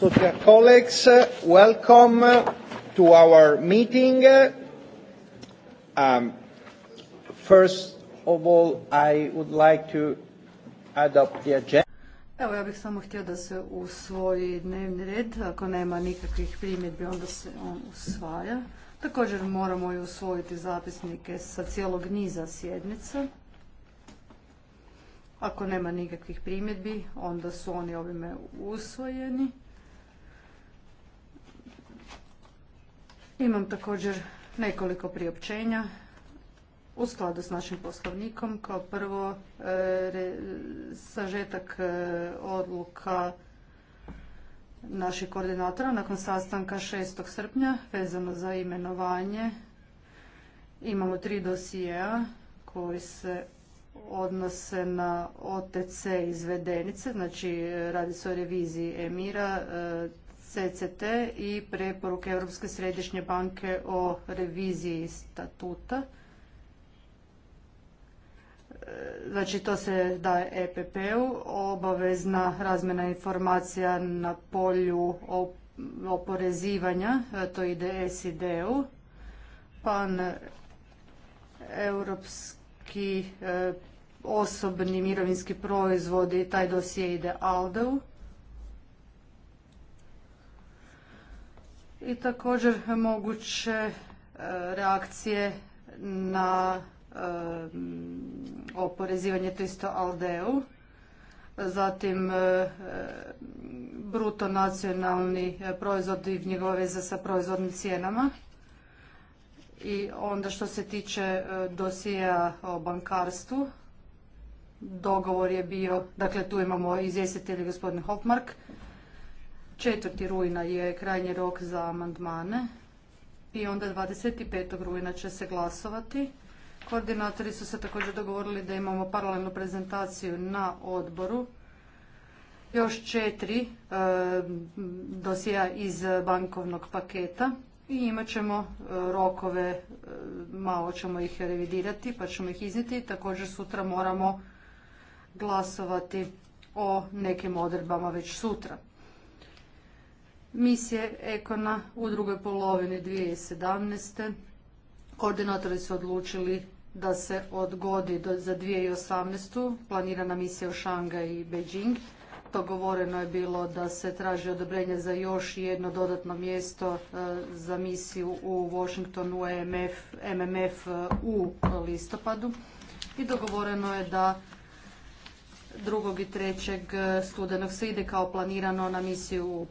So, dear colleagues, welcome to our meeting. Um, first of all, I would like to adopt the agenda. Evo, ja bih samo htio da se usvoji dnevni red. Ako nema nikakvih primjedbi, onda se on usvaja. Također moramo i usvojiti zapisnike sa cijelog niza sjednica. Ako nema nikakvih primjedbi, onda su oni ovime usvojeni. Imam također nekoliko priopćenja u skladu s našim poslovnikom. Kao prvo, e, sažetak e, odluka naših koordinatora nakon sastanka 6. srpnja vezano za imenovanje. Imamo tri dosijeja koji se odnose na OTC izvedenice, znači radi se o reviziji Emira, e, CCT i preporuke Europske središnje banke o reviziji statuta. Znači to se daje EPP-u, obavezna razmjena informacija na polju oporezivanja, to ide SID-u, pan europski e, osobni mirovinski proizvodi, taj dosije ide ALDE-u i također moguće e, reakcije na e, oporezivanje 300 aldeu, zatim e, bruto nacionalni proizvod i njegove veze sa proizvodnim cijenama. I onda što se tiče dosija o bankarstvu, dogovor je bio, dakle tu imamo izvjestitelji gospodin Hopmark, 4. rujna je krajnji rok za amandmane i onda 25. rujna će se glasovati. Koordinatori su se također dogovorili da imamo paralelnu prezentaciju na odboru. Još četiri e, dosija iz bankovnog paketa i imat ćemo e, rokove, e, malo ćemo ih revidirati pa ćemo ih iznijeti. Također sutra moramo glasovati o nekim odredbama već sutra misije Ekona u drugoj polovini 2017. Koordinatori su odlučili da se odgodi do, za 2018. planirana misija u Šangaj i Beijing. Dogovoreno je bilo da se traži odobrenje za još jedno dodatno mjesto e, za misiju u Washingtonu e MMF e, u listopadu i dogovoreno je da 2. i 3. E, studenog se ide kao planirano na misiju u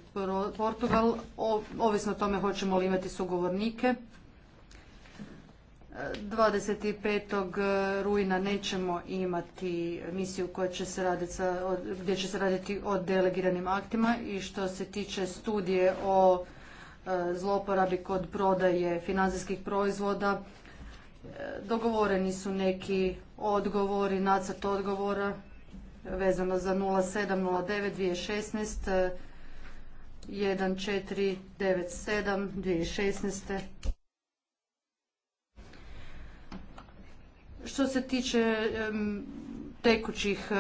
Portugal, ovisno o tome hoćemo li imati sugovornike. 25. E, e, rujna nećemo imati misiju koja će se raditi gdje će se raditi o delegiranim aktima i što se tiče studije o zloporabi kod prodaje financijskih proizvoda, dogovoreni su neki odgovori, nacrt odgovora vezano za 0709-2016, 1497-2016. Što se tiče tekućih e,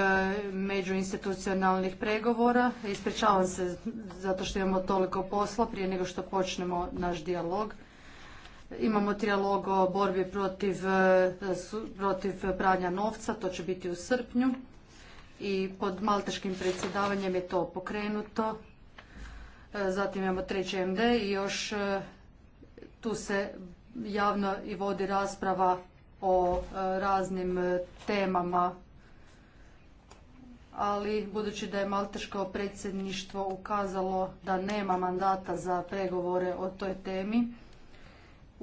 međuinstitucionalnih pregovora, ispričavam se zato što imamo toliko posla prije nego što počnemo naš dijalog. Imamo trijalog o borbi protiv, e, protiv pranja novca, to će biti u srpnju i pod malteškim predsjedavanjem je to pokrenuto. E, zatim imamo treći MD i još e, tu se javno i vodi rasprava o e, raznim temama ali budući da je Malteško predsjedništvo ukazalo da nema mandata za pregovore o toj temi,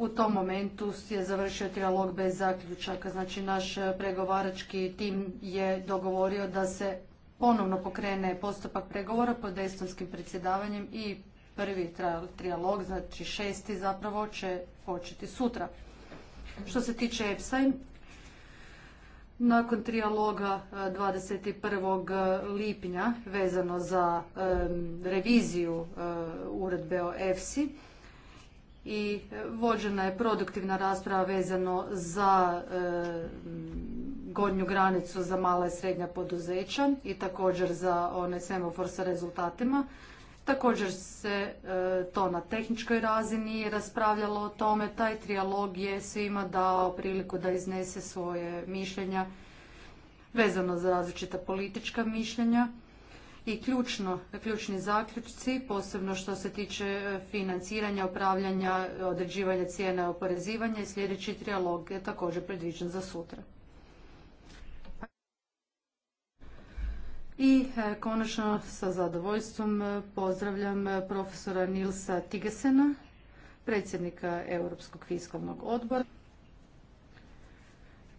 u tom momentu je završio trijalog bez zaključaka. Znači naš pregovarački tim je dogovorio da se ponovno pokrene postupak pregovora pod estonskim predsjedavanjem i prvi trijalog, znači šesti zapravo će početi sutra. Što se tiče EPSA, nakon trijaloga 21. E, e, lipnja vezano za reviziju e, uredbe o EFSI, i e, vođena je produktivna rasprava vezano za e, gornju granicu za mala i srednja poduzeća i također za one semafor sa rezultatima. Također se e, to na tehničkoj razini raspravljalo o tome, taj trijalog je svima dao priliku da iznese svoje mišljenja vezano za različita politička mišljenja i ključno, ključni zaključci, posebno što se tiče e, financiranja, upravljanja, određivanja cijena i oporezivanja i sljedeći trijalog je također predviđen za sutra. I e, konačno sa zadovoljstvom e, pozdravljam profesora Nilsa Tigesena, predsjednika Europskog fiskalnog odbora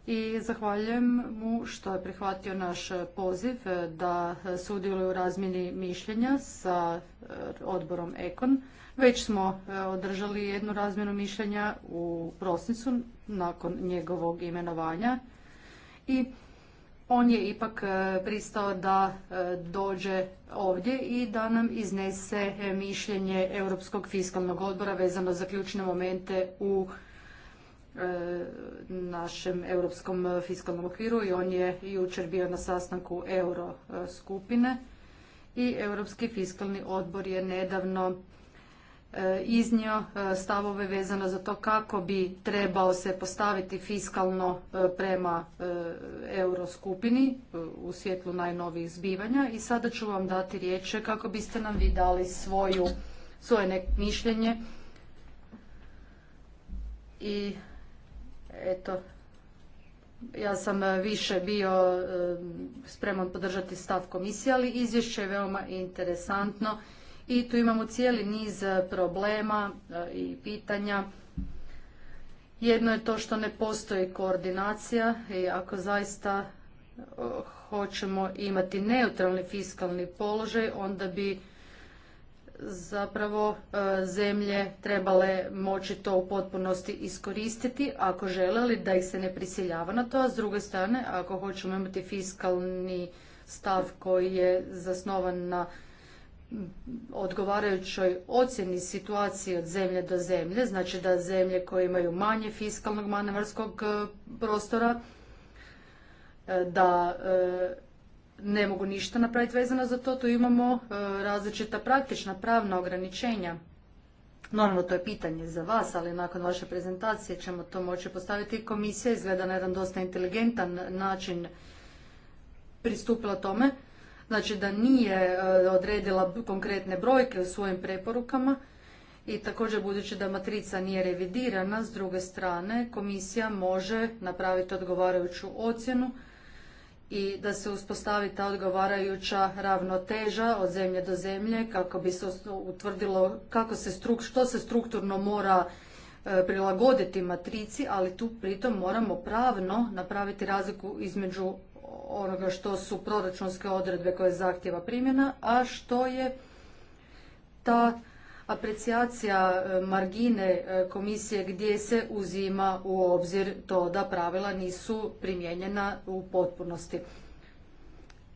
i zahvaljujem mu što je prihvatio naš poziv da sudjeluje u razmjeni mišljenja sa eh, odborom Ekon. Već smo eh, održali jednu razmjenu mišljenja u prosincu nakon njegovog imenovanja i on je ipak eh, pristao da dođe ovdje i da nam iznese mišljenje Europskog fiskalnog odbora vezano za ključne momente u E, našem europskom fiskalnom okviru i on je jučer bio na sastanku euro skupine i Europski fiskalni odbor je nedavno e, iznio e, stavove vezano za to kako bi trebao se postaviti fiskalno prema euro skupini u svjetlu najnovijih zbivanja i sada ću vam dati riječ kako biste nam vi dali svoju, svoje mišljenje i eto, ja sam e, više bio e, spreman podržati stav komisije, ali izvješće je veoma interesantno i tu imamo cijeli niz e, problema i pitanja. Jedno je to što ne postoji koordinacija i ako zaista hoćemo imati neutralni fiskalni položaj, onda bi zapravo e, zemlje trebale moći to u potpunosti iskoristiti ako želeli da ih se ne prisiljava na to, a s druge strane ako hoćemo imati fiskalni stav koji je zasnovan na odgovarajućoj ocjeni situacije od zemlje do zemlje, znači da zemlje koje imaju manje fiskalnog manevarskog e, prostora, e, da ne mogu ništa napraviti vezano za to, tu imamo e, različita praktična pravna ograničenja. Normalno to je pitanje za vas, ali nakon vaše prezentacije ćemo to moći postaviti. Komisija izgleda na jedan dosta inteligentan način pristupila tome. Znači da nije e, odredila konkretne brojke u svojim preporukama i također budući da matrica nije revidirana, s druge strane komisija može napraviti odgovarajuću ocjenu i da se uspostavi ta odgovarajuća ravnoteža od zemlje do zemlje kako bi se utvrdilo kako se što se strukturno mora e, prilagoditi matrici, ali tu pritom moramo pravno napraviti razliku između onoga što su proračunske odredbe koje zahtjeva primjena, a što je ta aprecijacija e, margine e, komisije gdje se uzima u obzir to da pravila nisu primijenjena u potpunosti.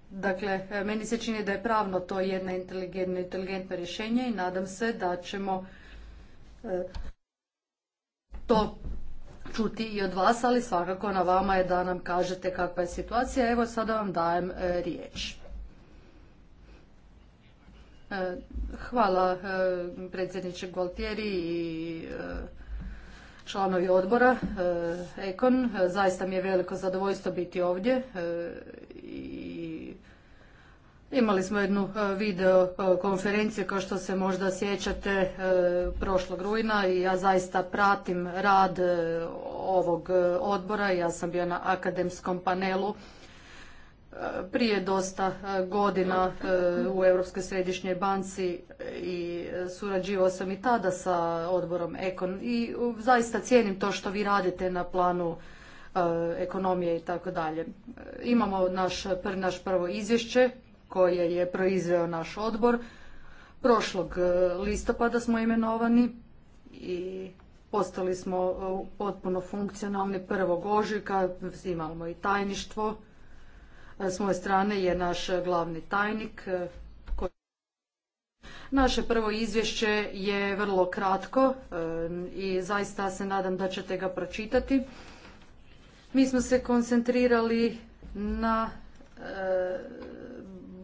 Dakle, e, meni se čini da je pravno to jedno inteligentno, inteligentno rješenje i nadam se da ćemo to čuti i od vas, ali svakako na vama je da nam kažete kakva je situacija. Evo sada vam dajem riječ. Hvala e, predsjedniče Gualtieri i e, članovi odbora e, Ekon. Zaista mi je veliko zadovoljstvo biti ovdje i Imali smo jednu video konferenciju kao što se možda sjećate prošlog rujna i ja zaista pratim rad ovog odbora. Ja sam bio na akademskom panelu prije dosta e, godina e, u Europskoj središnjoj banci e, i surađivao sam i tada sa odborom Ekon i zaista cijenim to što vi radite na planu ekonomije i tako dalje. Imamo naš, naš prvo izvješće koje je proizveo naš odbor. Prošlog listopada smo imenovani i postali smo potpuno funkcionalni prvog ožujka, imamo i tajništvo E, s moje strane je naš glavni tajnik. E, Naše prvo izvješće je vrlo kratko e, i zaista se nadam da ćete ga pročitati. Mi smo se koncentrirali na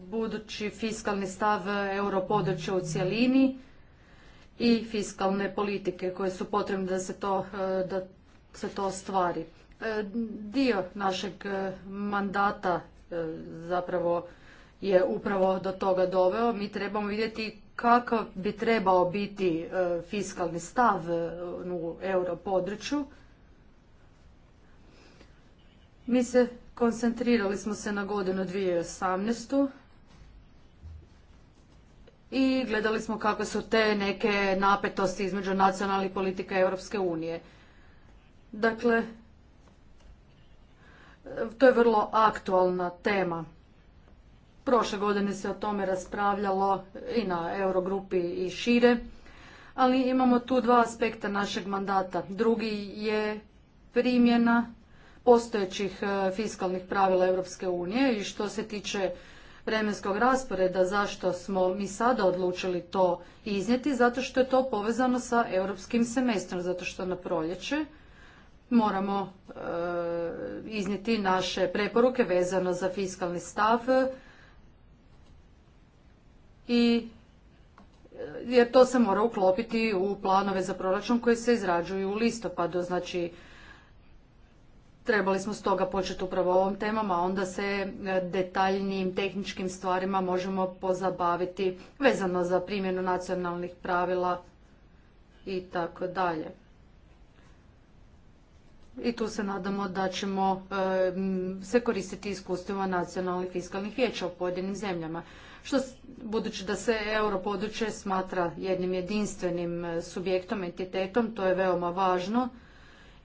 budući fiskalni stav europodručja u cjelini i fiskalne politike koje su potrebne da se to, da se to ostvari. Dio našeg mandata E, zapravo je upravo do toga doveo. Mi trebamo vidjeti kakav bi trebao biti e, fiskalni stav e, u europodručju. Mi se koncentrirali smo se na godinu 2018. I gledali smo kako su te neke napetosti između nacionalnih politika Europske unije. Dakle, to je vrlo aktualna tema. Prošle godine se o tome raspravljalo i na Eurogrupi i šire, ali imamo tu dva aspekta našeg mandata. Drugi je primjena postojećih e, fiskalnih pravila Europske unije i što se tiče vremenskog rasporeda zašto smo mi sada odlučili to iznijeti, zato što je to povezano sa europskim semestrom, zato što na proljeće moramo izniti eh, iznijeti naše preporuke vezano za fiskalni stav i eh, jer to se mora uklopiti u planove za proračun koji se izrađuju u listopadu. Znači, trebali smo stoga početi upravo ovom temom, a onda se eh, detaljnijim tehničkim stvarima možemo pozabaviti vezano za primjenu nacionalnih pravila i tako dalje i tu se nadamo da ćemo e, se koristiti iskustvima nacionalnih fiskalnih vijeća u pojedinim zemljama. budući da se europodručje smatra jednim jedinstvenim e, subjektom, entitetom, to je veoma važno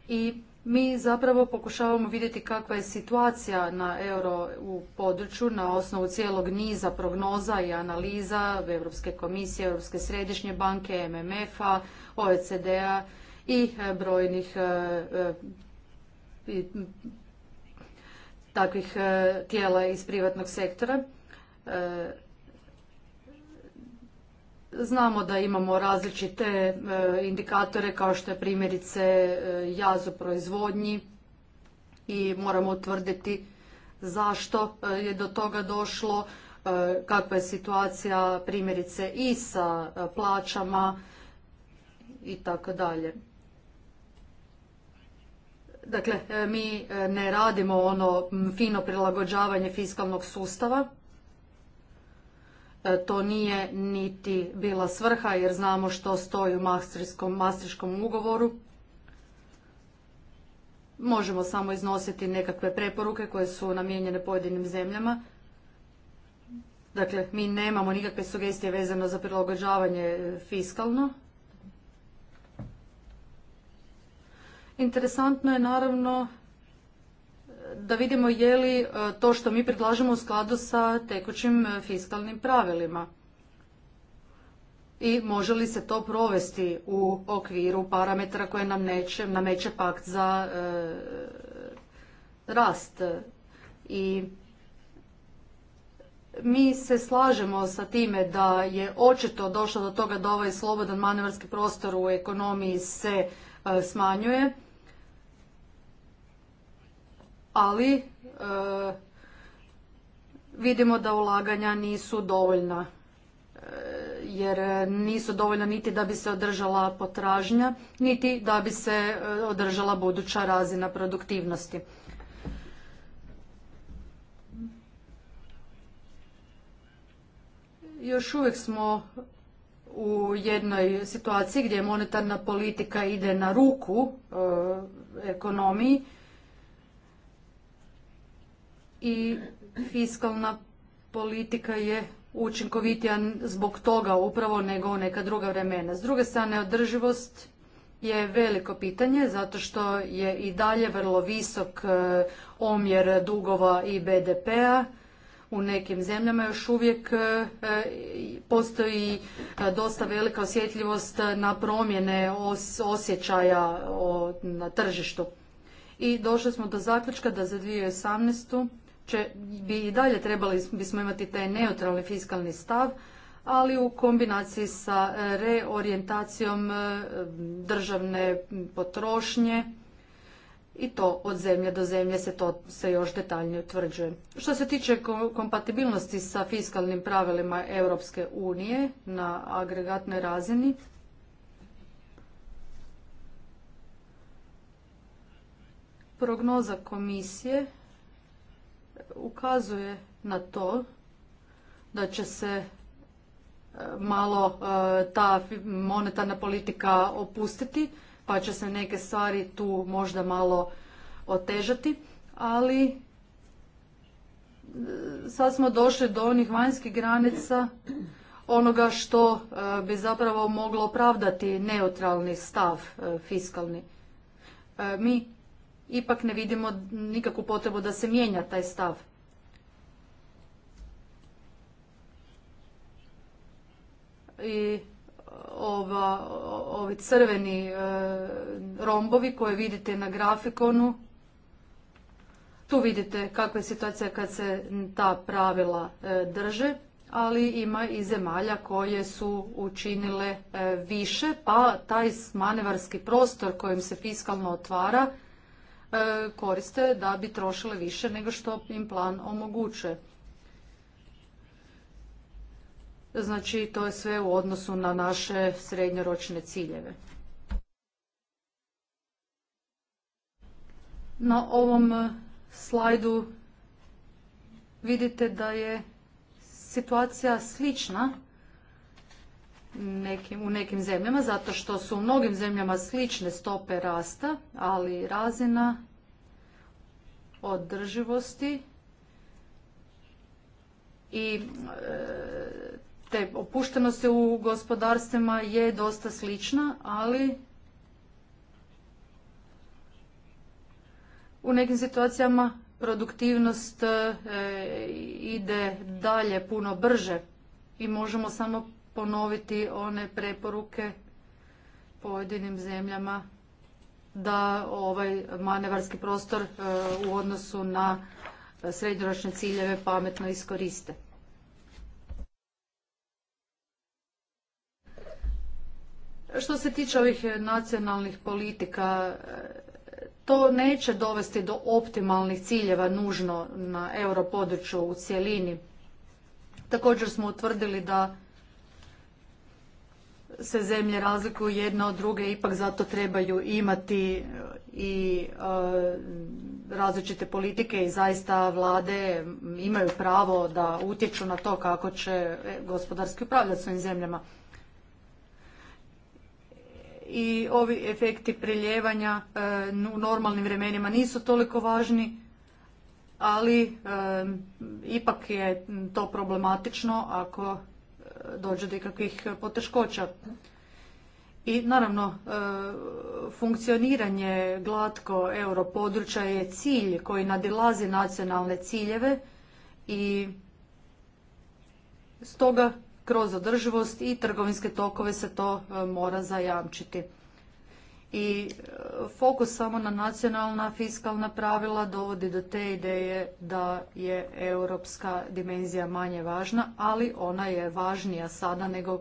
i mi zapravo pokušavamo vidjeti kakva je situacija na euro u području na osnovu cijelog niza prognoza i analiza Europske komisije, Europske središnje banke, MMF-a, OECD-a i e, brojnih e, e, takvih tijela iz privatnog sektora. Znamo da imamo različite indikatore kao što je primjerice jaz u proizvodnji i moramo utvrditi zašto je do toga došlo, kakva je situacija primjerice i sa plaćama i tako dalje. Dakle, e, mi e, ne radimo ono fino prilagođavanje fiskalnog sustava. E, to nije niti bila svrha jer znamo što stoji u mastriškom ugovoru. Možemo samo iznositi nekakve preporuke koje su namijenjene pojedinim zemljama. Dakle, mi nemamo nikakve sugestije vezano za prilagođavanje fiskalno. Interesantno je naravno da vidimo je li e, to što mi predlažemo u skladu sa tekućim e, fiskalnim pravilima i može li se to provesti u okviru parametra koje nam neće, nameće pakt za e, rast. I mi se slažemo sa time da je očito došlo do toga da ovaj slobodan manevarski prostor u ekonomiji se smanjuje ali e, vidimo da ulaganja nisu dovoljna e, jer nisu dovoljna niti da bi se održala potražnja, niti da bi se e, održala buduća razina produktivnosti. Još uvijek smo u jednoj situaciji gdje monetarna politika ide na ruku ekonomiji i fiskalna politika je učinkovitija zbog toga upravo nego neka druga vremena. S druge strane, održivost je veliko pitanje zato što je i dalje vrlo visok e, omjer dugova i BDP-a. U nekim zemljama još uvijek e, postoji e, dosta velika osjetljivost na promjene osjećaja na tržištu. I došli smo do zaključka da za 2018 bi i dalje trebali bismo imati taj neutralni fiskalni stav, ali u kombinaciji sa e, reorijentacijom e, državne potrošnje i to od zemlje do zemlje se to se još detaljnije utvrđuje. Što se tiče kompatibilnosti sa fiskalnim pravilima Europske unije na agregatnoj razini, prognoza komisije ukazuje na to da će se e, malo e, ta monetarna politika opustiti, pa će se neke stvari tu možda malo otežati, ali e, sad smo došli do onih vanjskih granica onoga što bi zapravo moglo opravdati neutralni stav fiskalni. Mi ipak ne vidimo nikakvu potrebu da se mijenja taj stav. I ova, ovi crveni e, rombovi koje vidite na grafikonu, tu vidite kakva je situacija kad se ta pravila e, drže, ali ima i zemalja koje su učinile e, više, pa taj manevarski prostor kojim se fiskalno otvara E, koriste da bi trošile više nego što im plan omogućuje. Znači, to je sve u odnosu na naše srednjoročne ciljeve. Na ovom slajdu vidite da je situacija slična nekim, u nekim zemljama, zato što su u mnogim zemljama slične stope rasta, ali razina održivosti i e, te opuštenosti u gospodarstvima je dosta slična, ali u nekim situacijama produktivnost e, ide dalje puno brže i možemo samo ponoviti one preporuke pojedinim zemljama da ovaj manevarski prostor e, u odnosu na srednjoročne ciljeve pametno iskoriste. Što se tiče ovih nacionalnih politika, e, to neće dovesti do optimalnih ciljeva nužno na europodručju u cjelini. Također smo utvrdili da se zemlje razlikuju jedna od druge, ipak zato trebaju imati e, i e, različite politike i zaista vlade imaju pravo da utječu na to kako će e, gospodarski upravljati svojim zemljama. I ovi efekti priljevanja u normalnim vremenima nisu toliko važni, ali ipak je to problematično ako dođe do ikakvih poteškoća. I naravno, e, funkcioniranje glatko europodručja je cilj koji nadilazi nacionalne ciljeve i stoga kroz održivost i trgovinske tokove se to e, mora zajamčiti i e, fokus samo na nacionalna fiskalna pravila dovodi do te ideje da je europska dimenzija manje važna, ali ona je važnija sada nego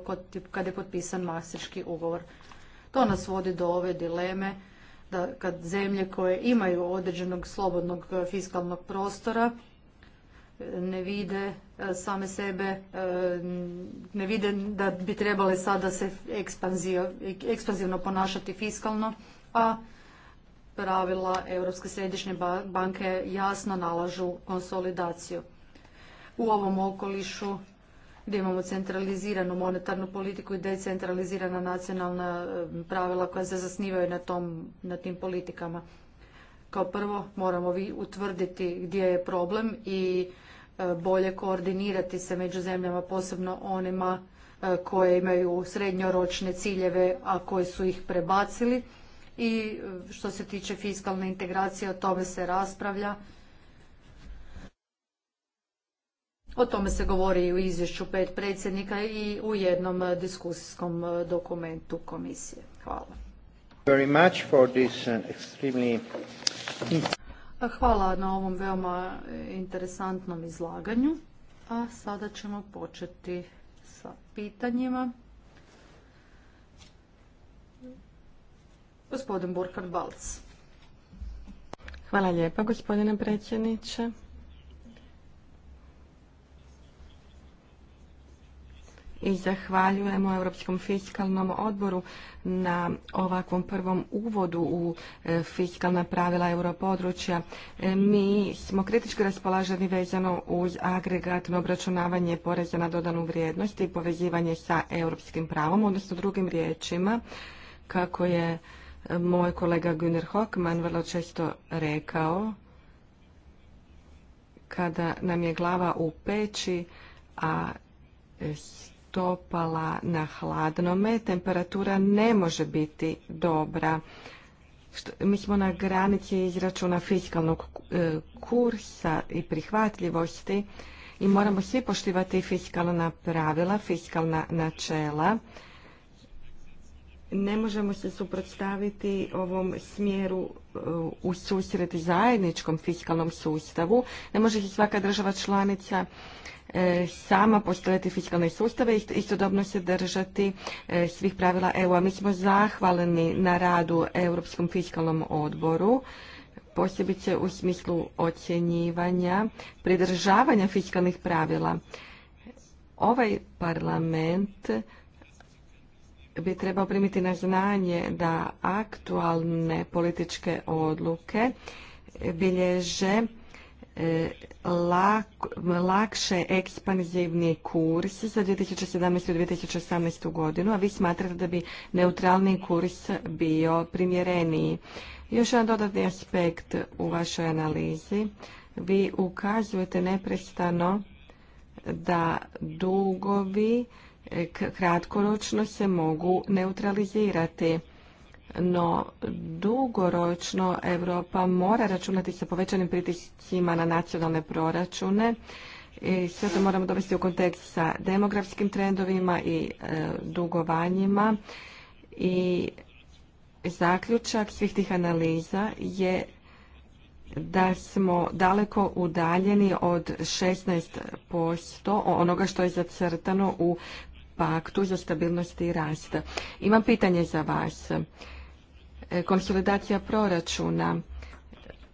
kad je potpisan masički ugovor. To nas vodi do ove dileme da kad zemlje koje imaju određenog slobodnog fiskalnog prostora e, ne vide E, same sebe e, ne vide da bi trebale sada se ekspanzivno ponašati fiskalno, a pravila Europske središnje banke jasno nalažu konsolidaciju. U ovom okolišu gdje imamo centraliziranu monetarnu politiku i decentralizirana nacionalna e, pravila koja se zasnivaju na, tom, na tim politikama. Kao prvo moramo vi utvrditi gdje je problem i E, bolje koordinirati se među zemljama, posebno onima e, koje imaju srednjoročne ciljeve, a koje su ih prebacili. I e, što se tiče fiskalne integracije, o tome se raspravlja. O tome se govori i u izvješću pet predsjednika i u jednom diskusijskom dokumentu komisije. Hvala. Uh, Hvala na ovom veoma interesantnom izlaganju. A sada ćemo početi sa pitanjima. Gospodin Burkhard Balc. Hvala lijepa gospodine predsjedniče. i zahvaljujemo Europskom fiskalnom odboru na ovakvom prvom uvodu u e, fiskalna pravila europodručja. E, mi smo kritički raspolaženi vezano uz agregatno obračunavanje poreza na dodanu vrijednost i povezivanje sa europskim pravom, odnosno drugim riječima, kako je e, moj kolega Günner Hockman vrlo često rekao, kada nam je glava u peći, a stopala na hladnome, temperatura ne može biti dobra. Mi smo na granici izračuna fiskalnog e, kursa i prihvatljivosti i moramo svi poštivati fiskalna pravila, fiskalna načela. Ne možemo se suprotstaviti ovom smjeru e, u zajedničkom fiskalnom sustavu. Ne može se svaka država članica E, sama postojati fiskalne sustave i istodobno se držati e, svih pravila EU-a. Mi smo zahvalni na radu Europskom fiskalnom odboru posebice u smislu ocjenjivanja, pridržavanja fiskalnih pravila. Ovaj parlament bi trebao primiti na znanje da aktualne političke odluke bilježe E, lak, lakše ekspanzivni kurs za 2017. i 2018. godinu, a vi smatrate da bi neutralni kurs bio primjereniji. Još jedan dodatni aspekt u vašoj analizi. Vi ukazujete neprestano da dugovi kratkoročno se mogu neutralizirati no dugoročno Europa mora računati sa povećanim pritiscima na nacionalne proračune. I sve to moramo dovesti u kontekst sa demografskim trendovima i e, dugovanjima. I zaključak svih tih analiza je da smo daleko udaljeni od 16% onoga što je zacrtano u paktu za stabilnost i rast. Imam pitanje za vas. E, konsolidacija proračuna.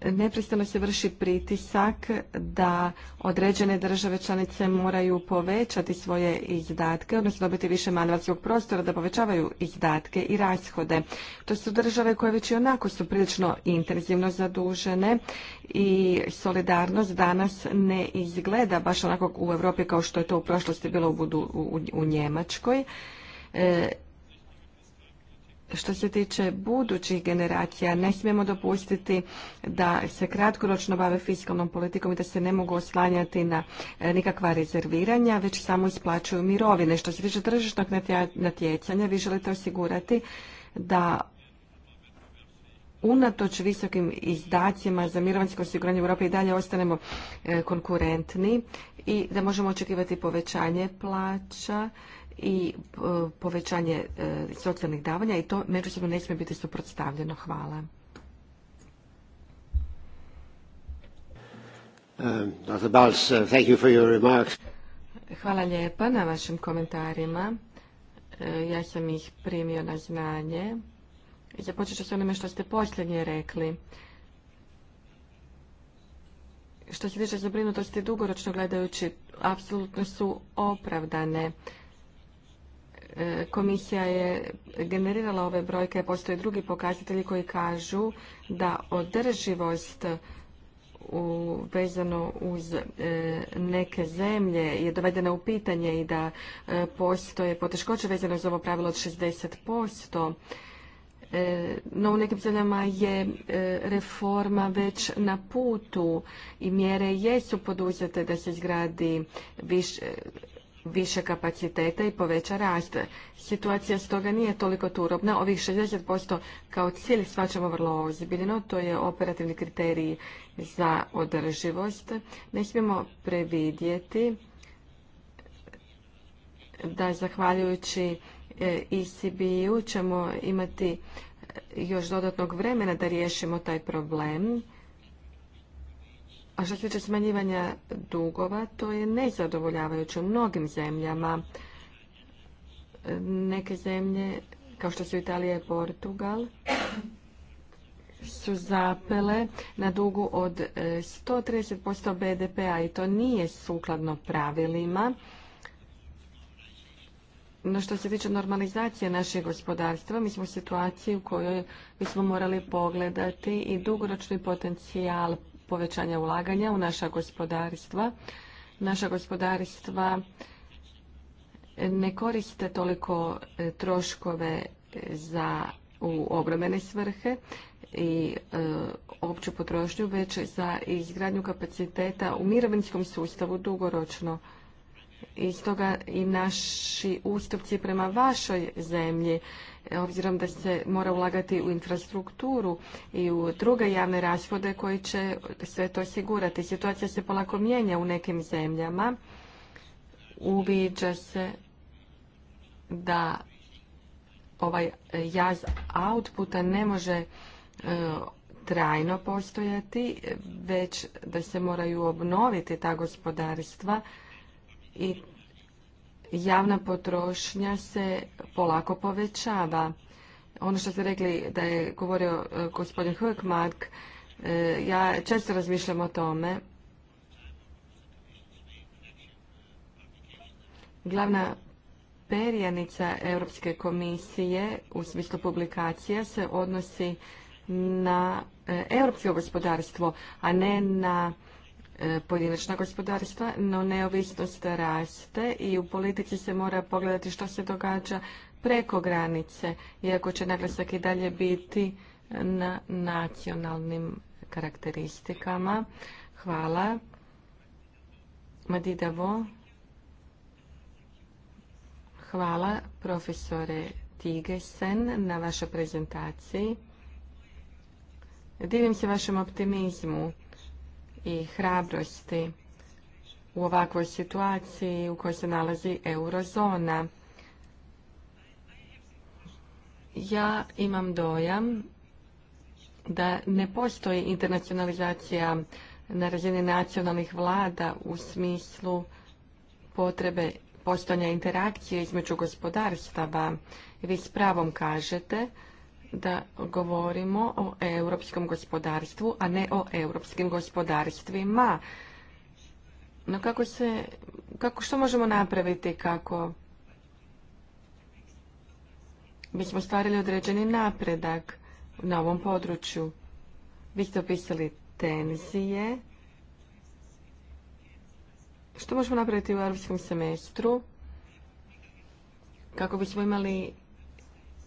Nepristano se vrši pritisak da određene države članice moraju povećati svoje izdatke, odnosno dobiti više manevarskog prostora da povećavaju izdatke i rashode. To su države koje već i onako su prilično intenzivno zadužene i solidarnost danas ne izgleda baš onako u Europi kao što je to u prošlosti bilo u, u, Njemačkoj. E, što se tiče budućih generacija, ne smijemo dopustiti da se kratkoročno bave fiskalnom politikom i da se ne mogu oslanjati na e, nikakva rezerviranja, već samo isplaćuju mirovine. Što se tiče tržišnog natjecanja, vi želite osigurati da unatoč visokim izdacima za mirovinsko osiguranje u Europi i dalje ostanemo e, konkurentni i da možemo očekivati povećanje plaća i e, povećanje e, socijalnih davanja i to međusobno ne smije biti suprotstavljeno. Hvala. Um, uh, Hvala lijepa na vašim komentarima. E, ja sam ih primio na znanje. Započet ću s onime što ste posljednje rekli. Što se tiče zabrinutosti dugoročno gledajući, apsolutno su opravdane. E, komisija je generirala ove brojke, postoje drugi pokazatelji koji kažu da održivost u, vezano uz e, neke zemlje je dovedena u pitanje i da e, postoje poteškoće vezano uz ovo pravilo od 60%. posto no u nekim zemljama je reforma već na putu i mjere jesu poduzete da se izgradi više više kapaciteta i poveća raste. Situacija stoga nije toliko turobna, ovih 60% kao cijeli svačamo vrlo ozbiljno, to je operativni kriterij za održivost. Ne smijemo previdjeti da zahvaljujući ECB-u e ćemo imati e, još dodatnog vremena da riješimo taj problem a što se tiče smanjivanja dugova, to je nezadovoljavajuće u mnogim zemljama. Neke zemlje, kao što su Italija i Portugal, su zapele na dugu od 130% e, BDP-a i to nije sukladno pravilima. No što se tiče normalizacije našeg gospodarstva, mi smo u situaciji u kojoj bismo morali pogledati i dugoročni potencijal povećanja ulaganja u naša gospodarstva. Naša gospodarstva ne koriste toliko e, troškove e, za u obrambene svrhe i e, opću potrošnju, već za izgradnju kapaciteta u mirovinskom sustavu dugoročno i stoga i naši ustupci prema vašoj zemlji, obzirom da se mora ulagati u infrastrukturu i u druge javne rashode koji će sve to osigurati. Situacija se polako mijenja u nekim zemljama. Uviđa se da ovaj jaz outputa ne može e, trajno postojati, već da se moraju obnoviti ta gospodarstva i javna potrošnja se polako povećava. Ono što ste rekli da je govorio e, gospodin Hökmark, e, ja često razmišljam o tome. Glavna perjanica Europske komisije u smislu publikacija se odnosi na e, europsko gospodarstvo, a ne na E, pojedinačna gospodarstva, no neovisnost raste i u politici se mora pogledati što se događa preko granice, iako će naglasak i dalje biti na nacionalnim karakteristikama. Hvala. Vo. Hvala profesore Tigesen na vašoj prezentaciji. Divim se vašem optimizmu i hrabrosti u ovakvoj situaciji u kojoj se nalazi eurozona. Ja imam dojam da ne postoji internacionalizacija na razini nacionalnih vlada u smislu potrebe postojanja interakcije između gospodarstava. Vi s pravom kažete da govorimo o europskom gospodarstvu, a ne o europskim gospodarstvima. No kako se, kako, što možemo napraviti kako bismo stvarili određeni napredak na ovom području? Vi ste opisali tenzije. Što možemo napraviti u europskom semestru? Kako bismo imali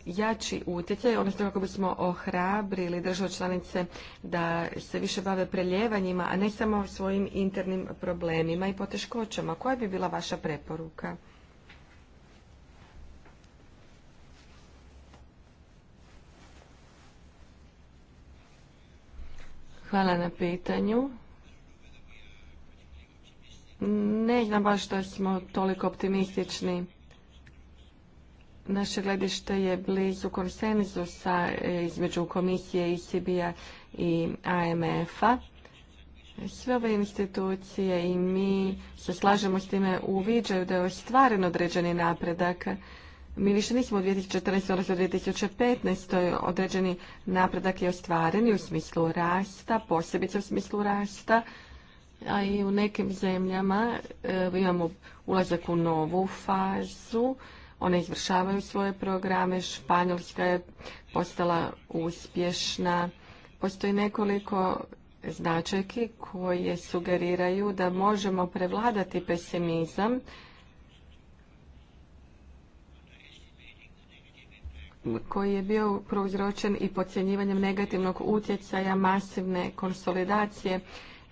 jači utjecaj, odnosno kako bismo ohrabrili države članice da se više bave preljevanjima, a ne samo svojim internim problemima i poteškoćama. Koja bi bila vaša preporuka? Hvala na pitanju. Ne znam baš što smo toliko optimistični Naše gledište je blizu konsenzusa e, između komisije ecb a i AMF-a. Sve ove institucije i mi se slažemo s time uviđaju da je ostvaren određeni napredak. Mi više nismo u 2014. odnosno 2015. određeni napredak je ostvaren u smislu rasta, posebice u smislu rasta, a i u nekim zemljama e, imamo ulazak u novu fazu one izvršavaju svoje programe. Španjolska je postala uspješna. Postoji nekoliko značajki koje sugeriraju da možemo prevladati pesimizam. koji je bio prouzročen i podcjenjivanjem negativnog utjecaja masivne konsolidacije 2011.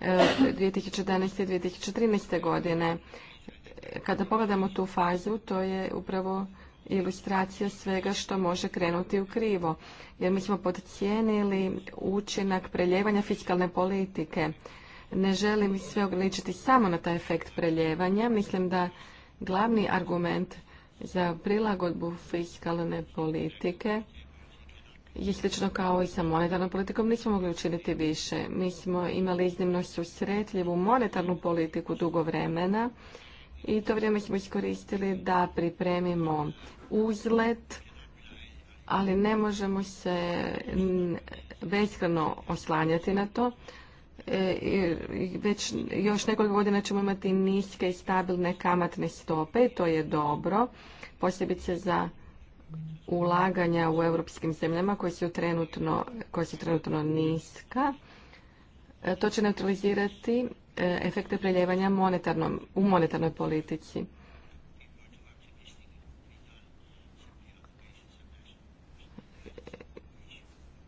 E, i 2013. godine kada pogledamo tu fazu, to je upravo ilustracija svega što može krenuti u krivo. Jer mi smo podcijenili učinak preljevanja fiskalne politike. Ne želim sve ograničiti samo na taj efekt preljevanja. Mislim da glavni argument za prilagodbu fiskalne politike je slično kao i sa monetarnom politikom nismo mogli učiniti više. Mi smo imali iznimno susretljivu monetarnu politiku dugo vremena i to vrijeme smo iskoristili da pripremimo uzlet, ali ne možemo se beskreno oslanjati na to. E, već još nekoliko godina ćemo imati niske i stabilne kamatne stope to je dobro, posebice za ulaganja u europskim zemljama koje su trenutno, trenutno niska. E, to će neutralizirati E, efekte preljevanja monetarnom, u monetarnoj politici.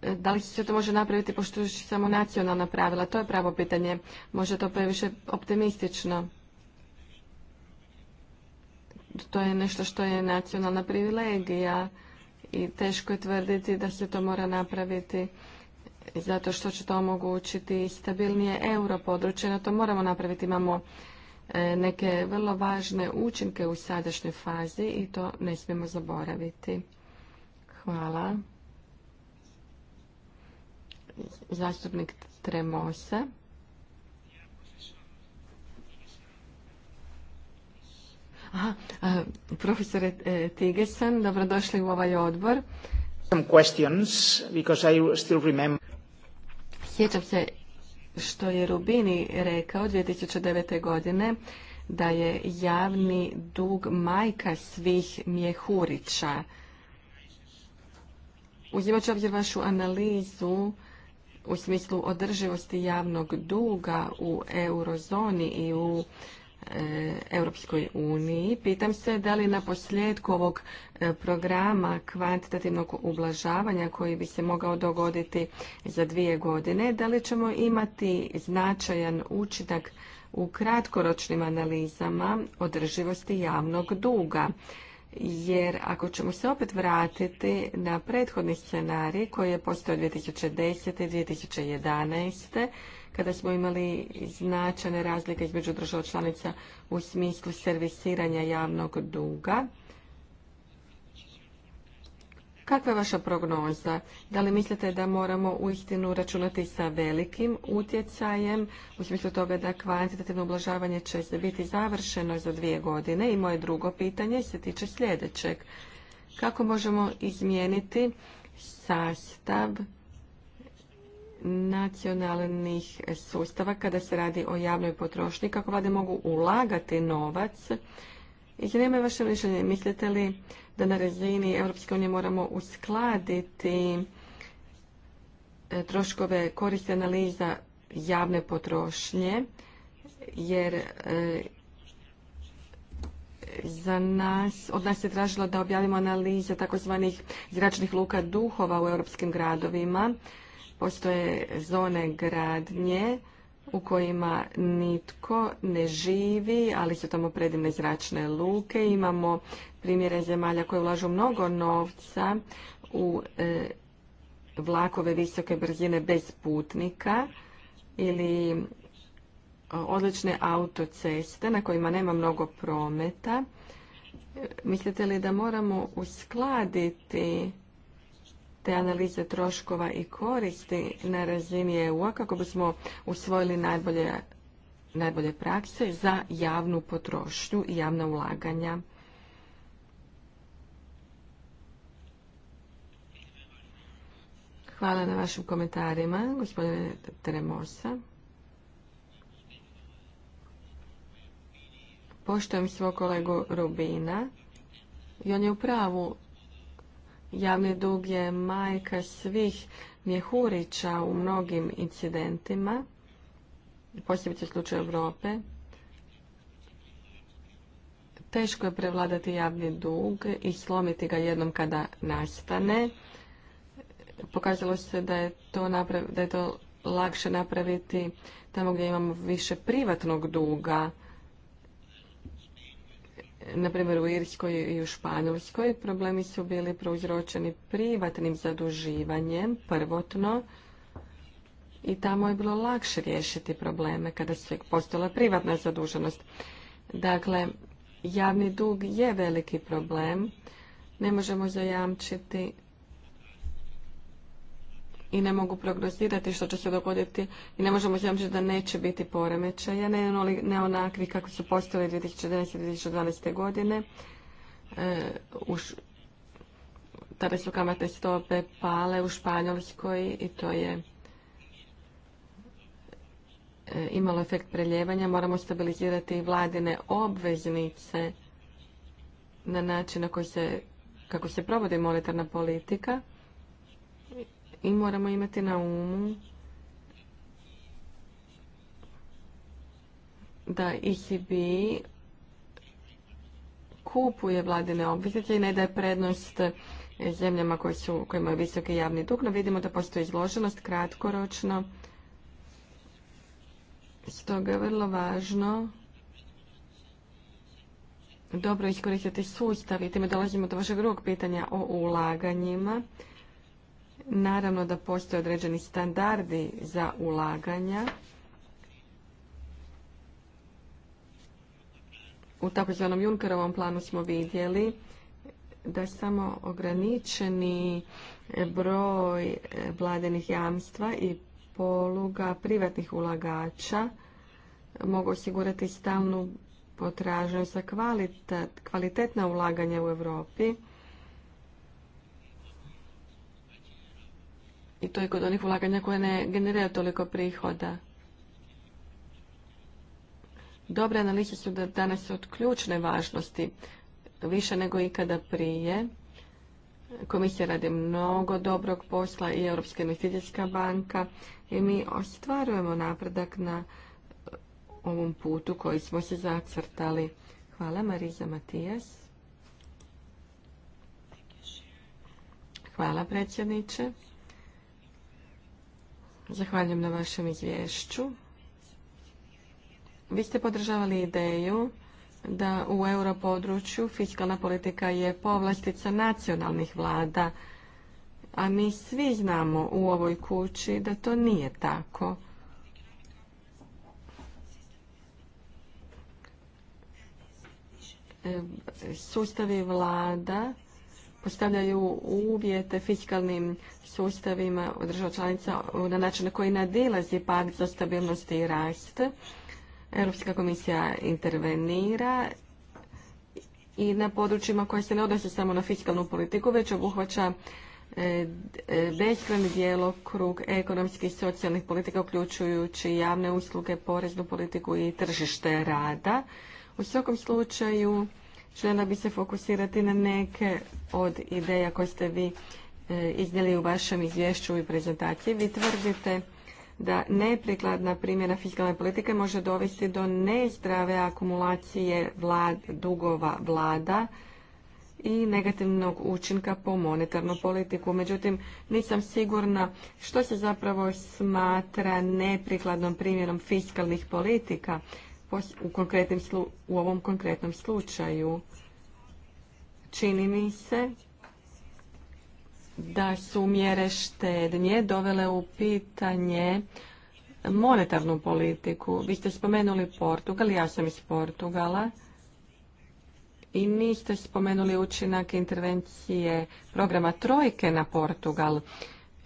E, da li se to može napraviti pošto samo nacionalna pravila? To je pravo pitanje. Može to previše optimistično. To je nešto što je nacionalna privilegija i teško je tvrditi da se to mora napraviti zato što će to omogućiti stabilnije euro područje. Na to moramo napraviti. Imamo e, neke vrlo važne učinke u sadašnjoj fazi i to ne smijemo zaboraviti. Hvala. Zastupnik Tremose. Aha, e, profesore e, Tigesan, dobrodošli u ovaj odbor. Some questions, because I still Sjećam se što je Rubini rekao 2009. godine da je javni dug majka svih mjehurića. Uzimajući obzir vašu analizu u smislu održivosti javnog duga u eurozoni i u Eh, Europskoj uniji. Pitam se da li na posljedku ovog eh, programa kvantitativnog ublažavanja koji bi se mogao dogoditi za dvije godine, da li ćemo imati značajan učinak u kratkoročnim analizama održivosti javnog duga. Jer ako ćemo se opet vratiti na prethodni scenarij koji je postao 2010. i 2011 kada smo imali značajne razlike između država članica u smislu servisiranja javnog duga. Kakva je vaša prognoza? Da li mislite da moramo uistinu računati sa velikim utjecajem u smislu toga da kvantitativno ublažavanje će biti završeno za dvije godine? I moje drugo pitanje se tiče sljedećeg. Kako možemo izmijeniti sastav nacionalnih sustava kada se radi o javnoj potrošnji, kako vlade mogu ulagati novac. I zanima vaše mišljenje, mislite li da na razini Europske unije moramo uskladiti e, troškove koriste analiza javne potrošnje, jer e, za nas, od nas je tražilo da objavimo analize takozvanih zračnih luka duhova u europskim gradovima. Postoje zone gradnje u kojima nitko ne živi, ali su tamo predivne zračne luke. Imamo primjere zemalja koje ulažu mnogo novca u e, vlakove visoke brzine bez putnika ili e, odlične autoceste na kojima nema mnogo prometa. E, mislite li da moramo uskladiti te analize troškova i koristi na razini eu kako bismo usvojili najbolje, prakse za javnu potrošnju i javna ulaganja. Hvala na vašim komentarima, gospodine Tremosa. Poštujem svog kolegu Rubina i on je u pravu Javni dug je majka svih mjehurića u mnogim incidentima, posebice u slučaju Europe. Teško je prevladati javni dug i slomiti ga jednom kada nastane. Pokazalo se da je to, da je to lakše napraviti tamo gdje imamo više privatnog duga, na primjer u Irskoj i u Španjolskoj problemi su bili prouzročeni privatnim zaduživanjem prvotno i tamo je bilo lakše riješiti probleme kada se postala privatna zaduženost. Dakle, javni dug je veliki problem. Ne možemo zajamčiti i ne mogu prognozirati što će se dogoditi i ne možemo zamisliti da neće biti poremećaja, ne, ne onakvi kako su postali 2011. i 2012. godine. E, u Tada su kamatne stope pale u Španjolskoj i to je e, imalo efekt preljevanja. Moramo stabilizirati vladine obveznice na način na koji se, kako se provodi monetarna politika i moramo imati na umu da ECB kupuje vladine obveznice i ne daje prednost zemljama koje su, imaju visoki javni dug, no vidimo da postoji izloženost kratkoročno. Stoga je vrlo važno dobro iskoristiti sustav i time dolazimo do vašeg drugog pitanja o ulaganjima. Naravno da postoje određeni standardi za ulaganja u takozvanom Junkerovom planu smo vidjeli da samo ograničeni broj e, vladenih jamstva i poluga privatnih ulagača mogu osigurati stalnu potražnju za kvalitetna ulaganja u Europi. i to je kod onih ulaganja koje ne generiraju toliko prihoda. Dobre analize su da danas od ključne važnosti, više nego ikada prije. Komisija radi mnogo dobrog posla i Europska investicijska banka i mi ostvarujemo napredak na ovom putu koji smo se zacrtali. Hvala Mariza Matijas. Hvala predsjedniče. Zahvaljujem na vašem izvješću. Vi ste podržavali ideju da u europodručju fiskalna politika je povlastica nacionalnih vlada, a mi svi znamo u ovoj kući da to nije tako. Sustavi vlada postavljaju uvjete fiskalnim sustavima država članica na način na koji nadilazi pakt za stabilnost i rast. Europska komisija intervenira i na područjima koje se ne odnose samo na fiskalnu politiku, već obuhvaća e, dijelog e, djelokrug ekonomskih i socijalnih politika, uključujući javne usluge, poreznu politiku i tržište rada. U svakom slučaju, Žela bi se fokusirati na neke od ideja koje ste vi e, iznijeli u vašem izvješću i prezentaciji. Vi tvrdite da neprikladna primjena fiskalne politike može dovesti do nezdrave akumulacije vlad, dugova vlada i negativnog učinka po monetarnu politiku. Međutim, nisam sigurna što se zapravo smatra neprikladnom primjenom fiskalnih politika u, u ovom konkretnom slučaju. Čini mi se da su mjere štednje dovele u pitanje monetarnu politiku. Vi ste spomenuli Portugal, ja sam iz Portugala. I niste spomenuli učinak intervencije programa Trojke na Portugal.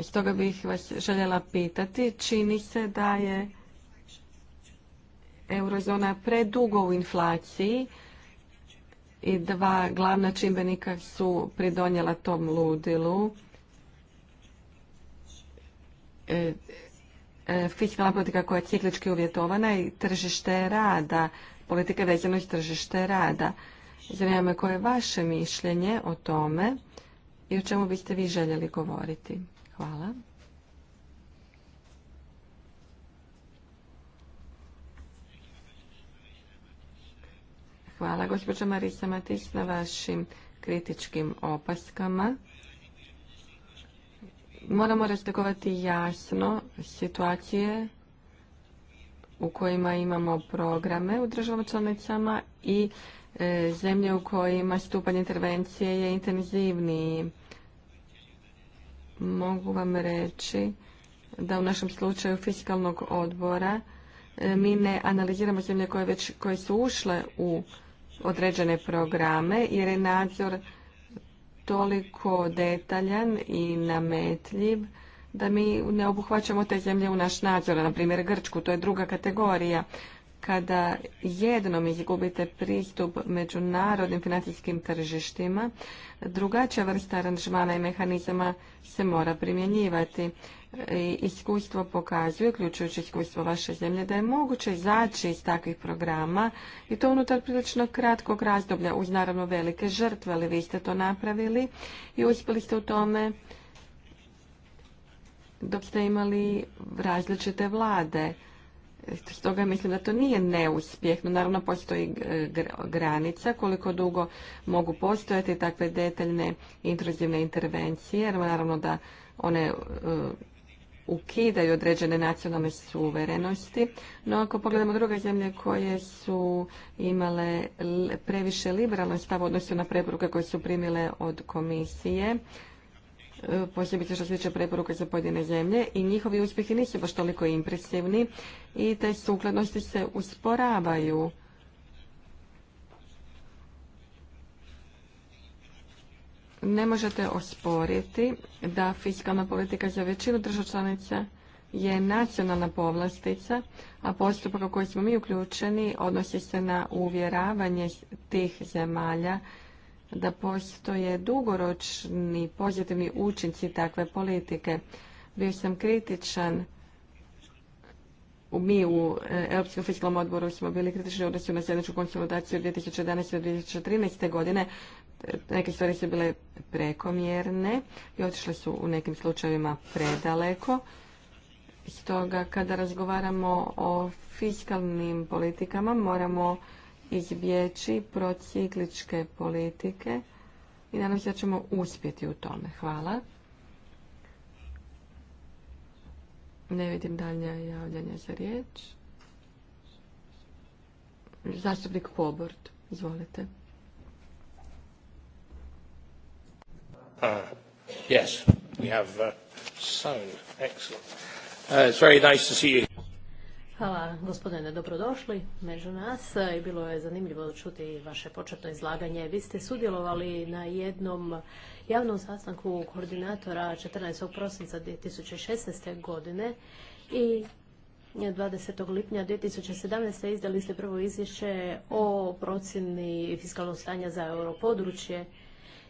Stoga bih vas željela pitati, čini se da je eurozona predugo u inflaciji i dva glavna čimbenika su pridonjela tom ludilu. E, e, fiskalna politika koja je ciklički uvjetovana i tržište rada, politika vezano uz tržište rada. Zanima me koje je vaše mišljenje o tome i o čemu biste vi željeli govoriti. Hvala. Hvala gospođo Marisa Matis na vašim kritičkim opaskama. Moramo razlikovati jasno situacije u kojima imamo programe u državama članicama i e, zemlje u kojima stupanj intervencije je intenzivniji. Mogu vam reći da u našem slučaju fiskalnog odbora e, mi ne analiziramo zemlje koje, koje su ušle u određene programe jer je nadzor toliko detaljan i nametljiv da mi ne obuhvaćamo te zemlje u naš nadzor, na primjer Grčku, to je druga kategorija. Kada jednom izgubite pristup međunarodnim financijskim tržištima, drugačija vrsta aranžmana i mehanizama se mora primjenjivati iskustvo pokazuje, uključujući iskustvo vaše zemlje, da je moguće izaći iz takvih programa i to unutar prilično kratkog razdoblja uz naravno velike žrtve, ali vi ste to napravili i uspjeli ste u tome dok ste imali različite vlade. Stoga mislim da to nije neuspjeh, no naravno postoji e, granica koliko dugo mogu postojati takve detaljne intruzivne intervencije, jer naravno da one e, ukidaju određene nacionalne suverenosti, no ako pogledamo druge zemlje koje su imale previše liberalno stav u odnosu na preporuke koje su primile od komisije, e, posebice što se tiče preporuka za pojedine zemlje i njihovi uspjehi nisu baš toliko impresivni i te sukladnosti se usporavaju ne možete osporiti da fiskalna politika za većinu država članica je nacionalna povlastica, a postupak u koji smo mi uključeni odnosi se na uvjeravanje tih zemalja da postoje dugoročni pozitivni učinci takve politike. Bio sam kritičan, mi u e, Europskom fiskalnom odboru smo bili kritični u odnosu na sljedeću konsolidaciju 2011. i 2013. godine, neke stvari su bile prekomjerne i otišle su u nekim slučajevima predaleko. Stoga kada razgovaramo o fiskalnim politikama moramo izbjeći procikličke politike i nadam se da ćemo uspjeti u tome. Hvala. Ne vidim dalje javljanja za riječ. Zastupnik Hobart, izvolite. Uh, yes, we have uh, Excellent. Uh, it's very nice to see you. Hvala gospodine, dobrodošli među nas uh, i bilo je zanimljivo čuti vaše početno izlaganje. Vi ste sudjelovali na jednom javnom sastanku koordinatora 14. prosinca 2016. godine i 20. lipnja 2017. izdali ste prvo izvješće o procjeni fiskalnog stanja za europodručje.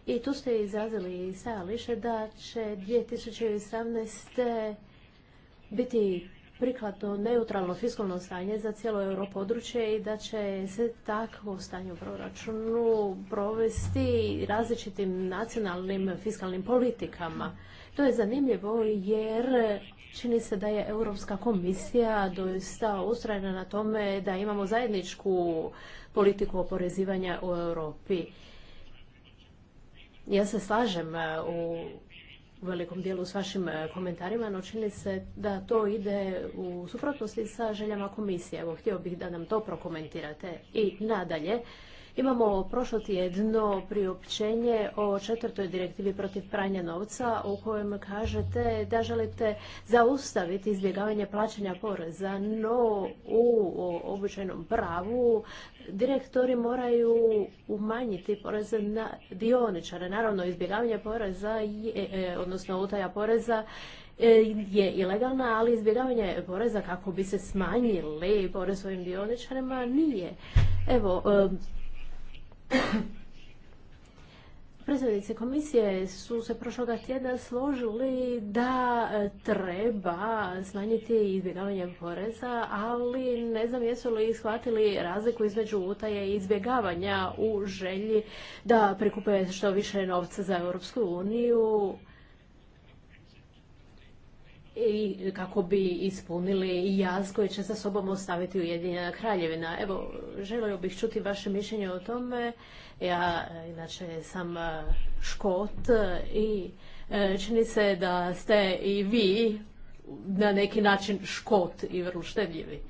I tu ste izrazili stajalište da će 2018. biti prikladno neutralno fiskalno stanje za cijelo europodručje i da će se takvo stanje u proračunu provesti različitim nacionalnim fiskalnim politikama. To je zanimljivo jer čini se da je Europska komisija doista ustrajna na tome da imamo zajedničku politiku oporezivanja u Europi. Ja se slažem e, u velikom dijelu s vašim e, komentarima, no čini se da to ide u suprotnosti sa željama komisije. Evo, htio bih da nam to prokomentirate. I nadalje, Imamo prošlo tjedno priopćenje o četvrtoj direktivi protiv pranja novca u kojem kažete da želite zaustaviti izbjegavanje plaćanja poreza, no u običajnom pravu direktori moraju umanjiti poreze na dioničare. Naravno, izbjegavanje poreza, je, e, e, odnosno utaja poreza e, je ilegalna, ali izbjegavanje poreza kako bi se smanjili porez svojim dioničarima nije. Evo, predsjednice komisije su se prošloga tjedna složili da e, treba smanjiti izbjegavanje poreza, ali ne znam jesu li shvatili razliku između utaje i izbjegavanja u želji da prikupe što više novca za Europsku uniju, i kako bi ispunili jaz koji će sa sobom ostaviti Ujedinjena kraljevina. Evo, želio bih čuti vaše mišljenje o tome. Ja, inače, sam e, škot i e, čini se da ste i vi na neki način škot i vrlo štedljivi.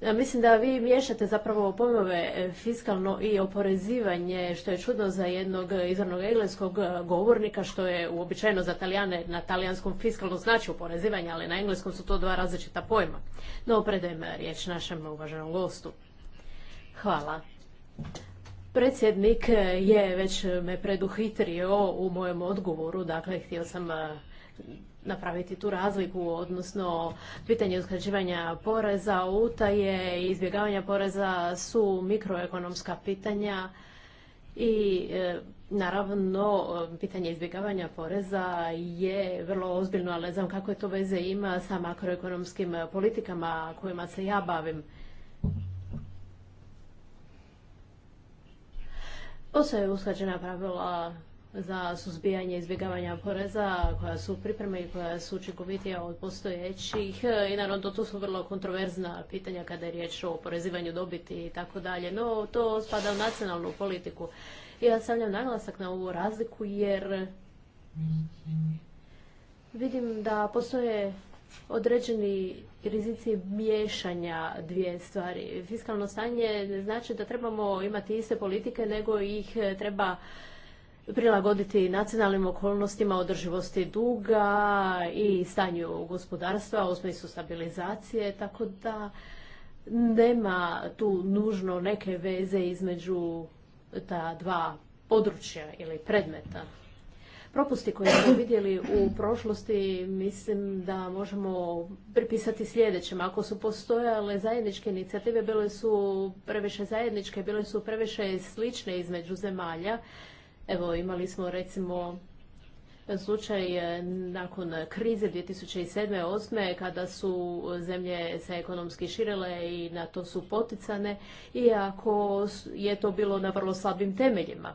Mislim da vi miješate zapravo pojmove e, fiskalno i oporezivanje, što je čudno za jednog e, izvornog engleskog e, govornika, što je uobičajeno za Talijane na talijanskom fiskalno znači oporezivanje, ali na engleskom su to dva različita pojma. No, predajem riječ našem uvaženom gostu. Hvala. Predsjednik je već me preduhitrio u mojem odgovoru, dakle htio sam napraviti tu razliku, odnosno pitanje usklađivanja poreza, utaje izbjegavanja poreza su mikroekonomska pitanja i e, naravno pitanje izbjegavanja poreza je vrlo ozbiljno, ali ne znam kako je to veze ima sa makroekonomskim politikama kojima se ja bavim. je usklađena pravila za suzbijanje izbjegavanja poreza koja su pripreme i koja su učinkovitija od postojećih. I naravno to tu su vrlo kontroverzna pitanja kada je riječ o porezivanju dobiti i tako dalje. No to spada u nacionalnu politiku. Ja stavljam naglasak na ovu razliku jer vidim da postoje određeni rizici miješanja dvije stvari. Fiskalno stanje znači da trebamo imati iste politike nego ih treba prilagoditi nacionalnim okolnostima održivosti duga i stanju gospodarstva u su stabilizacije, tako da nema tu nužno neke veze između ta dva područja ili predmeta. Propusti koje smo vidjeli u prošlosti mislim da možemo pripisati sljedećem. Ako su postojale zajedničke inicijative, bile su previše zajedničke, bile su previše slične između zemalja Evo, imali smo recimo slučaj e, nakon krize 2007-2008 kada su zemlje se ekonomski širile i na to su poticane, iako je to bilo na vrlo slabim temeljima.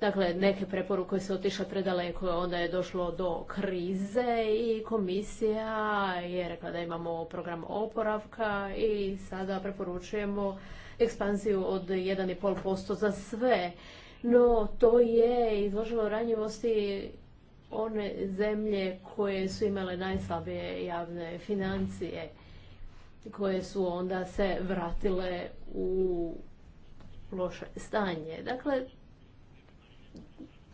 Dakle, neke preporuke se otišle predaleko, onda je došlo do krize i komisija je rekla da imamo program oporavka i sada preporučujemo ekspanziju od 1,5% za sve no to je izložilo ranjivosti one zemlje koje su imale najslabije javne financije, koje su onda se vratile u loše stanje. Dakle,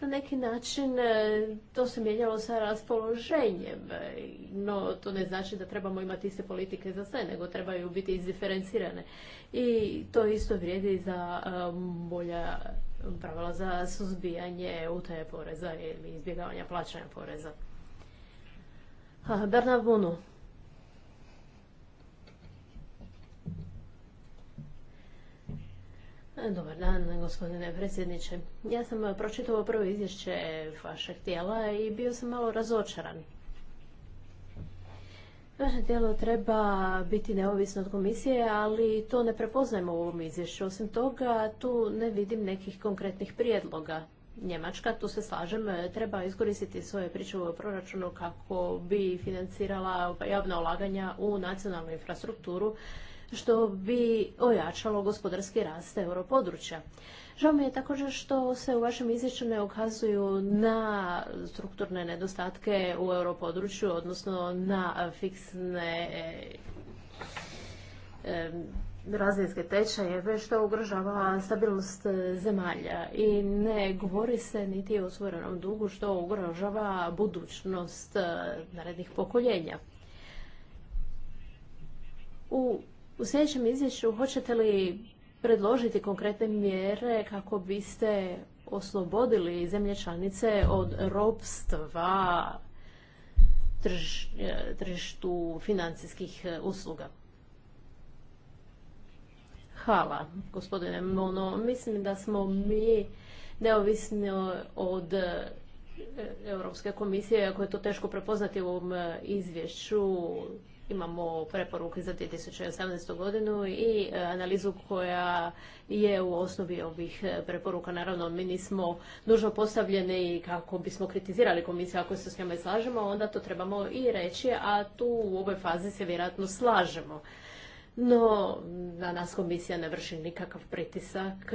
na neki način e, to se mijenjalo sa raspoloženjem, e, no to ne znači da trebamo imati iste politike za sve, nego trebaju biti izdiferencirane. I to isto vrijedi za e, bolja pravila za suzbijanje utaje poreza ili izbjegavanja plaćanja poreza. Bernard Bunu. E, dobar dan, gospodine predsjedniče. Ja sam e, pročitao prvo izvješće vašeg tijela i bio sam malo razočaran. Vaše tijelo treba biti neovisno od komisije, ali to ne prepoznajemo u ovom izvješću. Osim toga, tu ne vidim nekih konkretnih prijedloga. Njemačka, tu se slažem, e, treba iskoristiti svoje priče o proračunu kako bi financirala pa, javna ulaganja u nacionalnu infrastrukturu, što bi ojačalo gospodarski rast europodručja. Žao mi je također što se u vašem izvješću ne ukazuju na strukturne nedostatke u europodručju, odnosno na fiksne e, razinske tečaje tečajeve što ugrožava stabilnost zemalja i ne govori se niti o suverenom dugu što ugrožava budućnost e, narednih pokoljenja. U u sljedećem izvješću hoćete li predložiti konkretne mjere kako biste oslobodili zemlje članice od ropstva e, tržištu financijskih e, usluga? Hvala, gospodine Mono. Mislim da smo mi neovisno od e, Europske komisije, ako je to teško prepoznati u ovom izvješću, Imamo preporuke za 2018. godinu i e, analizu koja je u osnovi ovih e, preporuka. Naravno, mi nismo nužno postavljeni kako bismo kritizirali komisiju ako se s njima slažemo, onda to trebamo i reći, a tu u ovoj fazi se vjerojatno slažemo. No, na nas komisija ne vrši nikakav pritisak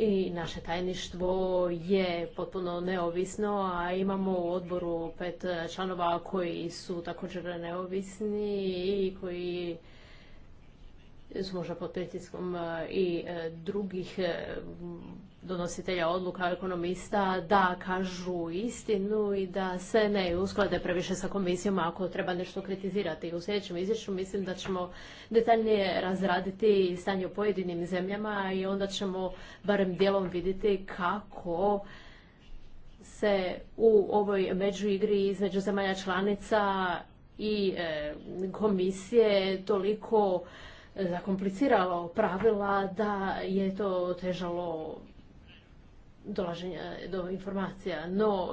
i naše tajništvo je potpuno neovisno, a imamo u odboru pet članova koji su također neovisni i koji su možda pod pritiskom e, i e, drugih e, donositelja odluka, ekonomista, da kažu istinu i da se ne usklade previše sa komisijom ako treba nešto kritizirati. U sljedećem izvješću mislim da ćemo detaljnije razraditi stanje u pojedinim zemljama i onda ćemo barem dijelom vidjeti kako se u ovoj međuigri između zemalja članica i e, komisije toliko e, zakompliciralo pravila da je to težalo dolaženja do informacija. No,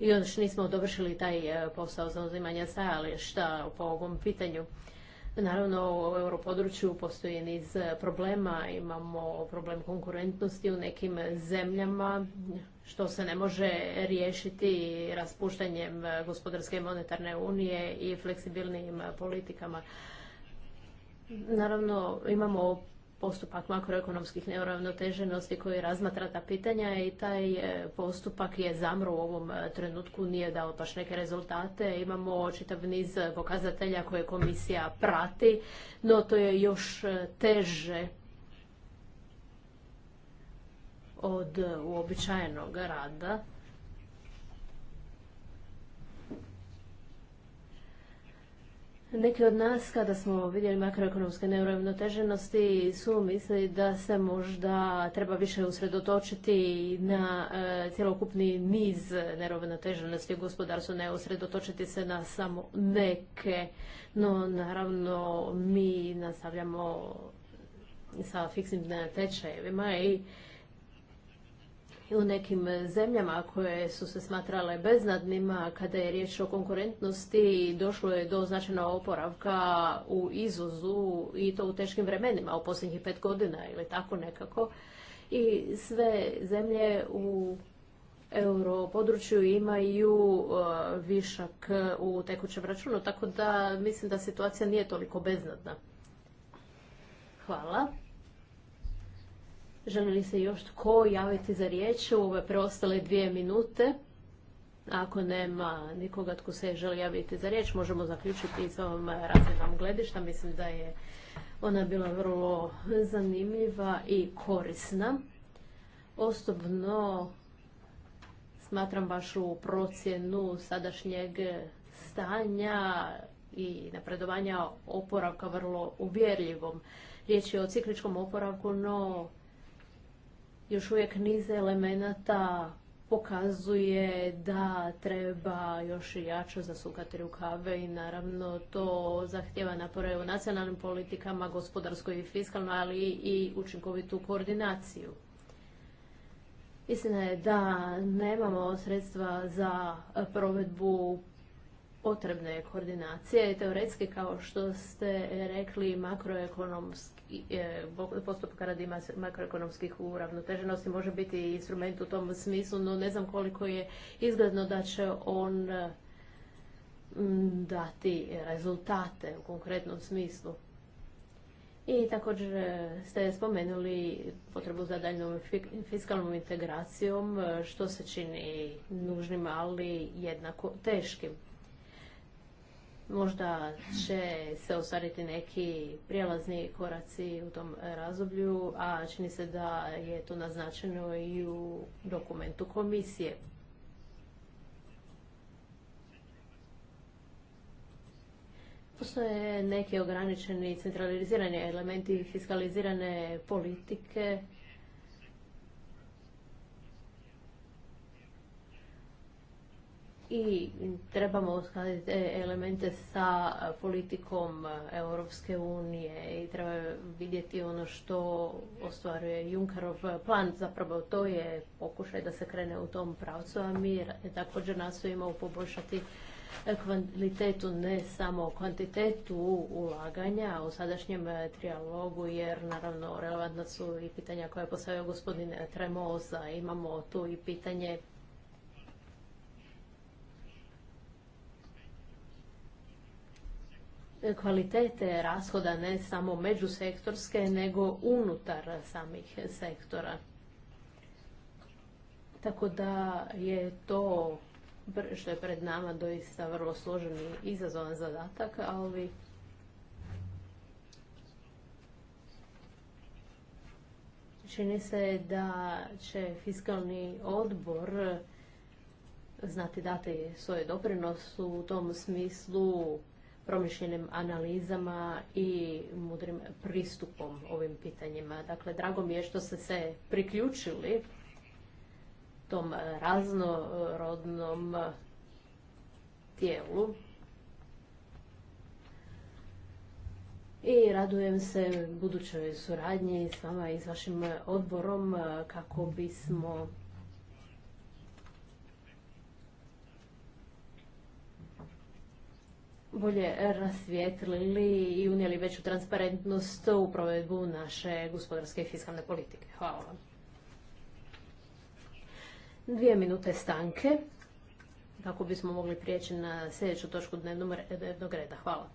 i još nismo dovršili taj e, posao zauzimanja stajališta po ovom pitanju. Naravno, u europodručju postoji niz problema. Imamo problem konkurentnosti u nekim zemljama, što se ne može riješiti raspuštanjem gospodarske i monetarne unije i fleksibilnim politikama. Naravno, imamo postupak makroekonomskih neuravnoteženosti koji razmatra ta pitanja i taj e, postupak je zamro u ovom e, trenutku, nije dao baš neke rezultate. Imamo čitav niz pokazatelja koje komisija prati, no to je još e, teže od uobičajenog rada. Neki od nas, kada smo vidjeli makroekonomske neuravnoteženosti, su misli da se možda treba više usredotočiti na e, cjelokupni niz neuravnoteženosti u gospodarstvu, ne usredotočiti se na samo neke. No, naravno, mi nastavljamo sa fiksnim tečajevima i u nekim zemljama koje su se smatrale beznadnima kada je riječ o konkurentnosti došlo je do značajnog oporavka u izuzu i to u teškim vremenima u posljednjih pet godina ili tako nekako. I sve zemlje u europodručju imaju e, višak u tekućem računu, tako da mislim da situacija nije toliko beznadna. Hvala. Želi li se još tko javiti za riječ u ove preostale dvije minute? Ako nema nikoga tko se želi javiti za riječ, možemo zaključiti s ovom razredom gledišta. Mislim da je ona bila vrlo zanimljiva i korisna. Osobno smatram vašu procjenu sadašnjeg stanja i napredovanja oporavka vrlo uvjerljivom. Riječ je o cikličkom oporavku, no još uvijek niz elemenata pokazuje da treba još i jače zasukati rukave i naravno to zahtjeva napore u nacionalnim politikama, gospodarskoj i fiskalnoj, ali i učinkovitu koordinaciju. Mislim je da nemamo sredstva za provedbu potrebne koordinacije teoretski kao što ste rekli makroekonomski e, postupka radi makroekonomskih uravnoteženosti može biti instrument u tom smislu, no ne znam koliko je izgledno da će on mm, dati rezultate u konkretnom smislu. I također e, ste spomenuli potrebu za daljnom fiskalnom integracijom, e, što se čini nužnim, ali jednako teškim. Možda će se ostvariti neki prijelazni koraci u tom razdoblju, a čini se da je to naznačeno i u dokumentu komisije. Postoje neki ograničeni centralizirani elementi fiskalizirane politike i trebamo uskladiti elemente sa e, politikom e, Europske unije i treba vidjeti ono što ostvaruje Junkerov plan. Zapravo to je pokušaj da se krene u tom pravcu, a mi također nastojimo poboljšati kvalitetu, ne samo kvantitetu ulaganja u sadašnjem e, trijalogu, jer naravno relevantna su i pitanja koje je postavio gospodin Tremoza. Imamo tu i pitanje kvalitete rashoda ne samo međusektorske, nego unutar samih sektora. Tako da je to što je pred nama doista vrlo složen i izazovan zadatak, ali čini se da će fiskalni odbor znati dati svoj doprinos u tom smislu promišljenim analizama i mudrim pristupom ovim pitanjima. Dakle, drago mi je što ste se priključili tom raznorodnom tijelu. I radujem se budućoj suradnji s vama i s vašim odborom kako bismo bolje rasvijetlili i unijeli veću transparentnost u provedbu naše gospodarske i fiskalne politike. Hvala vam. Dvije minute stanke kako bismo mogli prijeći na sljedeću točku dnevnog reda. Hvala.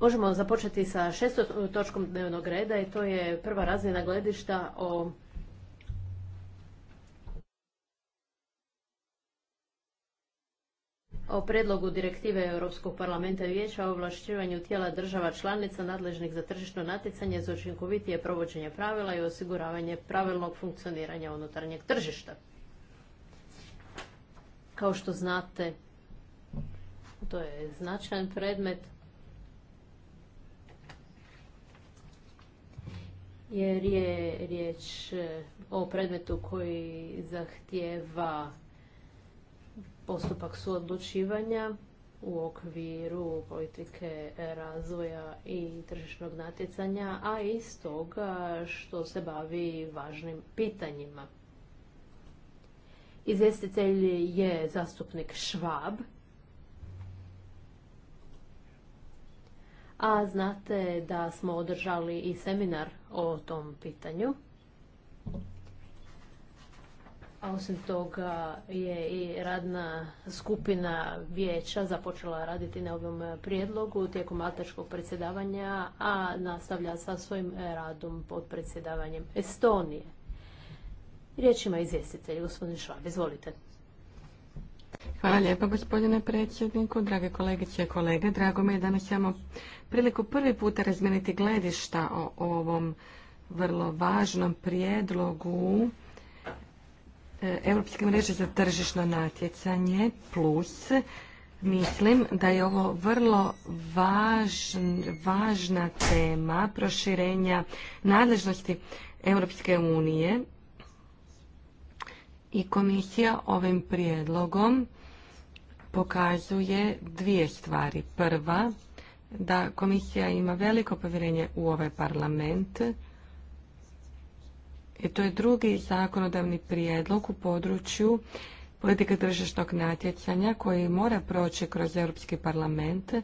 Možemo započeti sa šestom točkom dnevnog reda i to je prva razmjena gledišta o o predlogu direktive Europskog parlamenta i vijeća o ovlašćivanju tijela država članica nadležnih za tržišno natjecanje za učinkovitije provođenje pravila i osiguravanje pravilnog funkcioniranja unutarnjeg tržišta. Kao što znate, to je značajan predmet jer je riječ e, o predmetu koji zahtjeva postupak suodlučivanja u okviru politike razvoja i tržišnog natjecanja, a i toga što se bavi važnim pitanjima. Izvjestitelj je zastupnik Švab. a znate da smo održali i seminar o tom pitanju. A osim toga je i radna skupina vijeća započela raditi na ovom prijedlogu tijekom maltačkog predsjedavanja, a nastavlja sa svojim radom pod predsjedavanjem Estonije. Riječ ima izvjestitelj, gospodin Švab, izvolite. Hvala lijepa gospodine predsjedniku, drage kolegice i kolege. Drago mi je danas imamo priliku prvi puta razmijeniti gledišta o ovom vrlo važnom prijedlogu e, Europske mreže za tržišno natjecanje plus Mislim da je ovo vrlo važna tema proširenja nadležnosti Europske unije i komisija ovim prijedlogom pokazuje dvije stvari. Prva, da komisija ima veliko povjerenje u ovaj parlament i to je drugi zakonodavni prijedlog u području politike tržišnog natjecanja koji mora proći kroz Europski parlament.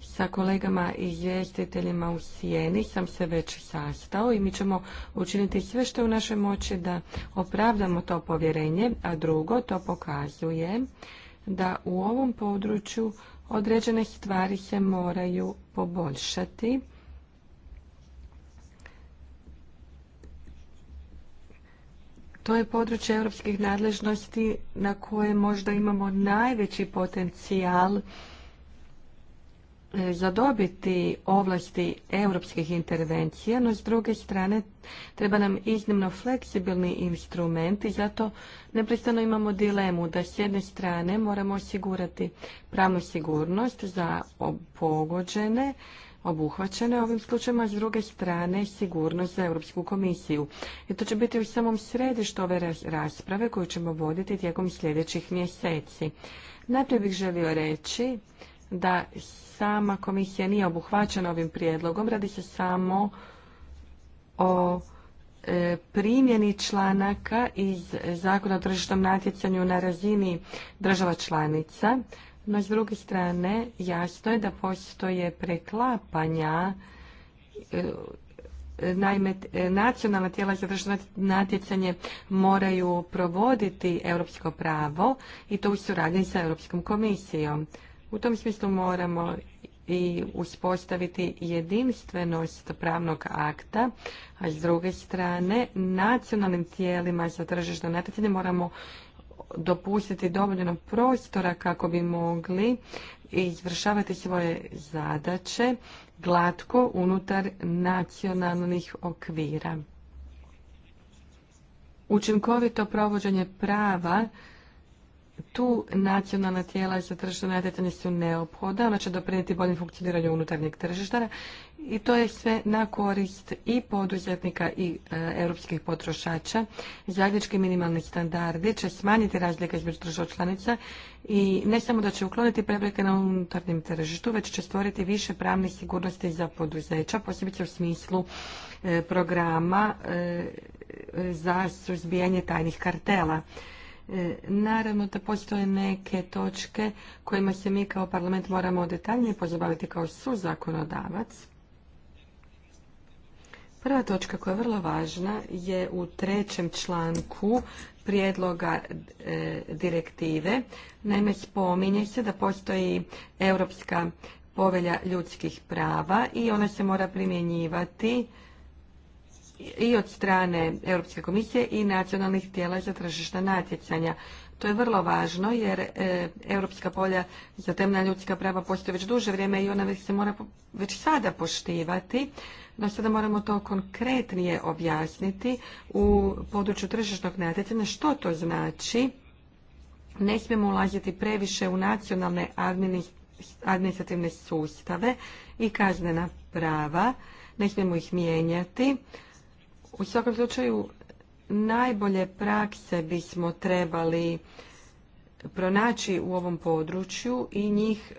Sa kolegama i izvjestiteljima u Sijeni sam se već sastao i mi ćemo učiniti sve što je u našoj moći da opravdamo to povjerenje, a drugo to pokazuje da u ovom području određene stvari se moraju poboljšati. To je područje europskih nadležnosti na koje možda imamo najveći potencijal zadobiti ovlasti europskih intervencija, no s druge strane treba nam iznimno fleksibilni instrument i zato neprestano imamo dilemu da s jedne strane moramo osigurati pravnu sigurnost za pogođene, obuhvaćene ovim slučajima, s druge strane sigurnost za Europsku komisiju. I to će biti u samom središtu ove rasprave koju ćemo voditi tijekom sljedećih mjeseci. Najprije bih želio reći da sama komisija nije obuhvaćena ovim prijedlogom, radi se samo o e, primjeni članaka iz Zakona o tržišnom natjecanju na razini država članica, no s druge strane jasno je da postoje preklapanja e, Naime, nacionalna tijela za državno natjecanje moraju provoditi europsko pravo i to u suradnji sa Europskom komisijom. U tom smislu moramo i uspostaviti jedinstvenost pravnog akta, a s druge strane nacionalnim tijelima za tržišno natjecanje moramo dopustiti dovoljno prostora kako bi mogli izvršavati svoje zadaće glatko unutar nacionalnih okvira. Učinkovito provođenje prava tu nacionalna tijela za tržišno natjecanje su neophodna, ona će doprinijeti boljem funkcioniranju unutarnjeg tržišta i to je sve na korist i poduzetnika i e, europskih potrošača. Zajednički minimalni standardi će smanjiti razlike između država članica i ne samo da će ukloniti prepreke na unutarnjem tržištu, već će stvoriti više pravne sigurnosti za poduzeća, posebice u smislu e, programa e, za suzbijanje tajnih kartela. E, naravno da postoje neke točke kojima se mi kao parlament moramo detaljnije pozabaviti kao suzakonodavac. Prva točka koja je vrlo važna je u trećem članku prijedloga e, direktive. Naime, spominje se da postoji Europska povelja ljudskih prava i ona se mora primjenjivati i od strane Europske komisije i nacionalnih tijela za tržišna natjecanja. To je vrlo važno jer e, europska polja za temna ljudska prava postoje već duže vrijeme i ona se mora već sada poštivati. No sada moramo to konkretnije objasniti u području tržišnog natjecanja što to znači. Ne smijemo ulaziti previše u nacionalne administrativne sustave i kaznena prava. Ne smijemo ih mijenjati. U svakom slučaju najbolje prakse bismo trebali pronaći u ovom području i njih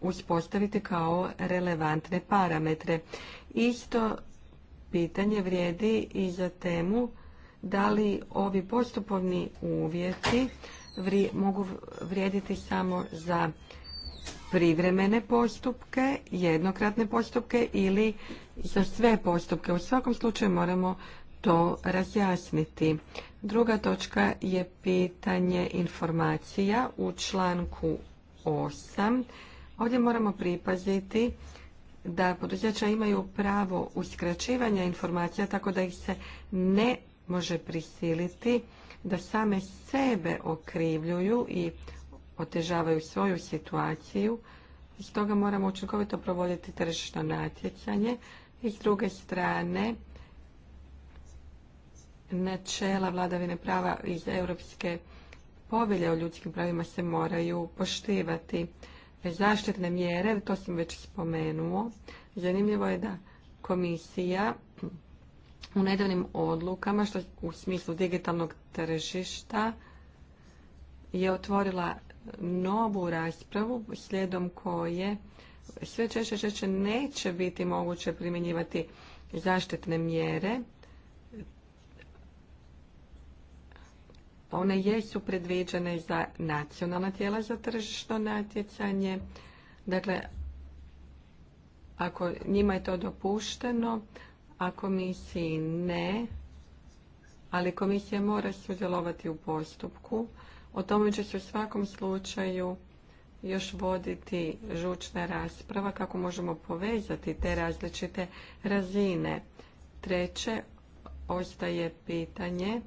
uspostaviti kao relevantne parametre. Isto pitanje vrijedi i za temu da li ovi postupovni uvjeti mogu vrijediti samo za privremene postupke, jednokratne postupke ili za sve postupke. U svakom slučaju moramo to razjasniti. Druga točka je pitanje informacija u članku 8. Ovdje moramo pripaziti da poduzeća imaju pravo uskraćivanja informacija tako da ih se ne može prisiliti da same sebe okrivljuju i otežavaju svoju situaciju. Stoga moramo učinkovito provoditi tržišno natjecanje, i s druge strane, načela vladavine prava iz Europske povelje o ljudskim pravima se moraju poštivati. Zaštitne mjere, to sam već spomenuo, zanimljivo je da komisija u nedavnim odlukama, što u smislu digitalnog tržišta, je otvorila novu raspravu slijedom koje sve češće češće neće biti moguće primjenjivati zaštitne mjere. One jesu predviđene za nacionalna tijela za tržišno natjecanje. Dakle, ako njima je to dopušteno, a komisiji ne, ali komisija mora sudjelovati u postupku. O tome će se u svakom slučaju još voditi žučna rasprava kako možemo povezati te različite razine. Treće, ostaje pitanje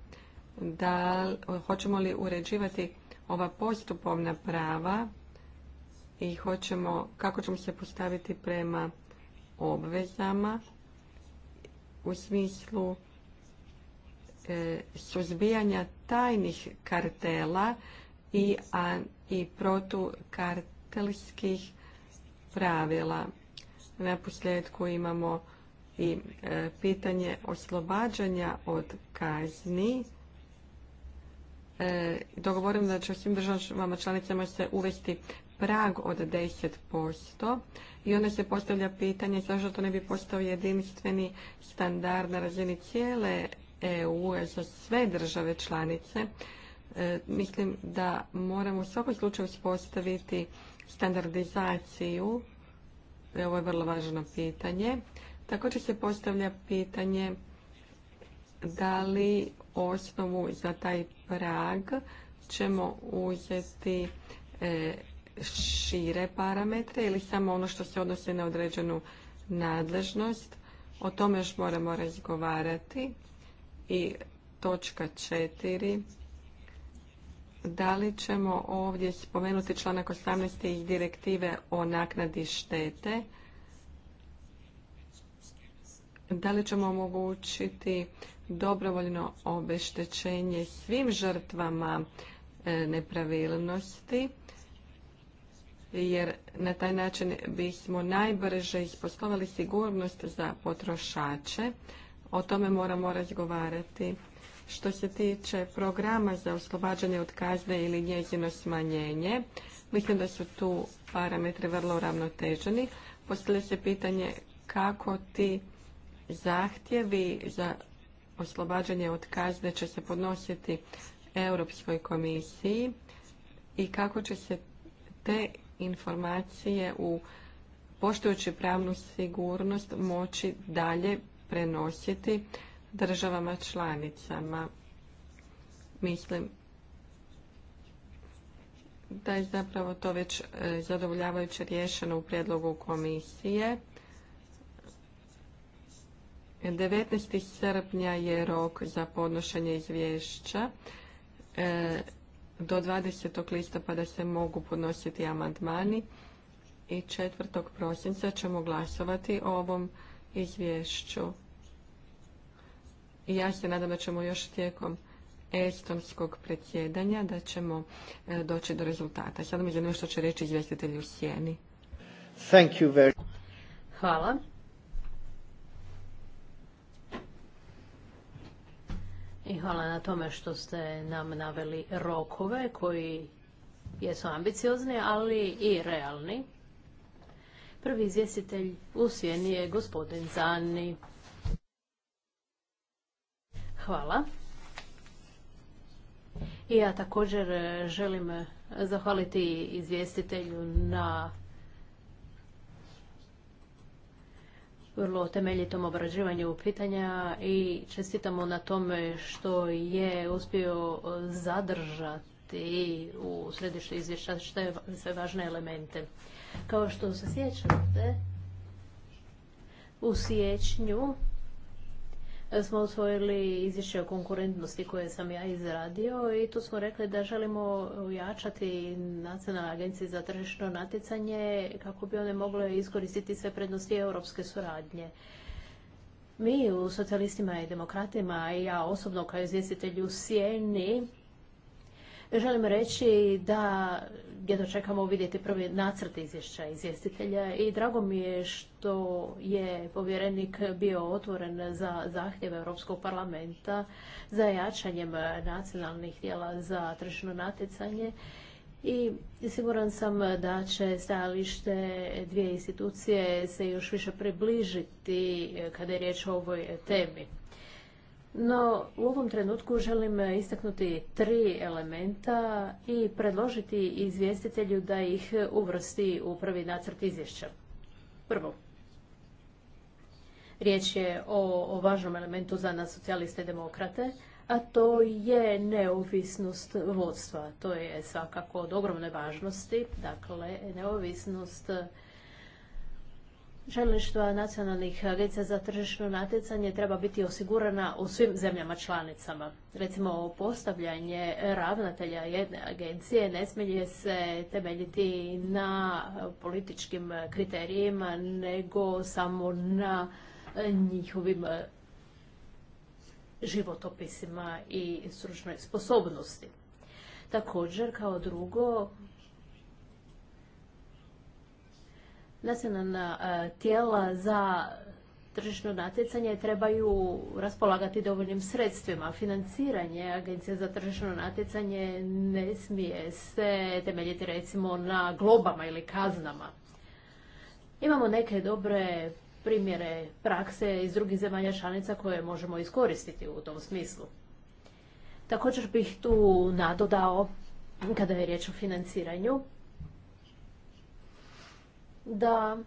da hoćemo li uređivati ova postupovna prava i hoćemo, kako ćemo se postaviti prema obvezama u smislu e, suzbijanja tajnih kartela i i protukartelskih pravila. Na posljedku imamo i e, pitanje oslobađanja od kazni. E, dogovorim da će svim državama članicama se uvesti prag od 10% i onda se postavlja pitanje zašto to ne bi postao jedinstveni standard na razini cijele EU za sve države članice E, mislim da moramo u svakom slučaju uspostaviti standardizaciju. E, ovo je vrlo važno pitanje. Također se postavlja pitanje da li osnovu za taj prag ćemo uzeti e, šire parametre ili samo ono što se odnosi na određenu nadležnost. O tome još moramo razgovarati. I točka četiri da li ćemo ovdje spomenuti članak 18. i direktive o naknadi štete? Da li ćemo omogućiti dobrovoljno obeštećenje svim žrtvama e, nepravilnosti? Jer na taj način bismo najbrže isposlovali sigurnost za potrošače. O tome moramo razgovarati što se tiče programa za oslobađanje od kazne ili njezino smanjenje, mislim da su tu parametri vrlo ravnoteženi. Postavlja se pitanje kako ti zahtjevi za oslobađanje od kazne će se podnositi Europskoj komisiji i kako će se te informacije u poštujući pravnu sigurnost moći dalje prenositi državama članicama. Mislim da je zapravo to već e, zadovoljavajuće rješeno u prijedlogu komisije. 19. srpnja je rok za podnošenje izvješća. E, do 20. listopada se mogu podnositi amandmani i 4. prosinca ćemo glasovati o ovom izvješću. I ja se nadam da ćemo još tijekom estonskog predsjedanja da ćemo e, doći do rezultata. Sada mi zanima što će reći izvjestitelji u sjeni. Hvala. I hvala na tome što ste nam naveli rokove koji jesu ambiciozni, ali i realni. Prvi izvjestitelj u sjeni je gospodin Zani. Hvala. I ja također e, želim e, zahvaliti izvjestitelju na vrlo temeljitom obrađivanju pitanja i čestitamo na tome što je uspio zadržati u središtu izvješća sve važne elemente. Kao što se sjećate, u siječnju smo usvojili izvješće o konkurentnosti koje sam ja izradio i tu smo rekli da želimo ujačati nacionalne agencije za tržišno natjecanje kako bi one mogle iskoristiti sve prednosti europske suradnje. Mi u socijalistima i demokratima i ja osobno kao izvjestitelj u Sjeni Želim reći da jedno čekamo vidjeti prvi nacrt izvješća izvjestitelja i drago mi je što je povjerenik bio otvoren za zahtjeve Europskog parlamenta za jačanjem nacionalnih tijela za tržišno natjecanje i siguran sam da će stajalište dvije institucije se još više približiti kada je riječ o ovoj temi. No, u ovom trenutku želim istaknuti tri elementa i predložiti izvjestitelju da ih uvrsti u prvi nacrt izvješća. Prvo, riječ je o, važnom elementu za nas socijaliste i demokrate, a to je neovisnost vodstva. To je svakako od ogromne važnosti, dakle neovisnost Čelništva nacionalnih agencija za tržišno natjecanje treba biti osigurana u svim zemljama članicama. Recimo, postavljanje ravnatelja jedne agencije ne smije se temeljiti na političkim kriterijima, nego samo na njihovim e, životopisima i stručnoj sposobnosti. Također, kao drugo, nacionalna e, tijela za tržišno natjecanje trebaju raspolagati dovoljnim sredstvima. Financiranje Agencije za tržišno natjecanje ne smije se temeljiti recimo na globama ili kaznama. Imamo neke dobre primjere prakse iz drugih zemalja članica koje možemo iskoristiti u tom smislu. Također bih tu nadodao kada je riječ o financiranju da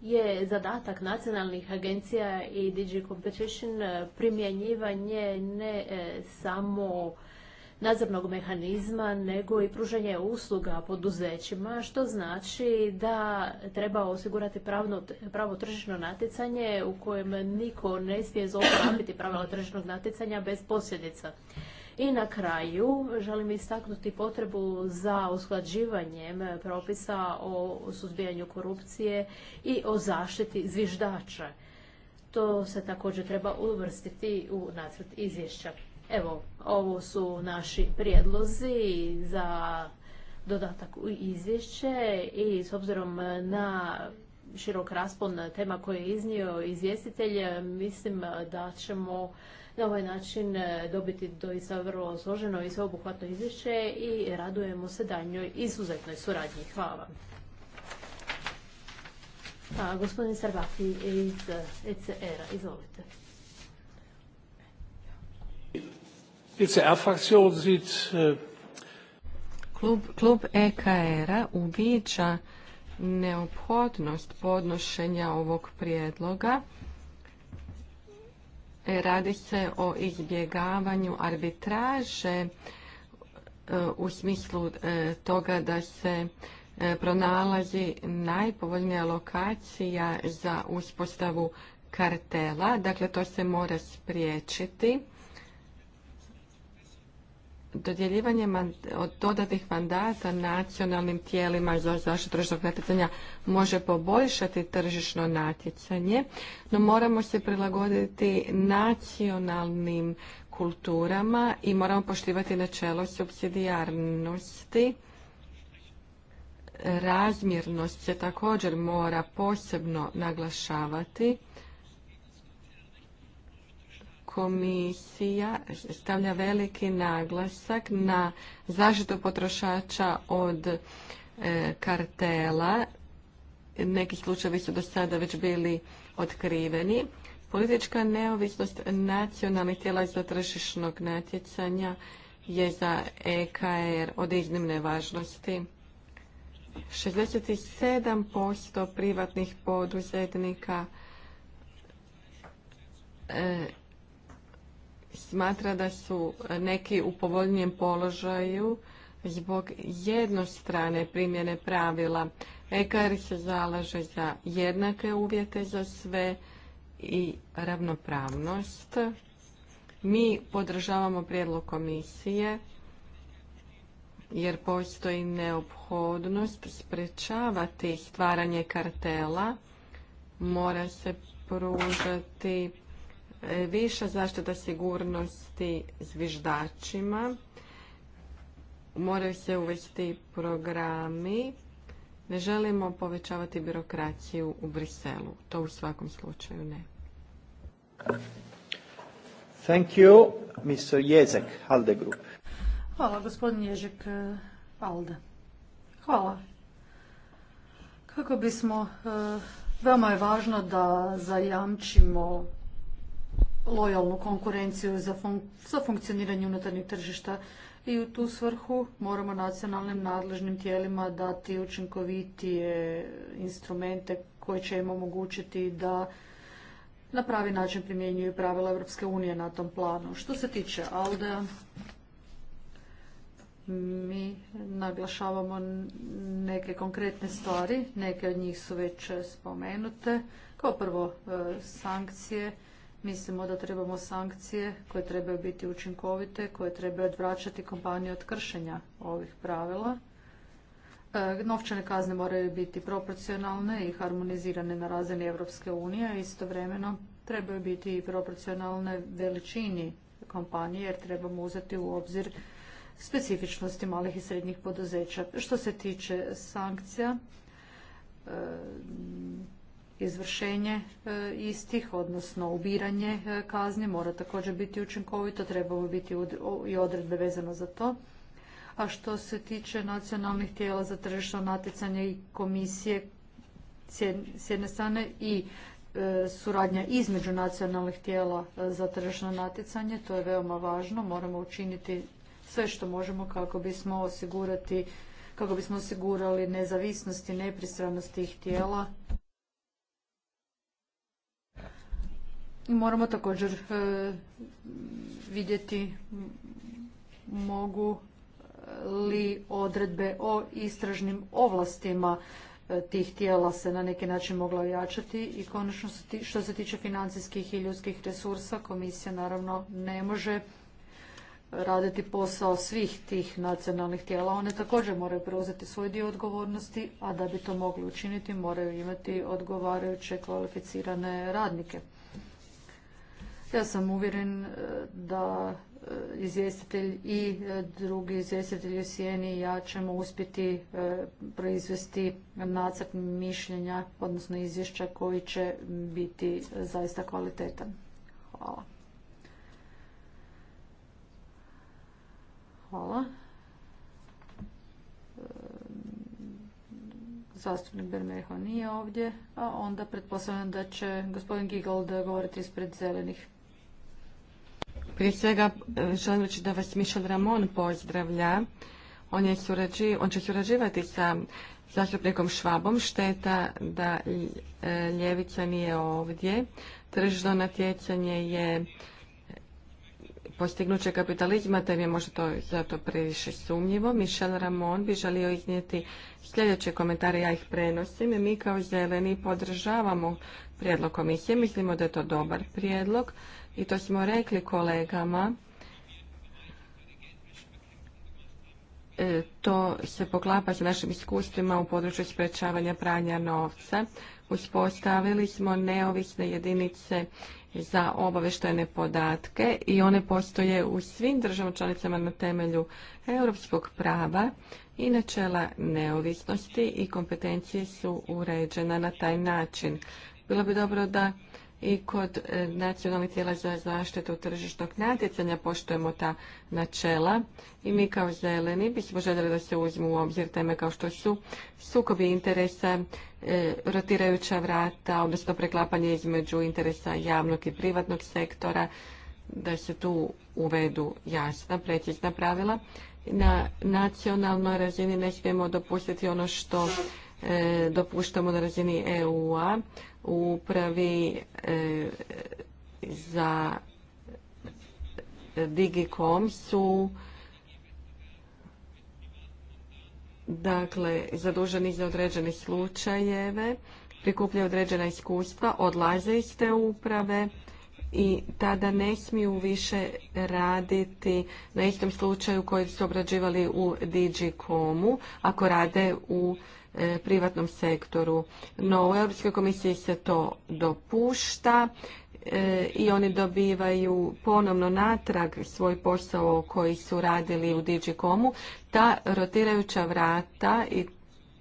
je zadatak nacionalnih agencija i DG Competition e, primjenjivanje ne e, samo nadzornog mehanizma, nego i pružanje usluga poduzećima, što znači da treba osigurati pravo tržišno natjecanje u kojem niko ne smije zlouporabiti pravila tržišnog natjecanja bez posljedica. I na kraju želim istaknuti potrebu za usklađivanjem propisa o suzbijanju korupcije i o zaštiti zviždača. To se također treba uvrstiti u nacrt izvješća. Evo, ovo su naši prijedlozi za dodatak u izvješće i s obzirom na širok raspon tema koje je iznio izvjestitelj, mislim da ćemo na ovaj način e, dobiti doista vrlo složeno i sveobuhvatno izvješće i radujemo se daljnjoj izuzetnoj suradnji. Hvala vam. gospodin iz ECR-a, izvolite. E e, klub, klub EKR-a uviđa neophodnost podnošenja ovog prijedloga Radi se o izbjegavanju arbitraže e, u smislu e, toga da se e, pronalazi najpovoljnija lokacija za uspostavu kartela. Dakle, to se mora spriječiti dodjeljivanje od dodatnih mandata nacionalnim tijelima za zaštitu tržišnog natjecanja može poboljšati tržišno natjecanje, no moramo se prilagoditi nacionalnim kulturama i moramo poštivati načelo subsidijarnosti. Razmjernost se također mora posebno naglašavati komisija stavlja veliki naglasak na zaštitu potrošača od e, kartela. Neki slučajevi su do sada već bili otkriveni. Politička neovisnost nacionalnih tijela za tržišnog natjecanja je za EKR od iznimne važnosti. 67% privatnih poduzetnika e, smatra da su neki u povoljnijem položaju zbog jednostrane primjene pravila. EKR se zalaže za jednake uvjete za sve i ravnopravnost. Mi podržavamo prijedlog komisije jer postoji neophodnost sprečavati stvaranje kartela. Mora se pružati viša zaštita sigurnosti zviždačima, moraju se uvesti programi, ne želimo povećavati birokraciju u Briselu. To u svakom slučaju ne. Thank you, Mr. Jezek, Hvala, gospodin Ježek, eh, Alde. Hvala. Kako bismo, eh, veoma je važno da zajamčimo lojalnu konkurenciju za, za funkcioniranje unutarnjeg tržišta i u tu svrhu moramo nacionalnim nadležnim tijelima dati učinkovitije instrumente koje će im omogućiti da na pravi način primjenjuju pravila Europske unije na tom planu. Što se tiče ALDE, mi naglašavamo neke konkretne stvari, neke od njih su već spomenute. Kao prvo e, sankcije Mislimo da trebamo sankcije koje trebaju biti učinkovite, koje trebaju odvraćati kompanije od kršenja ovih pravila. E, novčane kazne moraju biti proporcionalne i harmonizirane na razini Europske unije, a istovremeno trebaju biti i proporcionalne veličini kompanije jer trebamo uzeti u obzir specifičnosti malih i srednjih poduzeća. Što se tiče sankcija, e, izvršenje e, istih, odnosno ubiranje e, kazni mora također biti učinkovito, trebamo biti i odredbe vezano za to. A što se tiče nacionalnih tijela za tržišno natjecanje i komisije s jedne strane i e, suradnja između nacionalnih tijela za tržišno natjecanje, to je veoma važno, moramo učiniti sve što možemo kako bismo osigurati kako bismo osigurali nezavisnost i nepristranost tih tijela Moramo također e, vidjeti mogu e, li odredbe o istražnim ovlastima e, tih tijela se na neki način mogla ojačati i konačno što se tiče financijskih i ljudskih resursa komisija naravno ne može raditi posao svih tih nacionalnih tijela. One također moraju preuzeti svoj dio odgovornosti, a da bi to mogli učiniti moraju imati odgovarajuće kvalificirane radnike. Ja sam uvjeren e, da e, izvjestitelj i e, drugi izvjestitelj u Sijeni i ja ćemo uspjeti proizvesti nacrt mišljenja, odnosno izvješća koji će biti zaista kvalitetan. Hvala. Hvala. Zastupnik Bermeho nije ovdje, a onda pretpostavljam da će gospodin Gigald govoriti ispred zelenih. Prije svega e, želim reći da vas Mišel Ramon pozdravlja. On, je on će surađivati sa zastupnikom Švabom. Šteta da e, ljevica nije ovdje. Tržno natjecanje je postignuće kapitalizma, te je možda to zato previše sumnjivo. Mišel Ramon bi želio iznijeti sljedeće komentare, ja ih prenosim. Mi kao zeleni podržavamo prijedlog komisije, mislimo da je to dobar prijedlog i to smo rekli kolegama, e, to se poklapa sa našim iskustvima u području sprečavanja pranja novca. Uspostavili smo neovisne jedinice za obaveštajne podatke i one postoje u svim državama članicama na temelju europskog prava i načela neovisnosti i kompetencije su uređena na taj način. Bilo bi dobro da i kod e, nacionalnih tijela za zaštitu tržišnog natjecanja poštujemo ta načela i mi kao zeleni bismo željeli da se uzmu u obzir teme kao što su sukobi interesa, e, rotirajuća vrata, odnosno preklapanje između interesa javnog i privatnog sektora, da se tu uvedu jasna, precizna pravila. Na nacionalnoj razini ne smijemo dopustiti ono što E, dopuštamo na razini EU-a u upravi e, za Digicom su dakle zaduženi za određene slučajeve, prikupljaju određena iskustva, odlaze iz te uprave i tada ne smiju više raditi na istom slučaju koji su obrađivali u Digicomu ako rade u E, privatnom sektoru. No u Europskoj komisiji se to dopušta e, i oni dobivaju ponovno natrag svoj posao koji su radili u Digikomu. Ta rotirajuća vrata i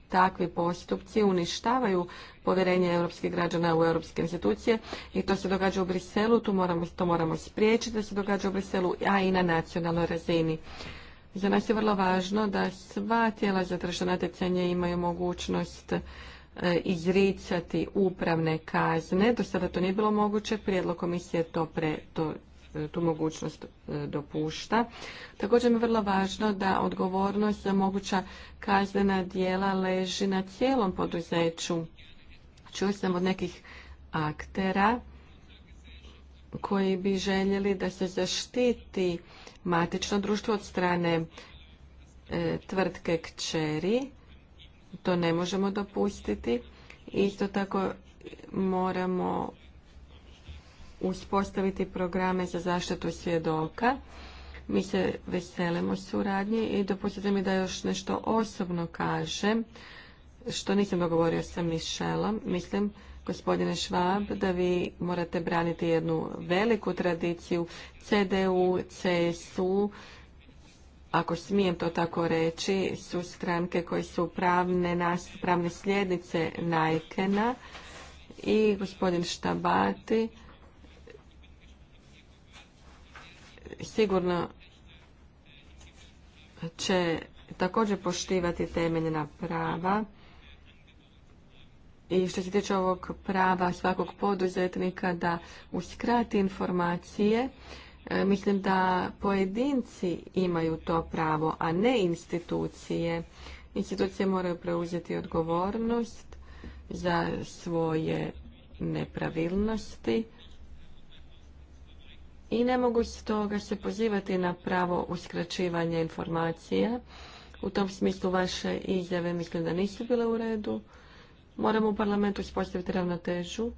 takvi postupci uništavaju povjerenje europskih građana u europske institucije i to se događa u Briselu, tu moramo, to moramo spriječiti da se događa u Briselu, a i na nacionalnoj razini. Za nas je vrlo važno da sva tijela za tržišno natjecanje imaju mogućnost e, izricati upravne kazne. Do sada to nije bilo moguće, prijedlog komisije to, pre, to e, tu mogućnost e, dopušta. Također je vrlo važno da odgovornost za moguća kaznena dijela leži na cijelom poduzeću. Čuo sam od nekih aktera koji bi željeli da se zaštiti matično društvo od strane e, tvrtke kćeri. To ne možemo dopustiti. Isto tako moramo uspostaviti programe za zaštitu svjedoka. Mi se veselimo suradnji i dopustite mi da još nešto osobno kažem, što nisam dogovorio sa Mišelom. Mislim gospodine Švab, da vi morate braniti jednu veliku tradiciju CDU, CSU, ako smijem to tako reći, su stranke koje su pravne, nas, pravne sljednice Najkena i gospodin Štabati sigurno će također poštivati temeljna prava i što se tiče ovog prava svakog poduzetnika da uskrati informacije, e, mislim da pojedinci imaju to pravo, a ne institucije. Institucije moraju preuzeti odgovornost za svoje nepravilnosti i ne mogu stoga se pozivati na pravo uskraćivanja informacija. U tom smislu vaše izjave mislim da nisu bile u redu. Moramo u parlamentu ispostaviti ravnotežu.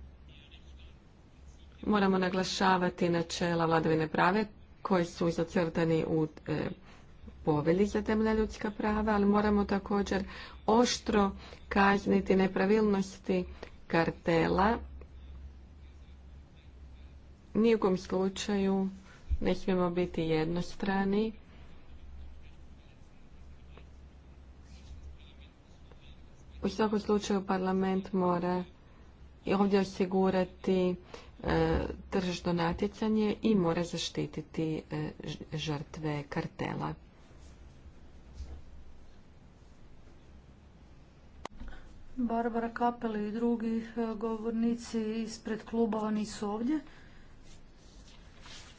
Moramo naglašavati načela vladavine prave koji su izacrtani u e, povelji za temelja ljudska prava, ali moramo također oštro kazniti nepravilnosti kartela. Nijekom slučaju ne smijemo biti jednostrani U svakom slučaju parlament mora i ovdje osigurati tržno e, tržišno natjecanje i mora zaštititi e, žrtve kartela. Barbara Kapel i drugi e, govornici ispred oni nisu ovdje.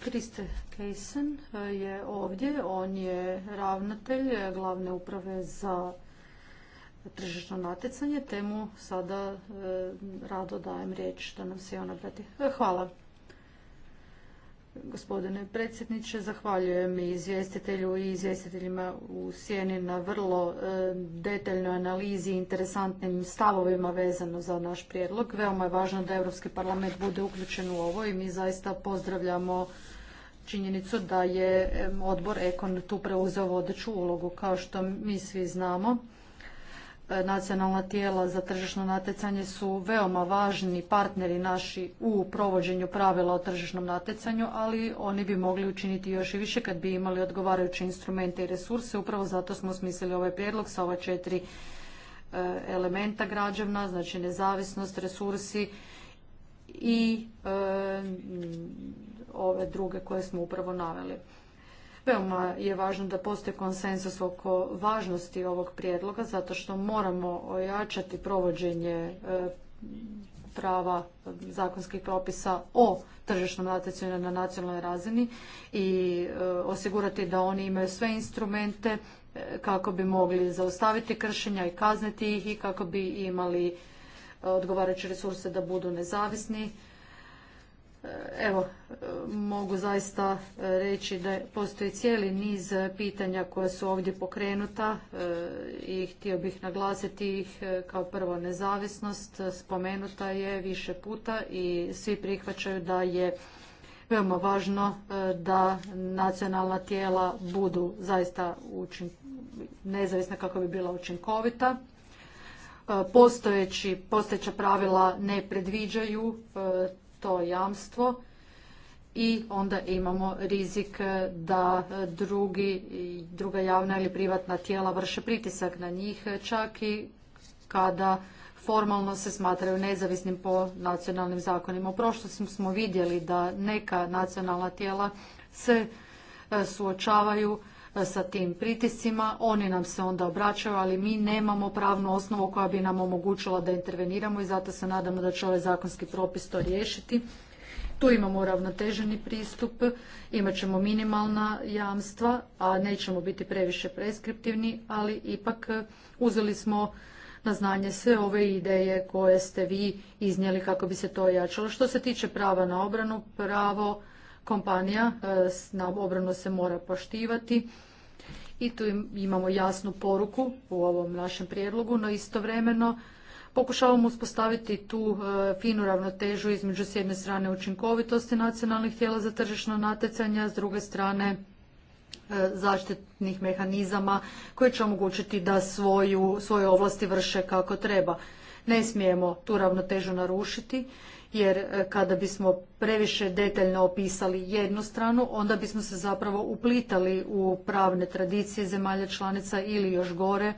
Kriste Kejsen je ovdje, on je ravnatelj glavne uprave za tržišno natjecanje, temu sada e, rado dajem riječ da nam se i ona obrati. E, hvala. Gospodine predsjedniče, zahvaljujem i izvjestitelju i izvjestiteljima u Sjeni na vrlo e, detaljnoj analizi i interesantnim stavovima vezano za naš prijedlog. Veoma je važno da Europski parlament bude uključen u ovo i mi zaista pozdravljamo činjenicu da je odbor Ekon tu preuzeo vodeću ulogu. Kao što mi svi znamo, E, nacionalna tijela za tržišno natjecanje su veoma važni partneri naši u provođenju pravila o tržišnom natjecanju, ali oni bi mogli učiniti još i više kad bi imali odgovarajuće instrumente i resurse. Upravo zato smo smislili ovaj prijedlog sa ova četiri e, elementa građevna, znači nezavisnost, resursi i e, ove druge koje smo upravo naveli. Veoma je važno da postoji konsensus oko važnosti ovog prijedloga zato što moramo ojačati provođenje e, prava zakonskih propisa o tržišnom natjecanju na nacionalnoj razini i e, osigurati da oni imaju sve instrumente e, kako bi mogli zaustaviti kršenja i kazniti ih i kako bi imali odgovarajuće resurse da budu nezavisni Evo, mogu zaista reći da postoji cijeli niz pitanja koja su ovdje pokrenuta e, i htio bih naglasiti ih e, kao prvo nezavisnost. Spomenuta je više puta i svi prihvaćaju da je veoma važno e, da nacionalna tijela budu zaista nezavisna kako bi bila učinkovita. Postojeći, postojeća pravila ne predviđaju to jamstvo i onda imamo rizik eh, da eh, drugi, druga javna ili privatna tijela vrše pritisak na njih eh, čak i kada formalno se smatraju nezavisnim po nacionalnim zakonima. U prošlosti smo vidjeli da neka nacionalna tijela se suočavaju sa tim pritiscima. Oni nam se onda obraćaju, ali mi nemamo pravnu osnovu koja bi nam omogućila da interveniramo i zato se nadamo da će ovaj zakonski propis to riješiti. Tu imamo ravnoteženi pristup, imat ćemo minimalna jamstva, a nećemo biti previše preskriptivni, ali ipak eh, uzeli smo na znanje sve ove ideje koje ste vi iznijeli kako bi se to ojačalo. Što se tiče prava na obranu, pravo kompanija eh, na obranu se mora poštivati i tu imamo jasnu poruku u ovom našem prijedlogu, no istovremeno pokušavamo uspostaviti tu e, finu ravnotežu između s jedne strane učinkovitosti nacionalnih tijela za tržišno natjecanje, s druge strane e, zaštitnih mehanizama koji će omogućiti da svoje ovlasti vrše kako treba. Ne smijemo tu ravnotežu narušiti jer e, kada bismo previše detaljno opisali jednu stranu, onda bismo se zapravo uplitali u pravne tradicije zemalja članica ili još gore,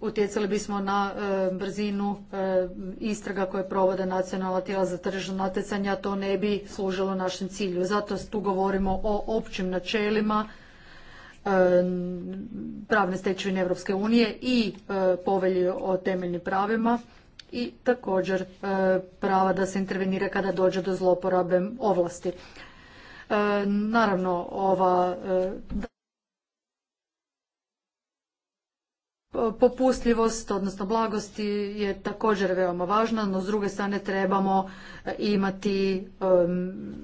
utjecali bismo na e, brzinu e, istraga koje provode nacionalna tijela za tržišno natjecanje, a to ne bi služilo našem cilju. Zato tu govorimo o općim načelima pravne stečevine Europske unije i povelji o temeljnim pravima i također e, prava da se intervenira kada dođe do zloporabe ovlasti. E, naravno, ova e, Popustljivost, odnosno blagosti je također veoma važna, no s druge strane trebamo e, imati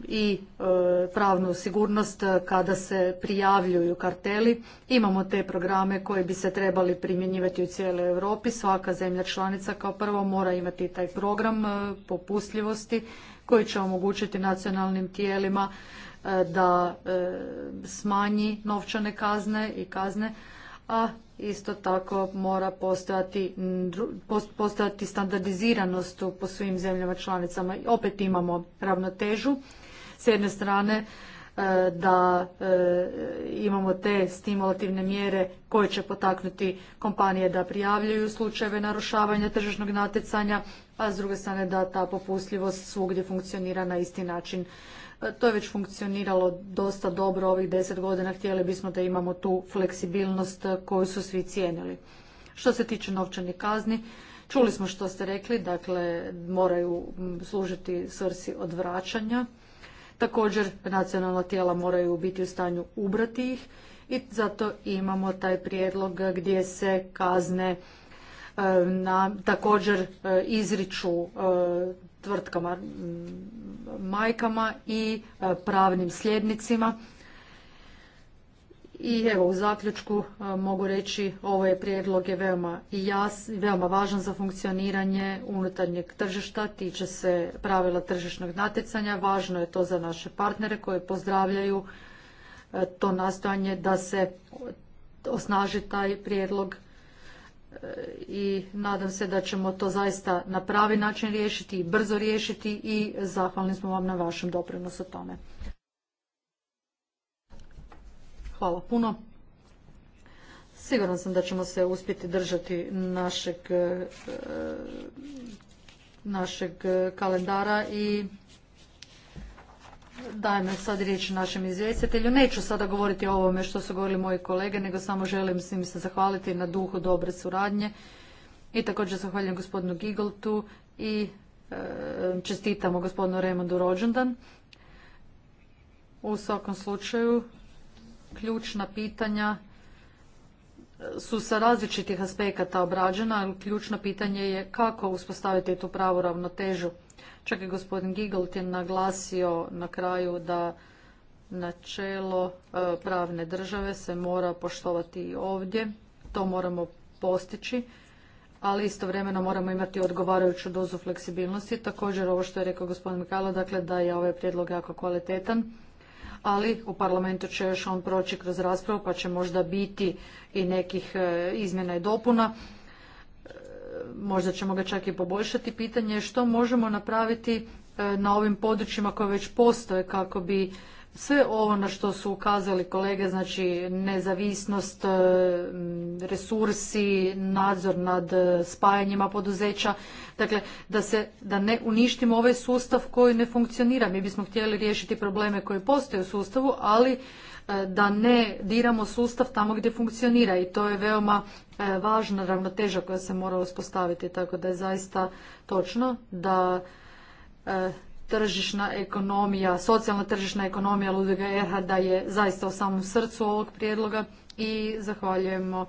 i e, pravnu sigurnost kada se prijavljuju karteli. Imamo te programe koji bi se trebali primjenjivati u cijeloj Europi. Svaka zemlja članica kao prvo mora imati taj program e, popustljivosti koji će omogućiti nacionalnim tijelima da smanji novčane kazne i kazne a isto tako mora postojati, standardiziranost po svim zemljama članicama. Opet imamo ravnotežu. S jedne strane e, da e, imamo te stimulativne mjere koje će potaknuti kompanije da prijavljuju slučajeve narušavanja tržišnog natjecanja, a s druge strane da ta popustljivost svugdje funkcionira na isti način E, to je već funkcioniralo dosta dobro ovih deset godina. Htjeli bismo da imamo tu fleksibilnost e, koju su svi cijenili. Što se tiče novčanih kazni, čuli smo što ste rekli, dakle moraju služiti svrsi odvraćanja. Također nacionalna tijela moraju biti u stanju ubrati ih i zato imamo taj prijedlog gdje se kazne e, na, također izriču tvrtkama majkama i e, pravnim sljednicima. I evo u zaključku e, mogu reći ovaj prijedlog je veoma jas, veoma važan za funkcioniranje unutarnjeg tržišta, tiče se pravila tržišnog natjecanja, važno je to za naše partnere koji pozdravljaju e, to nastojanje da se osnaži taj prijedlog i nadam se da ćemo to zaista na pravi način riješiti i brzo riješiti i zahvalni smo vam na vašem doprinosu tome. Hvala puno. Sigurno sam da ćemo se uspjeti držati našeg e, kalendara i Dajem sad riječ našem izvjestitelju. Neću sada govoriti o ovome što su govorili moji kolege, nego samo želim svim se zahvaliti na duhu dobre suradnje. I također zahvaljujem gospodinu Gigoltu i e, čestitamo gospodinu Raymondu rođendan. U svakom slučaju, ključna pitanja e, su sa različitih aspekata obrađena, ali ključno pitanje je kako uspostaviti tu pravu ravnotežu. Čak i gospodin Gigalt je naglasio na kraju da načelo e, pravne države se mora poštovati i ovdje. To moramo postići, ali istovremeno moramo imati odgovarajuću dozu fleksibilnosti. Također ovo što je rekao gospodin Mikalo, dakle da je ovaj prijedlog jako kvalitetan, ali u parlamentu će još on proći kroz raspravu pa će možda biti i nekih e, izmjena i dopuna možda ćemo ga čak i poboljšati. Pitanje je što možemo napraviti e, na ovim područjima koje već postoje kako bi sve ovo na što su ukazali kolege, znači nezavisnost, e, resursi, nadzor nad e, spajanjima poduzeća, dakle da, se, da ne uništimo ovaj sustav koji ne funkcionira. Mi bismo htjeli riješiti probleme koji postoje u sustavu, ali da ne diramo sustav tamo gdje funkcionira i to je veoma E, važna ravnoteža koja se mora uspostaviti, tako da je zaista točno da e, tržišna ekonomija, socijalna tržišna ekonomija Ludviga da je zaista u samom srcu ovog prijedloga i zahvaljujemo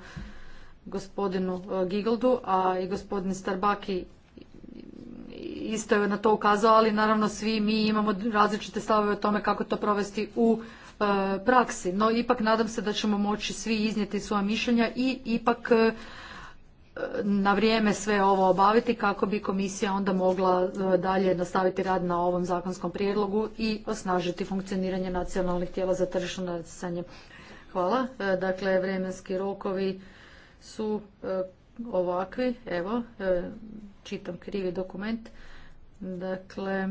gospodinu e, Gigldu, a i gospodin Starbaki isto je na to ukazao, ali naravno svi mi imamo različite stavove o tome kako to provesti u E, praksi. No ipak nadam se da ćemo moći svi iznijeti svoja mišljenja i ipak e, na vrijeme sve ovo obaviti kako bi komisija onda mogla e, dalje nastaviti rad na ovom zakonskom prijedlogu i osnažiti funkcioniranje nacionalnih tijela za tržišno natjecanje. Hvala. Dakle, vremenski rokovi su ovakvi. Evo, čitam krivi dokument. Dakle,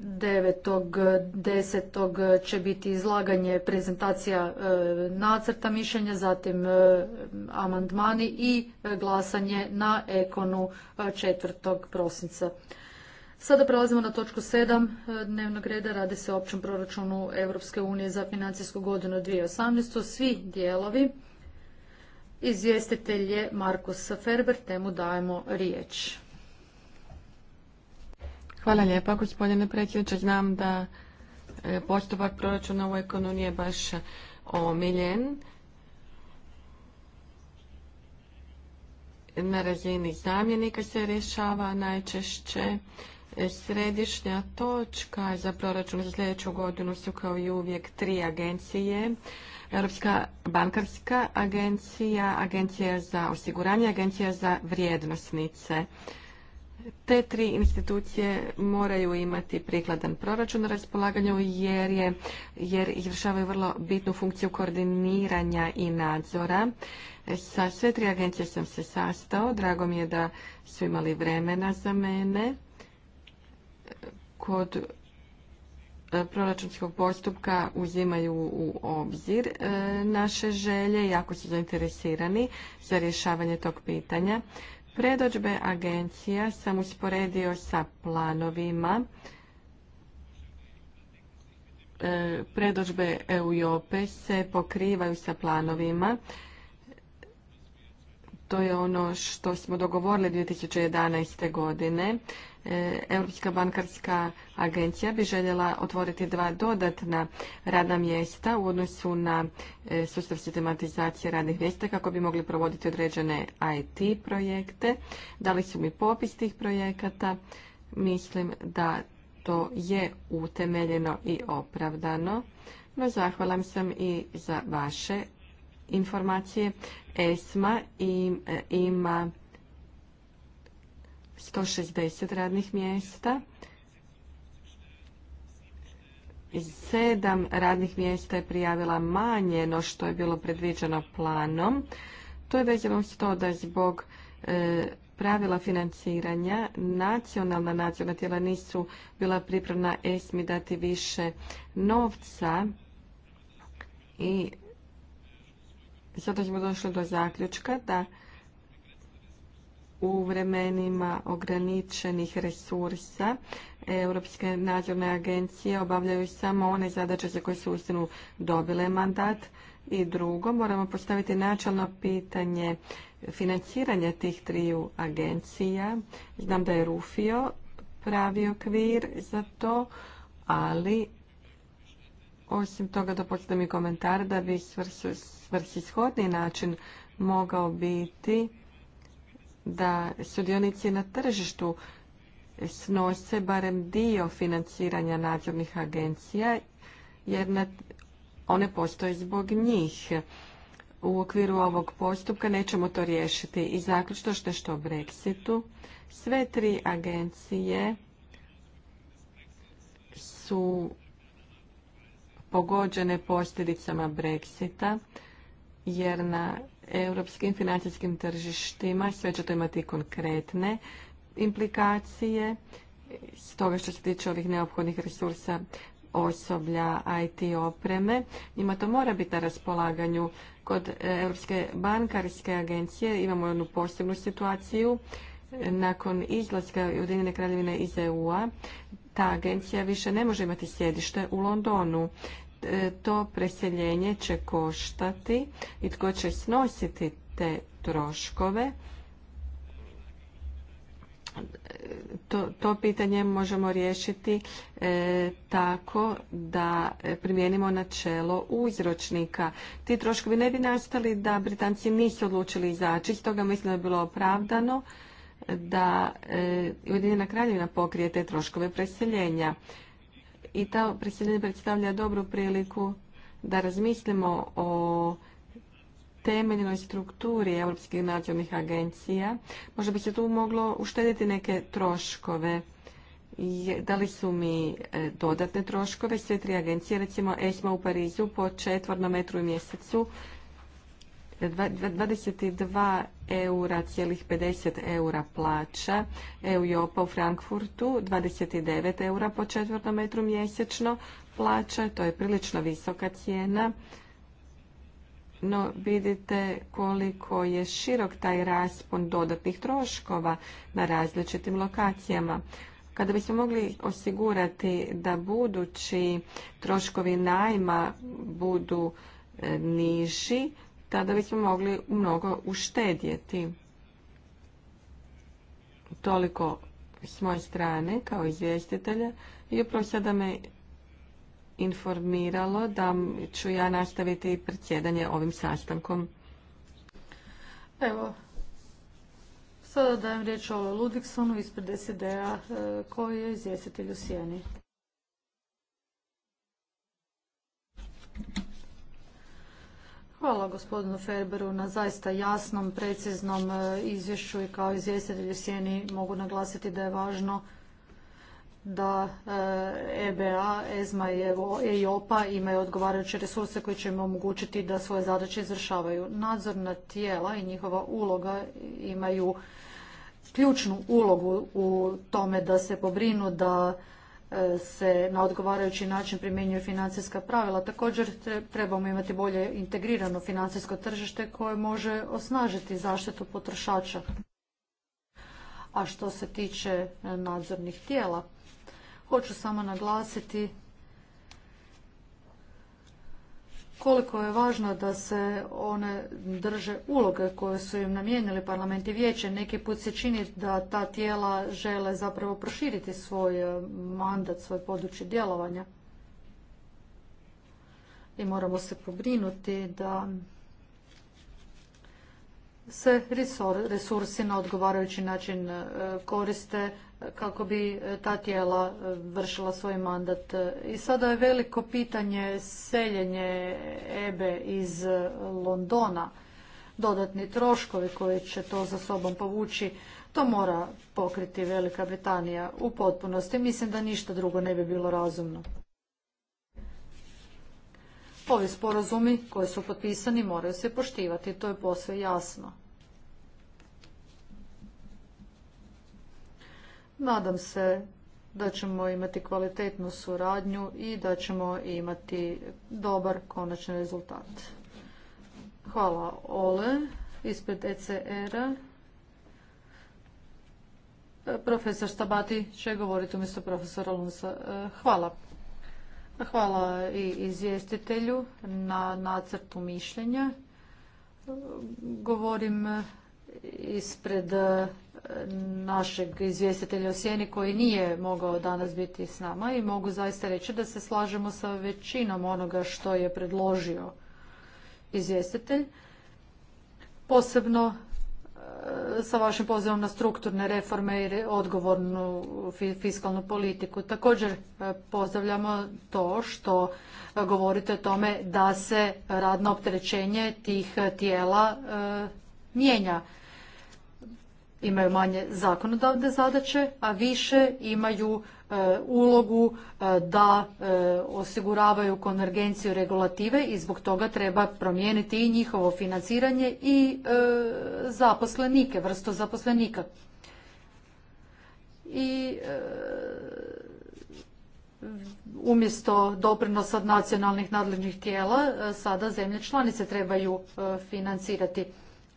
9.10. će biti izlaganje, prezentacija e, nacrta mišljenja, zatim e, amandmani i e, glasanje na ekonu 4. prosinca. Sada prelazimo na točku 7 dnevnog reda. Radi se o općem proračunu Europske unije za financijsku godinu 2018. Svi dijelovi. Izvjestitelj je Markus Ferber, temu dajemo riječ. Hvala lijepa, gospodine predsjedniče. Znam da e, postupak proračuna u ekonu nije baš omiljen. Na razini zamjenika se rješava najčešće. E, središnja točka za proračun za sljedeću godinu su kao i uvijek tri agencije. Europska bankarska agencija, agencija za osiguranje, agencija za vrijednosnice. Te tri institucije moraju imati prikladan proračun na raspolaganju jer, je, jer izvršavaju vrlo bitnu funkciju koordiniranja i nadzora. E, sa sve tri agencije sam se sastao. Drago mi je da su imali vremena za mene. E, kod e, proračunskog postupka uzimaju u obzir naše želje i jako su zainteresirani za rješavanje tog pitanja. Predođbe agencija sam usporedio sa planovima e, predođbe europe se pokrivaju sa planovima. To je ono što smo dogovorili 2011. godine. E, Europska bankarska agencija bi željela otvoriti dva dodatna radna mjesta u odnosu na e, sustav sistematizacije radnih mjesta kako bi mogli provoditi određene IT projekte. Dali su mi popis tih projekata. Mislim da to je utemeljeno i opravdano. No zahvalam sam i za vaše informacije. ESMA i, e, ima 160 radnih mjesta. Sedam radnih mjesta je prijavila manje no što je bilo predviđeno planom. To je vezano s to da zbog e, pravila financiranja nacionalna nacionalna tijela nisu bila pripravna ESMI dati više novca i zato smo došli do zaključka da u vremenima ograničenih resursa Europske nadzorne agencije obavljaju samo one zadaće za koje su uistinu dobile mandat. I drugo, moramo postaviti načelno pitanje financiranja tih triju agencija. Znam da je Rufio pravi okvir za to, ali osim toga da mi komentar da bi svrsishodni način mogao biti da sudionici na tržištu snose barem dio financiranja nadzornih agencija jer one postoje zbog njih. U okviru ovog postupka nećemo to riješiti i zaključno što što o Brexitu. Sve tri agencije su pogođene posljedicama Brexita jer na europskim financijskim tržištima. Sve će to imati konkretne implikacije. toga što se tiče ovih neophodnih resursa osoblja IT opreme, njima to mora biti na raspolaganju. Kod e, Europske bankarske agencije imamo jednu posebnu situaciju. Nakon izlaska Ujedinjene kraljevine iz EU-a, ta agencija više ne može imati sjedište u Londonu. E, to preseljenje će koštati i tko će snositi te troškove. To, to pitanje možemo riješiti e, tako da primijenimo načelo uzročnika. Ti troškovi ne bi nastali da Britanci nisu odlučili izaći, stoga mislim da je bilo opravdano da e, Ujedinjena kraljevina pokrije te troškove preseljenja i ta preseljenje predstavlja dobru priliku da razmislimo o temeljnoj strukturi europskih nadzornih agencija. Možda bi se tu moglo uštediti neke troškove. Da li su mi e, dodatne troškove? Sve tri agencije, recimo ESMA u Parizu po četvornom metru i mjesecu, 22 eura cijelih 50 eura plaća EUJOPA u Frankfurtu 29 eura po četvrtom metru mjesečno plaća to je prilično visoka cijena no vidite koliko je širok taj raspon dodatnih troškova na različitim lokacijama kada bismo mogli osigurati da budući troškovi najma budu e, niži tada bismo mogli mnogo uštedjeti. Toliko s moje strane kao izvjestitelja. I upravo sada me informiralo da ću ja nastaviti predsjedanje ovim sastankom. Evo, sada dajem riječ o Ludiksonu ispred SED-a e, koji je izvjestitelj u Sijeni. Hvala gospodinu Ferberu na zaista jasnom, preciznom e, izvješću i kao izvjestitelj u Sjeni mogu naglasiti da je važno da EBA, e EZMA i EIOPA e imaju odgovarajuće resurse koji će im omogućiti da svoje zadaće izvršavaju. Nadzorna tijela i njihova uloga imaju ključnu ulogu u tome da se pobrinu da E, se na odgovarajući način primjenjuju financijska pravila. Također trebamo imati bolje integrirano financijsko tržište koje može osnažiti zaštitu potrošača. A što se tiče e, nadzornih tijela, hoću samo naglasiti koliko je važno da se one drže uloge koje su im namijenili parlament i vijeće. Neki put se čini da ta tijela žele zapravo proširiti svoj eh, mandat, svoje područje djelovanja. I moramo se pobrinuti da se resursi na odgovarajući način e, koriste e, kako bi e, ta tijela vršila svoj mandat. I sada je veliko pitanje seljenje EBE iz Londona, dodatni troškovi koji će to za sobom povući, to mora pokriti Velika Britanija u potpunosti. Mislim da ništa drugo ne bi bilo razumno. Ovi sporazumi koji su potpisani moraju se poštivati, to je posve jasno. Nadam se da ćemo imati kvalitetnu suradnju i da ćemo imati dobar konačni rezultat. Hvala Ole ispred ECR-a. Profesor Stabati će govoriti umjesto profesora Lunsa. E, hvala Hvala i izvjestitelju na nacrtu mišljenja. Govorim ispred našeg izvjestitelja o sjeni koji nije mogao danas biti s nama i mogu zaista reći da se slažemo sa većinom onoga što je predložio izvjestitelj. Posebno sa vašim pozivom na strukturne reforme i odgovornu fiskalnu politiku. Također e, pozdravljamo to što e, govorite o tome da se radno opterećenje tih tijela e, mijenja. Imaju manje zakonodavne zadaće, a više imaju E, ulogu e, da e, osiguravaju konvergenciju regulative i zbog toga treba promijeniti i njihovo financiranje i zaposlenike, vrstu zaposlenika. I umjesto doprinosa od nacionalnih nadležnih tijela sada zemlje članice trebaju financirati.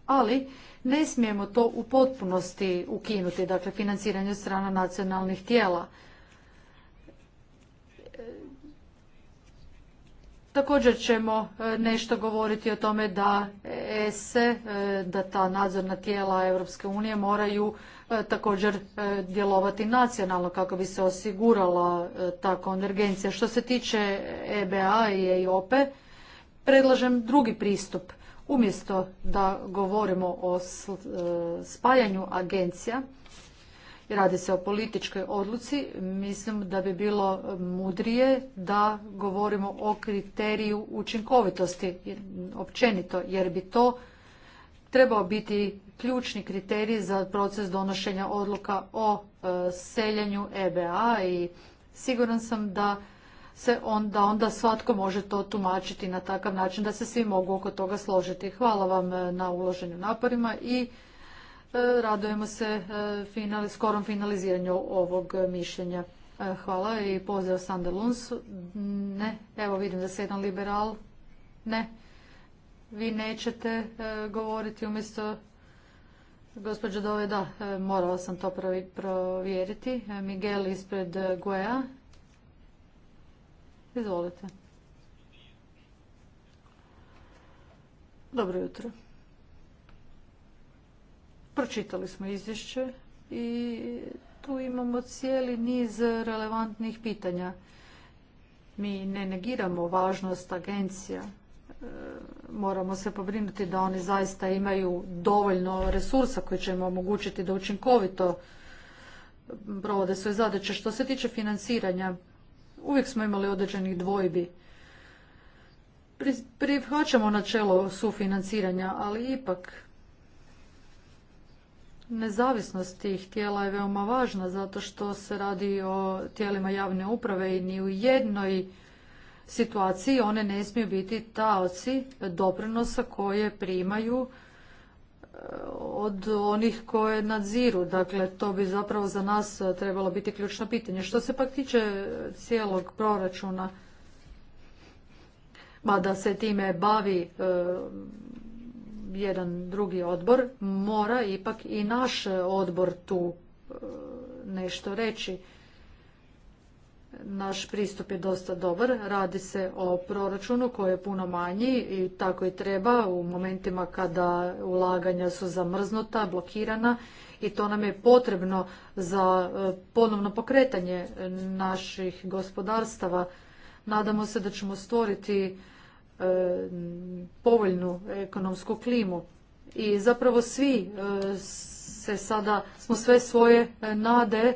Ali ne smijemo to u potpunosti ukinuti, dakle financiranje strana nacionalnih tijela. Također ćemo e, nešto govoriti o tome da ESE, e, e, da ta nadzorna tijela Europske unije moraju također djelovati nacionalno kako bi se osigurala ta konvergencija. Što se tiče EBA i EIOPE, predlažem drugi pristup. Umjesto da govorimo o spajanju agencija, Radi se o političkoj odluci. Mislim da bi bilo mudrije da govorimo o kriteriju učinkovitosti općenito, jer bi to trebao biti ključni kriterij za proces donošenja odluka o e, seljenju EBA i siguran sam da se onda, onda svatko može to tumačiti na takav način da se svi mogu oko toga složiti. Hvala vam e, na uloženju naporima i E, radujemo se e, skorom finaliziranju ovog e, mišljenja. Hvala i pozdrav Sander Luns. Ne, evo vidim da se jedan liberal. Ne, vi nećete govoriti umjesto gospođo Dove. Da, morala sam to provjeriti. Miguel ispred Guea. Izvolite. Dobro jutro. Pročitali smo izvješće i tu imamo cijeli niz relevantnih pitanja. Mi ne negiramo važnost agencija. E, moramo se pobrinuti da oni zaista imaju dovoljno resursa koji će im omogućiti da učinkovito provode svoje zadaće. Što se tiče financiranja, uvijek smo imali određenih dvojbi. Prihvaćamo načelo sufinanciranja, ali ipak Nezavisnost tih tijela je veoma važna zato što se radi o tijelima javne uprave i ni u jednoj situaciji one ne smiju biti taoci doprinosa koje primaju e, od onih koje nadziru. Dakle, to bi zapravo za nas trebalo biti ključno pitanje. Što se pak tiče cijelog proračuna, mada se time bavi e, jedan drugi odbor, mora ipak i naš odbor tu e, nešto reći. Naš pristup je dosta dobar, radi se o proračunu koji je puno manji i tako i treba u momentima kada ulaganja su zamrznuta, blokirana i to nam je potrebno za e, ponovno pokretanje naših gospodarstava. Nadamo se da ćemo stvoriti E, povoljnu ekonomsku klimu. I zapravo svi e, se sada, smo sve svoje e, nade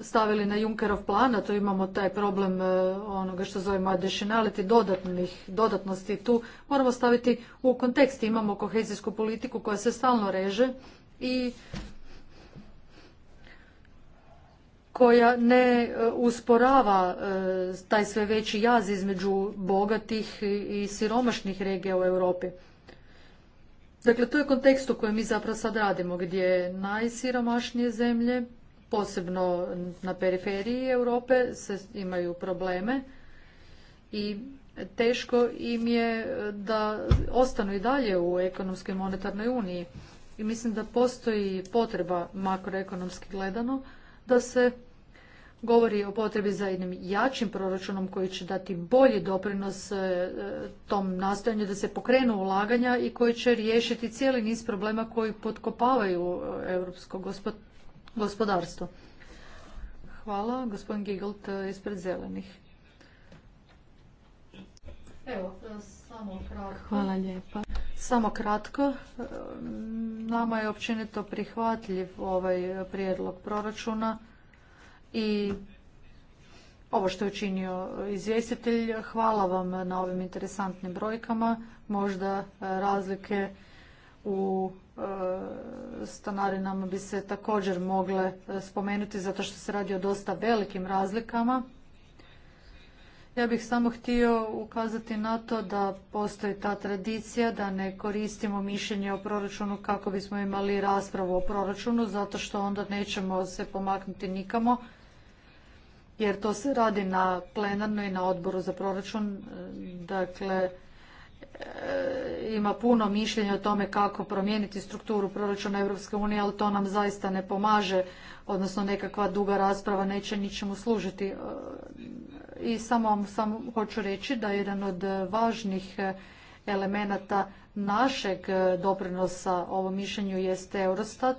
stavili na Junkerov plan, a tu imamo taj problem onoga što zovemo additionality, dodatnih, dodatnosti tu moramo staviti u kontekst. Imamo kohezijsku politiku koja se stalno reže i koja ne e, usporava e, taj sve veći jaz između bogatih i siromašnih regija u Europi. Dakle, to je kontekst u kojem mi zapravo sad radimo, gdje najsiromašnije zemlje, posebno na periferiji Europe, se imaju probleme i teško im je e, da ostanu i dalje u ekonomskoj monetarnoj uniji. I mislim da postoji potreba makroekonomski gledano da se govori o potrebi za jednim jačim proračunom koji će dati bolji doprinos e, tom nastojanju da se pokrenu ulaganja i koji će riješiti cijeli niz problema koji potkopavaju europsko gospodarstvo. Hvala. Gospodin Gigelt, e, ispred zelenih. Evo, e, samo kratko. Hvala lijepa. Samo kratko. Nama je općenito prihvatljiv ovaj prijedlog proračuna i ovo što je učinio izvjestitelj. Hvala vam na ovim interesantnim brojkama. Možda e, razlike u e, stanarinama bi se također mogle e, spomenuti zato što se radi o dosta velikim razlikama. Ja bih samo htio ukazati na to da postoji ta tradicija da ne koristimo mišljenje o proračunu kako bismo imali raspravu o proračunu zato što onda nećemo se pomaknuti nikamo jer to se radi na plenarno i na odboru za proračun. Dakle, e, ima puno mišljenja o tome kako promijeniti strukturu proračuna Europske unije, ali to nam zaista ne pomaže, odnosno nekakva duga rasprava neće ničemu služiti. E, I samo vam samo hoću reći da jedan od važnih elemenata našeg doprinosa ovom mišljenju jeste Eurostat.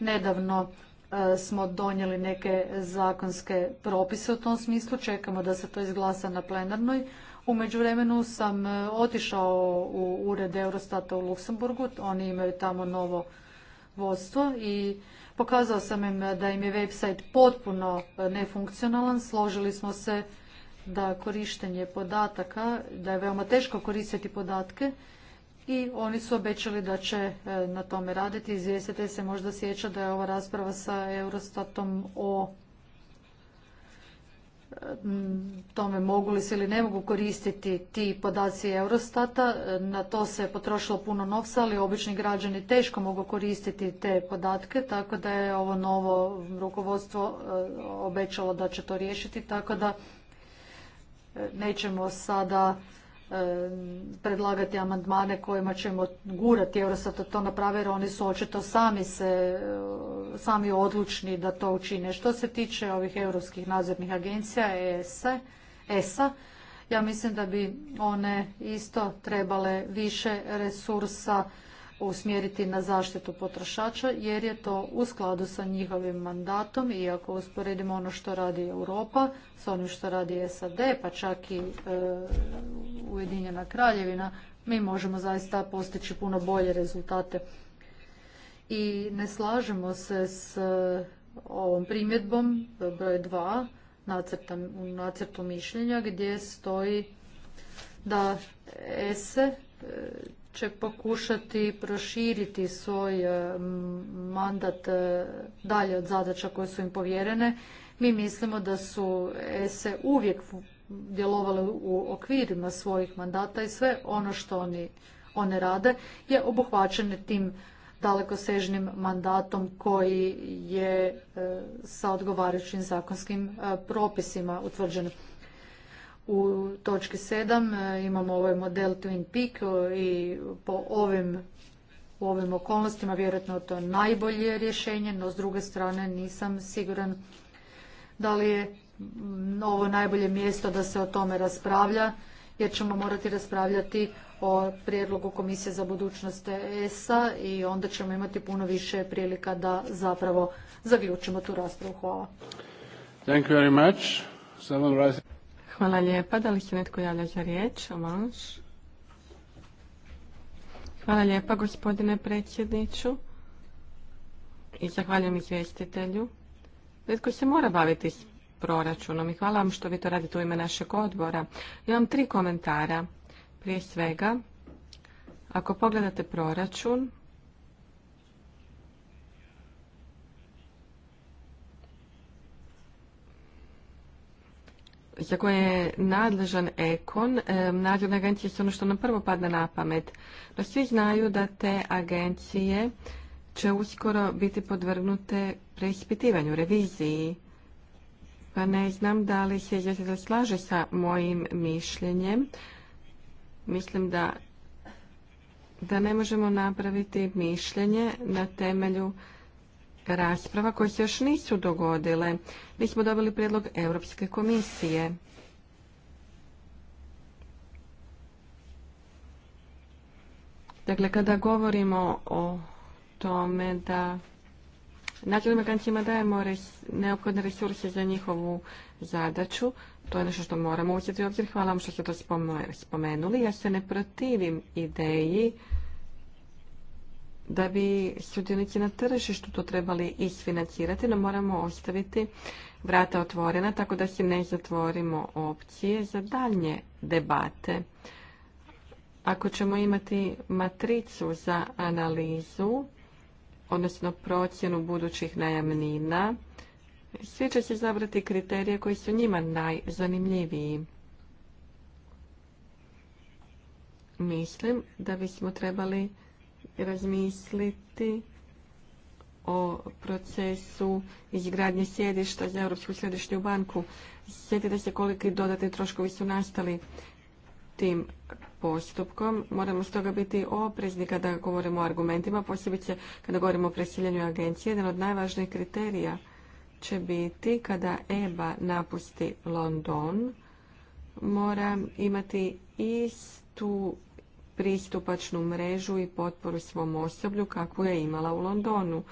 Nedavno E, smo donijeli neke zakonske propise u tom smislu, čekamo da se to izglasa na plenarnoj. U međuvremenu sam e, otišao u ured Eurostata u Luksemburgu, oni imaju tamo novo vodstvo i pokazao sam im da im je website potpuno e, nefunkcionalan, složili smo se da korištenje podataka, da je veoma teško koristiti podatke i oni su obećali da će e, na tome raditi. Izvijestite se možda sjeća da je ova rasprava sa Eurostatom o tome mogu li se ili ne mogu koristiti ti podaci Eurostata. Na to se potrošilo puno novca, ali obični građani teško mogu koristiti te podatke, tako da je ovo novo rukovodstvo e, obećalo da će to riješiti, tako da e, nećemo sada predlagati amandmane kojima ćemo gurati Eurostat da to naprave jer oni su očito sami se sami odlučni da to učine. Što se tiče ovih europskih nadzornih agencija ESA, ESA ja mislim da bi one isto trebale više resursa usmjeriti na zaštitu potrošača jer je to u skladu sa njihovim mandatom i ako usporedimo ono što radi Europa s onim što radi SAD pa čak i e, Ujedinjena kraljevina mi možemo zaista postići puno bolje rezultate. I ne slažemo se s e, ovom primjedbom broj 2 u nacrtu mišljenja gdje stoji da ESE će pokušati proširiti svoj eh, mandat eh, dalje od zadaća koje su im povjerene. Mi mislimo da su se uvijek djelovali u okvirima svojih mandata i sve ono što oni, one rade je obuhvaćeno tim dalekosežnim mandatom koji je eh, sa odgovarajućim zakonskim propisima utvrđen. U točki 7 e, imamo ovaj model Twin Peak i po ovim u ovim okolnostima vjerojatno to najbolje rješenje, no s druge strane nisam siguran da li je ovo najbolje mjesto da se o tome raspravlja, jer ćemo morati raspravljati o prijedlogu Komisije za budućnost ESA i onda ćemo imati puno više prilika da zapravo zaključimo tu raspravu. Hvala. Thank you very much. Hvala lijepa. Da li se netko javlja za riječ? Hvala lijepa gospodine predsjedniču i zahvaljujem izvjestitelju. Netko se mora baviti s proračunom i hvala vam što vi to radite u ime našeg odbora. Imam tri komentara. Prije svega, ako pogledate proračun, za koje je nadležan ekon, nadzorne agencije su ono što nam prvo padne na pamet. No svi znaju da te agencije će uskoro biti podvrgnute preispitivanju, reviziji. Pa ne znam da li se da slaže sa mojim mišljenjem. Mislim da, da ne možemo napraviti mišljenje na temelju rasprava koje se još nisu dogodile. Mi smo dobili prijedlog Europske komisije. Dakle, kada govorimo o tome da nacionalnim agencijama dajemo neophodne resurse za njihovu zadaću, to je nešto što moramo uzeti u obzir. Hvala vam što ste to spomenuli. Ja se ne protivim ideji da bi sudionici na tržištu to trebali isfinancirati, no moramo ostaviti vrata otvorena tako da si ne zatvorimo opcije za daljnje debate. Ako ćemo imati matricu za analizu, odnosno procjenu budućih najamnina, svi će se zabrati kriterije koji su njima najzanimljiviji. Mislim da bismo trebali razmisliti o procesu izgradnje sjedišta za Europsku središnju banku. Sjetite se koliki dodatni troškovi su nastali tim postupkom. Moramo stoga biti oprezni kada govorimo o argumentima, posebice kada govorimo o preseljenju agencije. Jedan od najvažnijih kriterija će biti kada EBA napusti London, mora imati istu pristupačnu mrežu i potporu svom osoblju kakvu je imala u Londonu.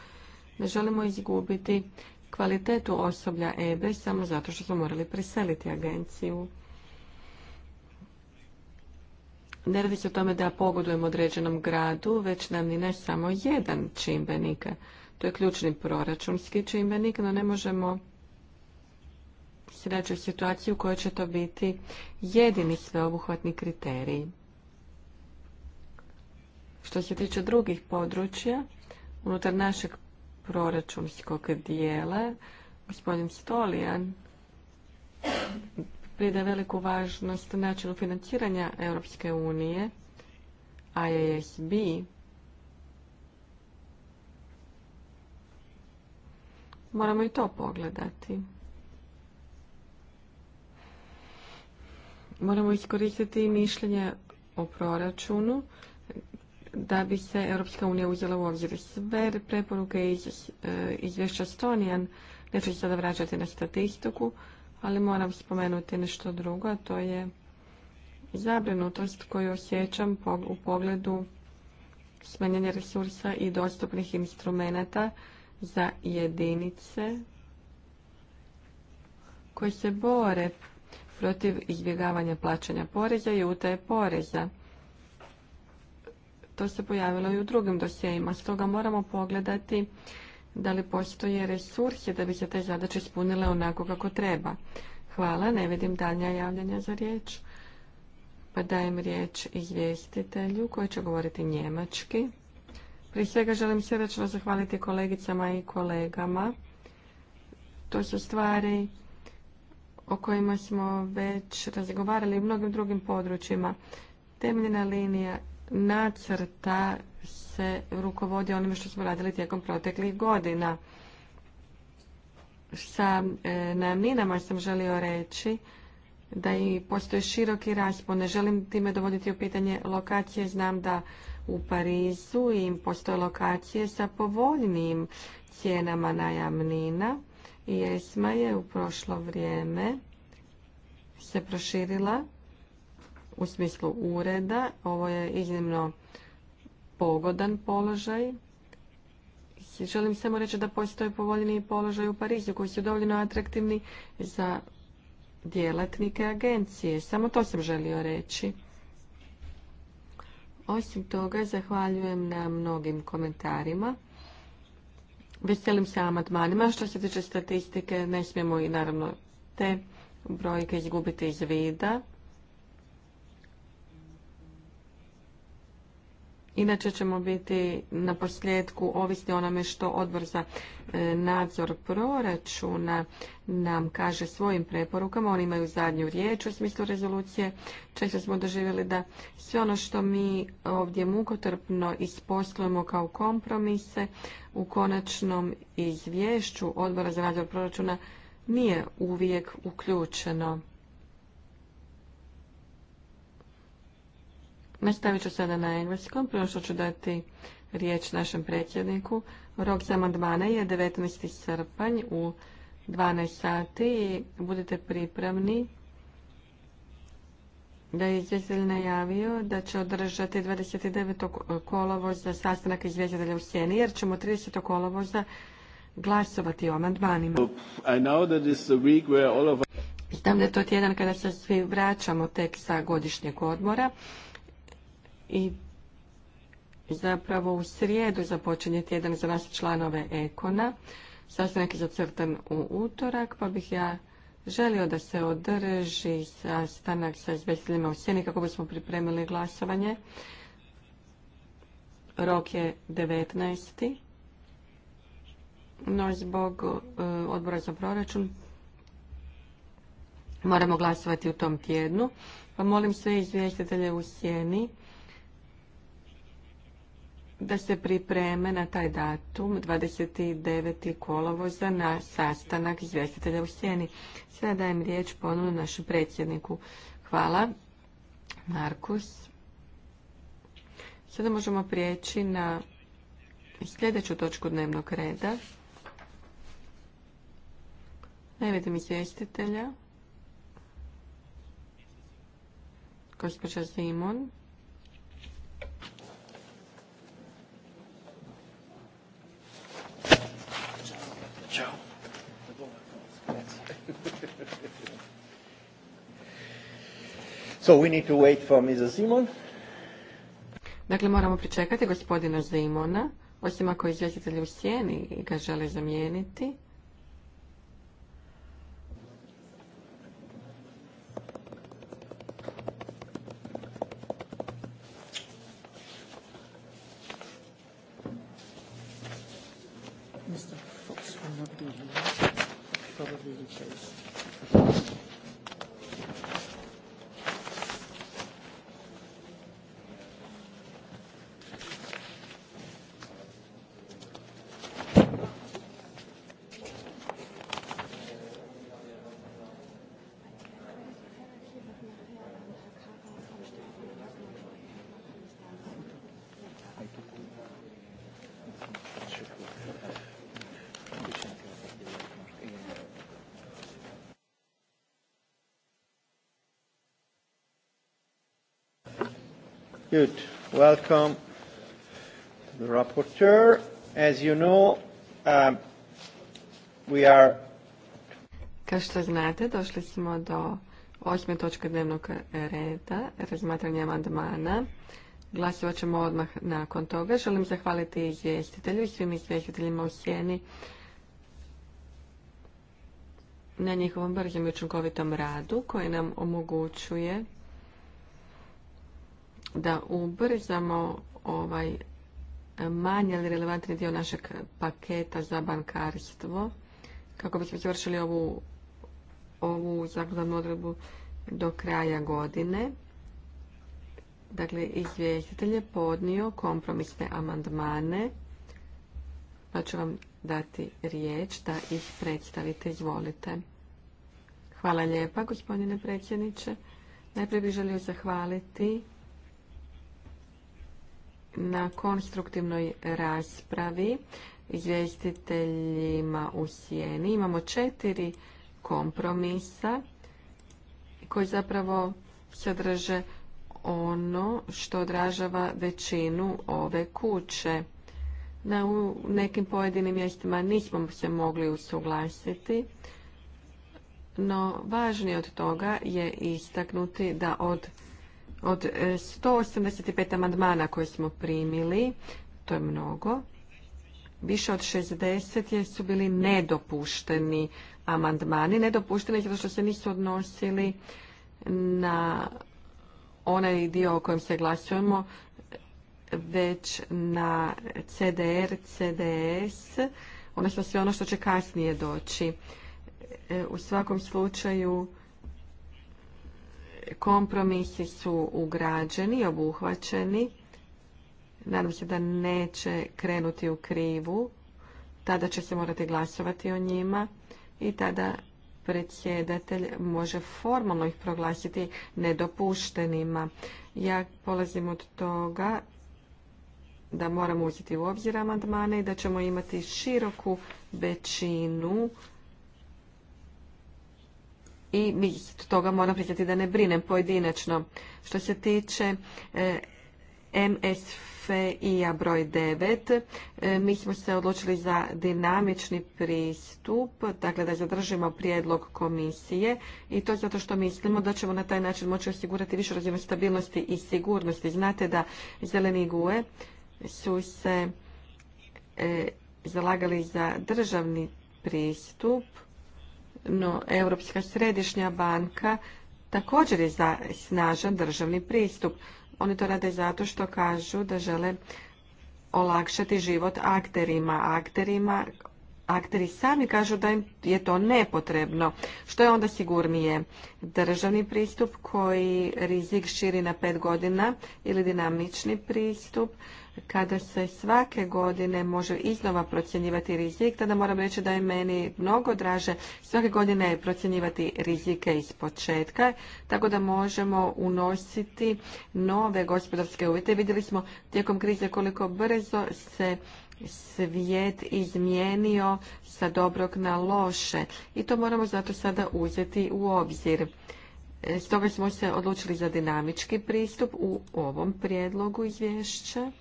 Ne želimo izgubiti kvalitetu osoblja EBE samo zato što smo morali preseliti agenciju. Ne radi se o tome da pogodujemo određenom gradu, već nam ni ne samo jedan čimbenik. To je ključni proračunski čimbenik, no ne možemo sreći u situaciju u kojoj će to biti jedini sveobuhvatni kriterij. Što se tiče drugih područja, unutar našeg proračunskog dijela, gospodin Stolijan pride veliku važnost načinu financiranja Europske unije, IASB, Moramo i to pogledati. Moramo iskoristiti i mišljenje o proračunu da bi se Europska unija uzela u obzir sve preporuke iz e, izvješća Stonijan. Neću se sada vraćati na statistiku, ali moram spomenuti nešto drugo, a to je zabrinutost koju osjećam u pogledu smanjenja resursa i dostupnih instrumenta za jedinice koje se bore protiv izbjegavanja plaćanja poreza i utaje poreza to se pojavilo i u drugim dosjeima. Stoga moramo pogledati da li postoje resursi da bi se te zadaće ispunile onako kako treba. Hvala, ne vidim daljnja javljanja za riječ. Pa dajem riječ izvjestitelju koji će govoriti njemački. Prije svega želim srdečno zahvaliti kolegicama i kolegama. To su stvari o kojima smo već razgovarali u mnogim drugim područjima. Temeljna linija nacrta se rukovodi onime što smo radili tijekom proteklih godina. Sa e, najamninama sam želio reći da i postoji široki raspon. Ne želim time dovoditi u pitanje lokacije. Znam da u Parizu im postoje lokacije sa povoljnim cijenama najamnina. I ESMA je u prošlo vrijeme se proširila u smislu ureda. Ovo je iznimno pogodan položaj. Želim samo reći da postoje povoljniji položaj u Parizu koji su dovoljno atraktivni za djelatnike agencije. Samo to sam želio reći. Osim toga, zahvaljujem na mnogim komentarima. Veselim se amadmanima. Što se tiče statistike, ne smijemo i naravno te brojke izgubiti iz vida. Inače ćemo biti na posljedku ovisni onome što odbor za e, nadzor proračuna nam kaže svojim preporukama. Oni imaju zadnju riječ u smislu rezolucije. Često smo doživjeli da sve ono što mi ovdje mukotrpno isposlujemo kao kompromise u konačnom izvješću odbora za nadzor proračuna nije uvijek uključeno. Nastavit ću sada na engleskom, prvo što ću dati riječ našem predsjedniku. Rok za amandmane je 19. srpanj u 12 sati i budite pripravni da je izvjestitelj najavio da će održati 29. kolovoza sastanak izvjestitelja u Sjeni, jer ćemo 30. kolovoza glasovati o amandmanima. Znam da je to tjedan kada se svi vraćamo tek sa godišnjeg odmora i zapravo u srijedu započinje tjedan za nas članove Ekona. Sastanak je zacrtan u utorak, pa bih ja želio da se održi sastanak sa izvjestiteljima u sjeni kako bismo pripremili glasovanje. Rok je 19. No zbog e, odbora za proračun moramo glasovati u tom tjednu. Pa molim sve izvjestitelje u sjeni da se pripreme na taj datum 29. kolovoza na sastanak izvjestitelja u sjeni. Sada dajem riječ ponovno našem predsjedniku. Hvala. Markus. Sada možemo prijeći na sljedeću točku dnevnog reda. Ne vidim izvjestitelja. Gospođa Zimon. So we need to wait for Simon. Dakle, moramo pričekati gospodina Zimona, osim ako izvjestitelji u sjeni i ga žele zamijeniti. Good. Welcome to the As you know, um, Kao što znate, došli smo do osme točke dnevnog reda, razmatranja amandmana. Glasovat ćemo odmah nakon toga. Želim zahvaliti izvjestitelju i svim izvjestiteljima u sjeni na njihovom bržem i učinkovitom radu koji nam omogućuje da ubrzamo ovaj manji ali relevantni dio našeg paketa za bankarstvo kako bismo završili ovu, ovu zakonodavnu odredbu do kraja godine. Dakle, izvjestitelj je podnio kompromisne amandmane, pa ću vam dati riječ da ih predstavite. Izvolite. Hvala lijepa, gospodine predsjedniče. Najprije bih želio zahvaliti na konstruktivnoj raspravi izvjestiteljima u sjeni. Imamo četiri kompromisa koji zapravo sadrže ono što odražava većinu ove kuće. Na u nekim pojedinim mjestima nismo se mogli usuglasiti, no važnije od toga je istaknuti da od od 185 e, amandmana koje smo primili, to je mnogo, više od 60 su bili nedopušteni amandmani. Nedopušteni zato što se nisu odnosili na onaj dio o kojem se glasujemo, već na CDR, CDS, odnosno sve ono što će kasnije doći. E, u svakom slučaju kompromisi su ugrađeni, obuhvaćeni. Nadam se da neće krenuti u krivu. Tada će se morati glasovati o njima i tada predsjedatelj može formalno ih proglasiti nedopuštenima. Ja polazim od toga da moramo uzeti u obzir amandmane i da ćemo imati široku većinu i mi toga moram priznati da ne brinem pojedinačno. Što se tiče e, MSFI-a broj 9, e, mi smo se odlučili za dinamični pristup, dakle da zadržimo prijedlog komisije i to zato što mislimo da ćemo na taj način moći osigurati više razinu stabilnosti i sigurnosti. Znate da zeleni guje su se e, zalagali za državni pristup, no Europska središnja banka također je za snažan državni pristup. Oni to rade zato što kažu da žele olakšati život akterima. Akterima akteri sami kažu da im je to nepotrebno. Što je onda sigurnije? Državni pristup koji rizik širi na pet godina ili dinamični pristup kada se svake godine može iznova procjenjivati rizik, tada moram reći da je meni mnogo draže svake godine procjenjivati rizike iz početka, tako da možemo unositi nove gospodarske uvjete. Vidjeli smo tijekom krize koliko brzo se svijet izmijenio sa dobrog na loše i to moramo zato sada uzeti u obzir. E, stoga smo se odlučili za dinamički pristup u ovom prijedlogu izvješća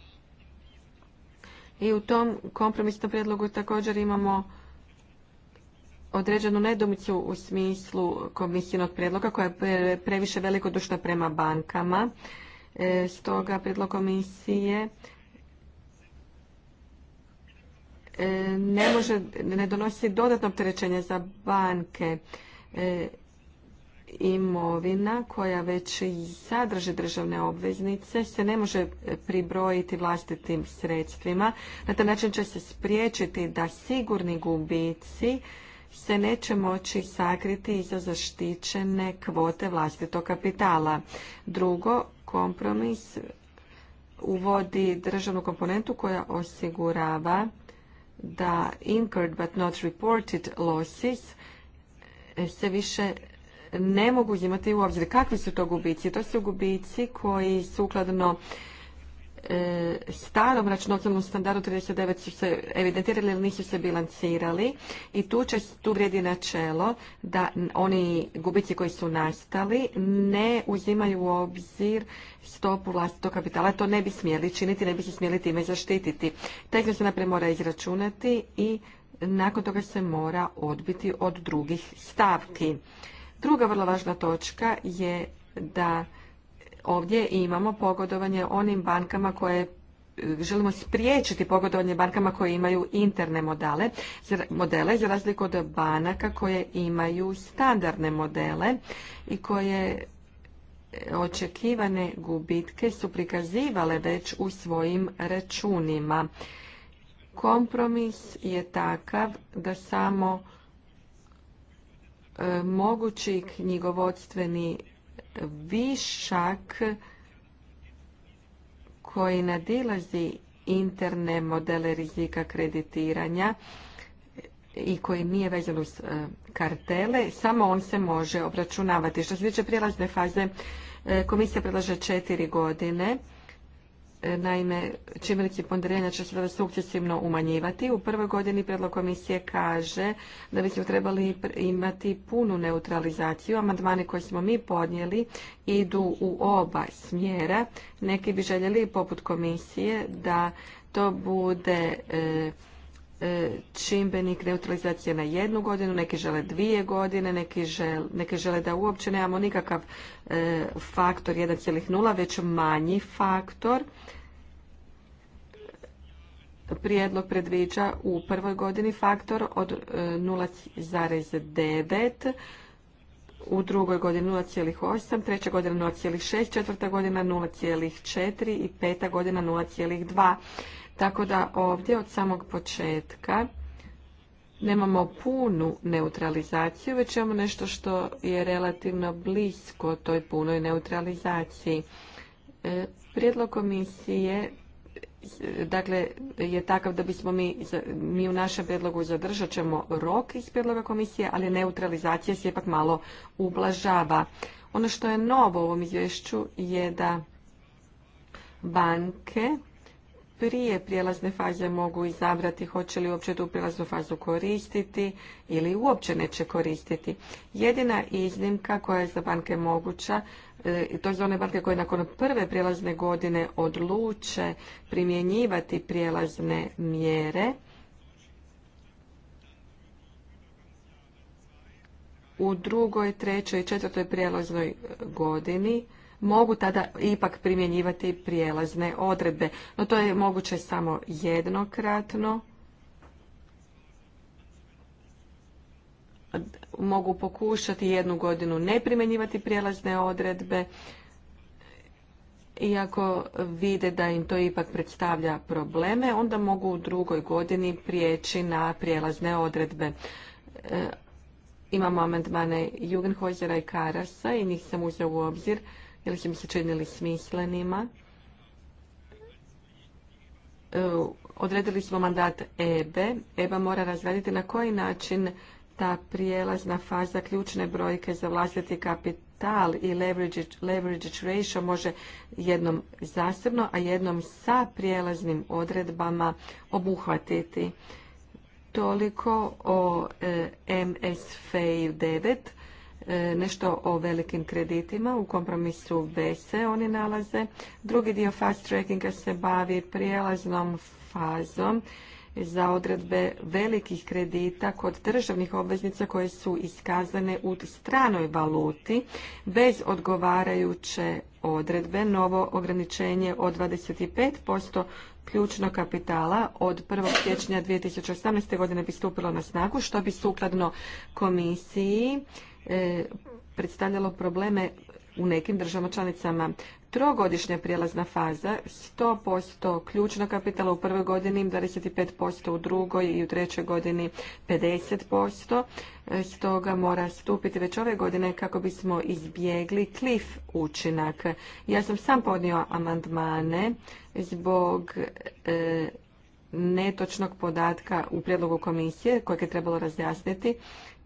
i u tom kompromisnom prijedlogu također imamo određenu nedomicu u smislu komisijnog prijedloga koja je previše velikodušna prema bankama. E, stoga prijedlog komisije e, ne ne donosi dodatno opterećenje za banke. E, imovina koja već sadrži sadrže državne obveznice se ne može pribrojiti vlastitim sredstvima. Na taj način će se spriječiti da sigurni gubici se neće moći sakriti iza zaštićene kvote vlastitog kapitala. Drugo, kompromis uvodi državnu komponentu koja osigurava da incurred but not reported losses se više ne mogu imati u obzir. Kakvi su to gubici? To su gubici koji sukladno e, starom računovodstvenom standardu 39 su se evidentirali ili nisu se bilancirali i tu, će, tu vrijedi načelo da oni gubici koji su nastali ne uzimaju u obzir stopu vlastitog kapitala. To ne bi smjeli činiti, ne bi se smjeli time zaštititi. Tekno se naprijed mora izračunati i nakon toga se mora odbiti od drugih stavki. Druga vrlo važna točka je da ovdje imamo pogodovanje onim bankama koje želimo spriječiti pogodovanje bankama koje imaju interne modele, modele za razliku od banaka koje imaju standardne modele i koje e, očekivane gubitke su prikazivale već u svojim računima. Kompromis je takav da samo E, mogući knjigovodstveni višak koji nadilazi interne modele rizika kreditiranja i koji nije vezan uz e, kartele, samo on se može obračunavati. Što se tiče prijelazne faze, e, komisija predlaže četiri godine. E, naime, čimbenici ponderenja će se sukcesivno umanjivati. U prvoj godini predlog komisije kaže da bismo trebali imati punu neutralizaciju. Amandmani koje smo mi podnijeli idu u oba smjera. Neki bi željeli, poput komisije, da to bude... E, E, čimbenik neutralizacije na jednu godinu, neki žele dvije godine, neki žele, neki žele da uopće nemamo nikakav e, faktor 1,0, već manji faktor. Prijedlog predviđa u prvoj godini faktor od 0,9, e, u drugoj godini 0,8, treća godina 0,6, četvrta godina 0,4 i peta godina 0,2 tako da ovdje od samog početka nemamo punu neutralizaciju, već imamo nešto što je relativno blisko toj punoj neutralizaciji. E, prijedlog komisije e, dakle, je takav da bismo mi, mi u našem prijedlogu zadržat ćemo rok iz prijedloga komisije, ali neutralizacija se ipak malo ublažava. Ono što je novo u ovom izvješću je da banke prije prijelazne faze mogu izabrati hoće li uopće tu prijelaznu fazu koristiti ili uopće neće koristiti. Jedina iznimka koja je za banke moguća, e, to je za one banke koje nakon prve prijelazne godine odluče primjenjivati prijelazne mjere, u drugoj, trećoj i četvrtoj prijelaznoj godini mogu tada ipak primjenjivati prijelazne odredbe. No to je moguće samo jednokratno. Mogu pokušati jednu godinu ne primjenjivati prijelazne odredbe, iako vide da im to ipak predstavlja probleme, onda mogu u drugoj godini prijeći na prijelazne odredbe. E, imamo amandmane Jugenhozera i Karasa i njih sam uzeo u obzir ili mi se činili smislenima. E, odredili smo mandat EBE. EBA mora razraditi na koji način ta prijelazna faza ključne brojke za vlastiti kapital i leverage, leverage ratio može jednom zasebno, a jednom sa prijelaznim odredbama obuhvatiti. Toliko o e, msf 9. E, nešto o velikim kreditima. U kompromisu B se oni nalaze. Drugi dio fast trackinga se bavi prijelaznom fazom za odredbe velikih kredita kod državnih obveznica koje su iskazane u stranoj valuti bez odgovarajuće odredbe. Novo ograničenje od 25% ključnog kapitala od 1. siječnja 2018. godine bi stupilo na snagu, što bi sukladno komisiji E, predstavljalo probleme u nekim državama članicama. Trogodišnja prijelazna faza, 100% ključnog kapitala u prvoj godini, 25% u drugoj i u trećoj godini 50%. E, stoga mora stupiti već ove godine kako bismo izbjegli klif učinak. Ja sam sam podnio amandmane zbog e, netočnog podatka u prijedlogu komisije kojeg je trebalo razjasniti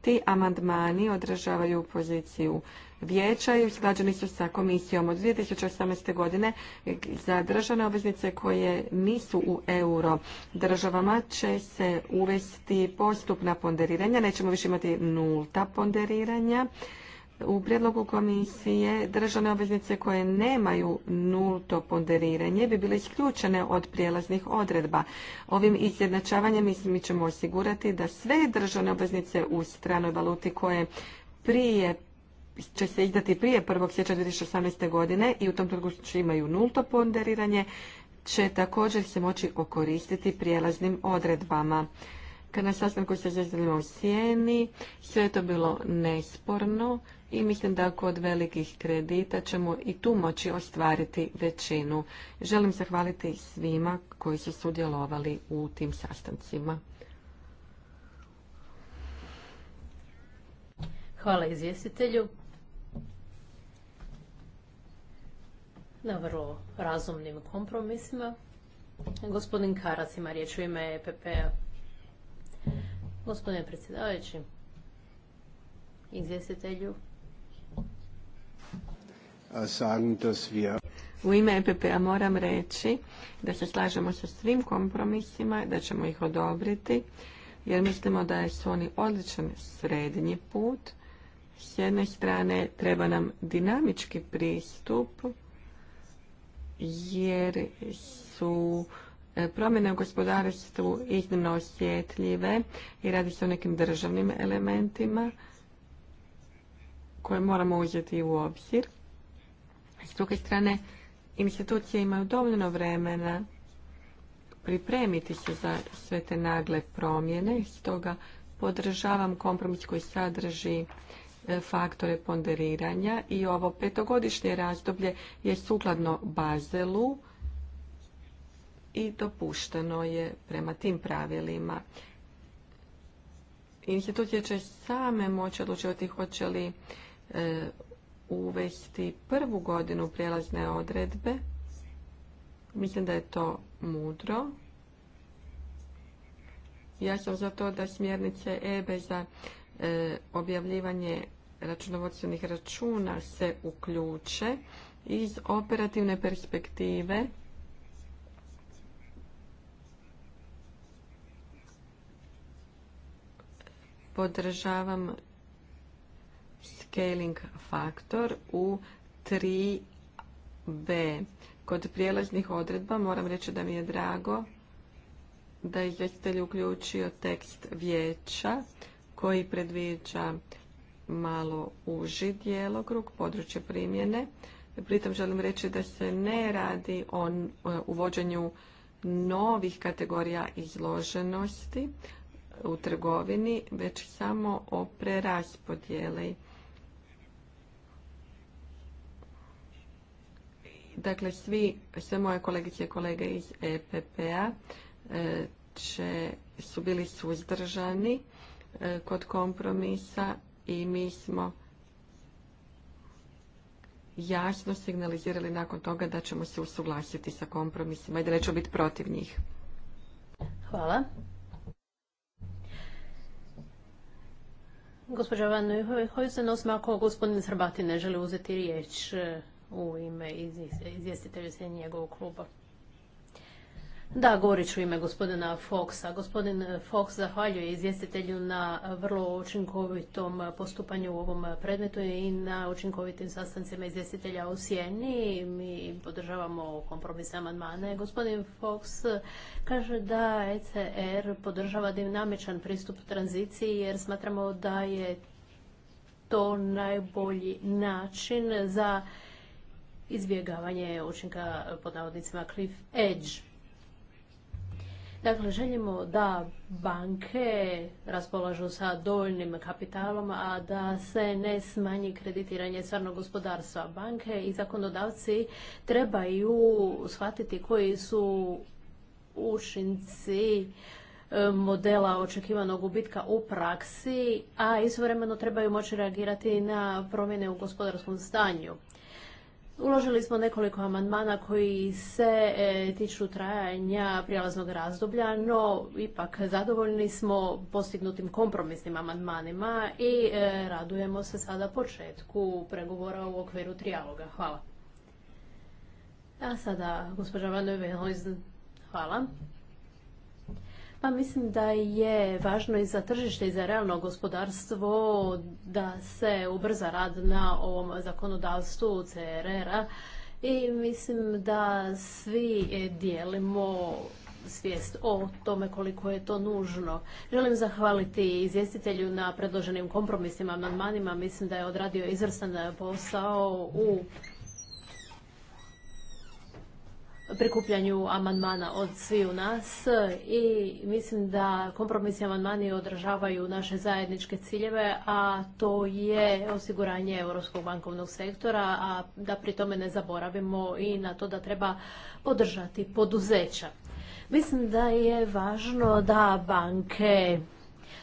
ti amandmani održavaju poziciju vijeća i usklađeni su sa komisijom od 2018. godine za državne obveznice koje nisu u euro državama će se uvesti postupna ponderiranja, nećemo više imati nulta ponderiranja u prijedlogu komisije državne obveznice koje nemaju nulto ponderiranje bi bile isključene od prijelaznih odredba. Ovim izjednačavanjem mi ćemo osigurati da sve državne obveznice u stranoj valuti koje prije će se izdati prije 1. siječnja 2018. godine i u tom trenutku imaju nulto ponderiranje će također se moći okoristiti prijelaznim odredbama na sastanku se izvjestiteljima u Sjeni. Sve je to bilo nesporno i mislim da kod velikih kredita ćemo i tu moći ostvariti većinu. Želim zahvaliti svima koji su sudjelovali u tim sastancima. Hvala izvjestitelju. Na vrlo razumnim kompromisima. Gospodin Karac ima riječ u ime EPP-a. Gospodine predsjedavajući, izvjestitelju. U ime EPP-a moram reći da se slažemo sa svim kompromisima, da ćemo ih odobriti, jer mislimo da su oni odličan srednji put. S jedne strane treba nam dinamički pristup, jer su E, promjene u gospodarstvu iznimno osjetljive i radi se o nekim državnim elementima koje moramo uzeti u obzir. S druge strane, institucije imaju dovoljno vremena pripremiti se za sve te nagle promjene, stoga podržavam kompromis koji sadrži e, faktore ponderiranja i ovo petogodišnje razdoblje je sukladno Bazelu, i dopušteno je prema tim pravilima. Institucije će same moći odlučivati hoće li e, uvesti prvu godinu prijelazne odredbe. Mislim da je to mudro. Ja sam za to da smjernice EBE za e, objavljivanje računovodstvenih računa se uključe iz operativne perspektive podržavam scaling faktor u 3b. Kod prijelaznih odredba moram reći da mi je drago da je izvjestitelj uključio tekst vijeća koji predviđa malo uži djelokrug, područje primjene. Pritom želim reći da se ne radi o uvođenju novih kategorija izloženosti, u trgovini, već samo o preraspodjeli. Dakle, svi, sve moje kolegice i kolege iz EPP-a e, su bili suzdržani e, kod kompromisa i mi smo jasno signalizirali nakon toga da ćemo se usuglasiti sa kompromisima i da nećemo biti protiv njih. Hvala. Gospođa Van Huysen, ako gospodin Srbati ne želi uzeti riječ e, u ime izvjestitelja se njegovog kluba. Da, govorit ću ime gospodina Foxa. Gospodin eh, Fox zahvaljuje izvjestitelju na vrlo učinkovitom postupanju u ovom predmetu i na učinkovitim sastancima izvjestitelja u Sjeni. Mi podržavamo kompromis amandmane. Gospodin Fox kaže da ECR podržava dinamičan pristup tranziciji jer smatramo da je to najbolji način za izbjegavanje učinka pod navodnicima cliff edge. Dakle, želimo da banke raspolažu sa dovoljnim kapitalom, a da se ne smanji kreditiranje stvarnog gospodarstva. Banke i zakonodavci trebaju shvatiti koji su učinci e, modela očekivanog gubitka u praksi, a istovremeno trebaju moći reagirati na promjene u gospodarskom stanju. Uložili smo nekoliko amandmana koji se e, tiču trajanja prijelaznog razdoblja, no ipak zadovoljni smo postignutim kompromisnim amandmanima i e, radujemo se sada početku pregovora u okviru trijaloga. Hvala. A sada, gospođa Van Hvala. Pa mislim da je važno i za tržište i za realno gospodarstvo da se ubrza rad na ovom zakonodavstvu CRR-a i mislim da svi dijelimo svijest o tome koliko je to nužno. Želim zahvaliti izvjestitelju na predloženim kompromisnim amandmanima. Mislim da je odradio izvrstan posao u prikupljanju amandmana od sviju nas i mislim da kompromisni amandmani odražavaju naše zajedničke ciljeve, a to je osiguranje europskog bankovnog sektora, a da pri tome ne zaboravimo i na to da treba podržati poduzeća. Mislim da je važno da banke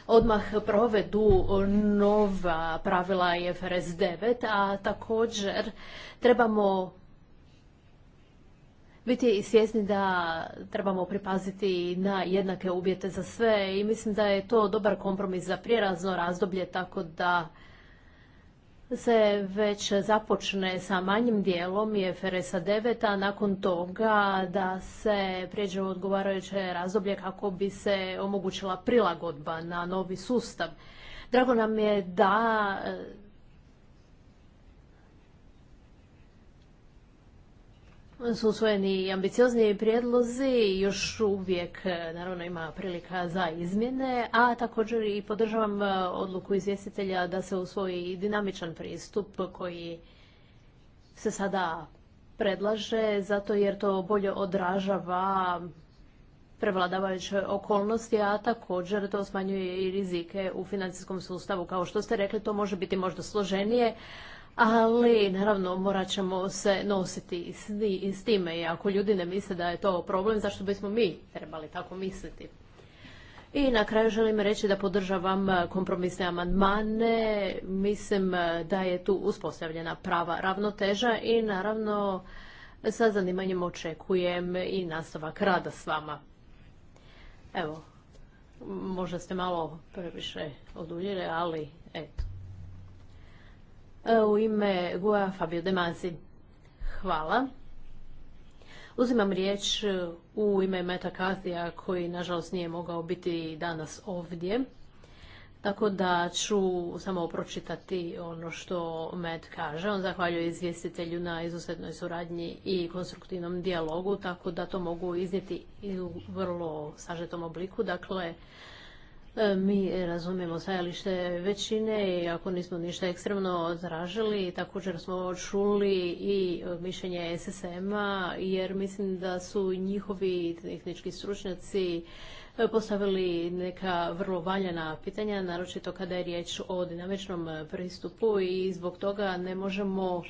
odmah provedu nova pravila IFRS 9, a također trebamo biti svjesni da trebamo pripaziti na jednake uvjete za sve i mislim da je to dobar kompromis za prijerazno razdoblje tako da se već započne sa manjim dijelom i FRS-a 9, a nakon toga da se prijeđe u odgovarajuće razdoblje kako bi se omogućila prilagodba na novi sustav. Drago nam je da su usvojeni ambiciozniji prijedlozi, još uvijek e, naravno ima prilika za izmjene, a također i podržavam e, odluku izvjestitelja da se usvoji dinamičan pristup koji se sada predlaže, zato jer to bolje odražava prevladavajuće okolnosti, a također to smanjuje i rizike u financijskom sustavu. Kao što ste rekli, to može biti možda složenije, ali naravno morat ćemo se nositi s time i ako ljudi ne misle da je to problem, zašto bismo mi trebali tako misliti? I na kraju želim reći da podržavam kompromisne amandmane. Mislim da je tu uspostavljena prava ravnoteža i naravno sa zanimanjem očekujem i nastavak rada s vama. Evo, možda ste malo previše oduljile, ali eto. E, u ime Gua Fabio Demazi. Hvala. Uzimam riječ e, u ime Meta Kazija koji nažalost nije mogao biti danas ovdje. Tako da ću samo pročitati ono što Med kaže. On zahvaljuje izvjestitelju na izuzetnoj suradnji i konstruktivnom dijalogu, tako da to mogu iznijeti i u vrlo sažetom obliku. Dakle, E, mi razumijemo stajalište većine i ako nismo ništa ekstremno zražili, također smo čuli i e, mišljenje SSM-a jer mislim da su njihovi tehnički stručnjaci e, postavili neka vrlo valjana pitanja, naročito kada je riječ o dinamičnom pristupu i zbog toga ne možemo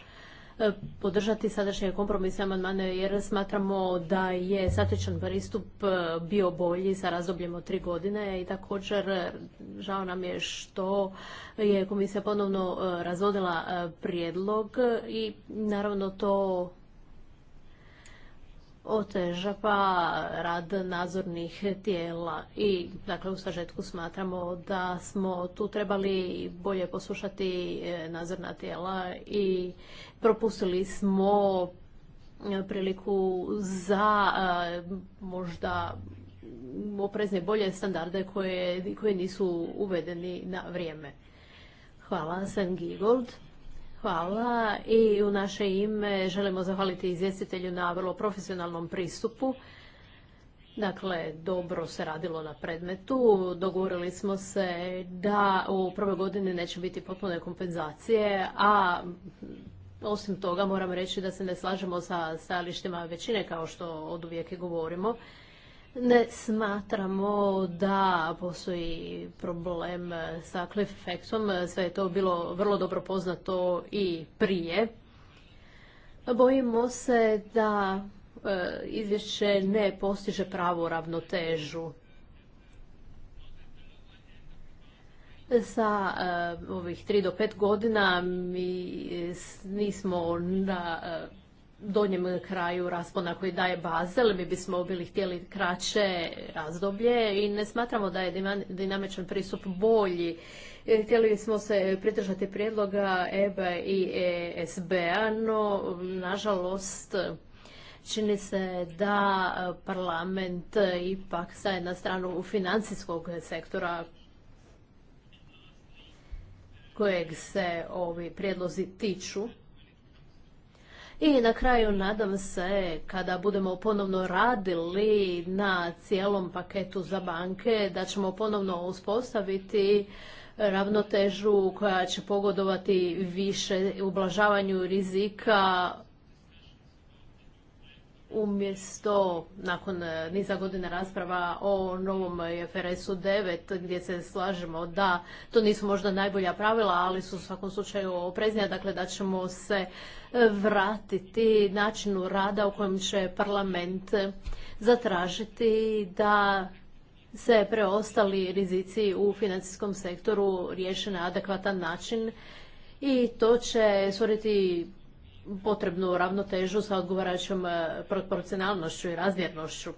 E, podržati sadašnje kompromisne amandmane jer smatramo da je satičan pristup e, bio bolji sa razdobljem od tri godine i također e, žao nam je što je komisija ponovno razvodila prijedlog i naravno to pa rad nadzornih tijela i dakle u sažetku smatramo da smo tu trebali bolje poslušati e, nadzorna tijela i propustili smo e, priliku za e, možda oprezne bolje standarde koje, nisu uvedeni na vrijeme. Hvala, sam Gigold. Hvala i u naše ime želimo zahvaliti izvjestitelju na vrlo profesionalnom pristupu. Dakle, dobro se radilo na predmetu. Dogovorili smo se da u prvoj godini neće biti potpune kompenzacije, a osim toga moram reći da se ne slažemo sa stajalištima većine kao što od uvijek govorimo ne smatramo da postoji problem sa cliff effectom. Sve je to bilo vrlo dobro poznato i prije. Bojimo se da e, izvješće ne postiže pravu ravnotežu. Sa e, ovih tri do pet godina mi nismo na e, donjem kraju raspona koji daje Bazel, mi bismo bili htjeli kraće razdoblje i ne smatramo da je dinamičan pristup bolji. E, htjeli smo se pridržati prijedloga EBA i ESB-a, no nažalost čini se da parlament ipak staje na stranu financijskog sektora kojeg se ovi prijedlozi tiču. I na kraju nadam se kada budemo ponovno radili na cijelom paketu za banke da ćemo ponovno uspostaviti ravnotežu koja će pogodovati više ublažavanju rizika umjesto nakon e, niza godina rasprava o novom FRS-u 9 gdje se slažemo da to nisu možda najbolja pravila, ali su u svakom slučaju opreznija, dakle da ćemo se vratiti načinu rada u kojem će parlament zatražiti da se preostali rizici u financijskom sektoru riješe na adekvatan način i to će stvoriti potrebnu ravnotežu sa odgovarajućom e, proporcionalnošću i razmjernošću.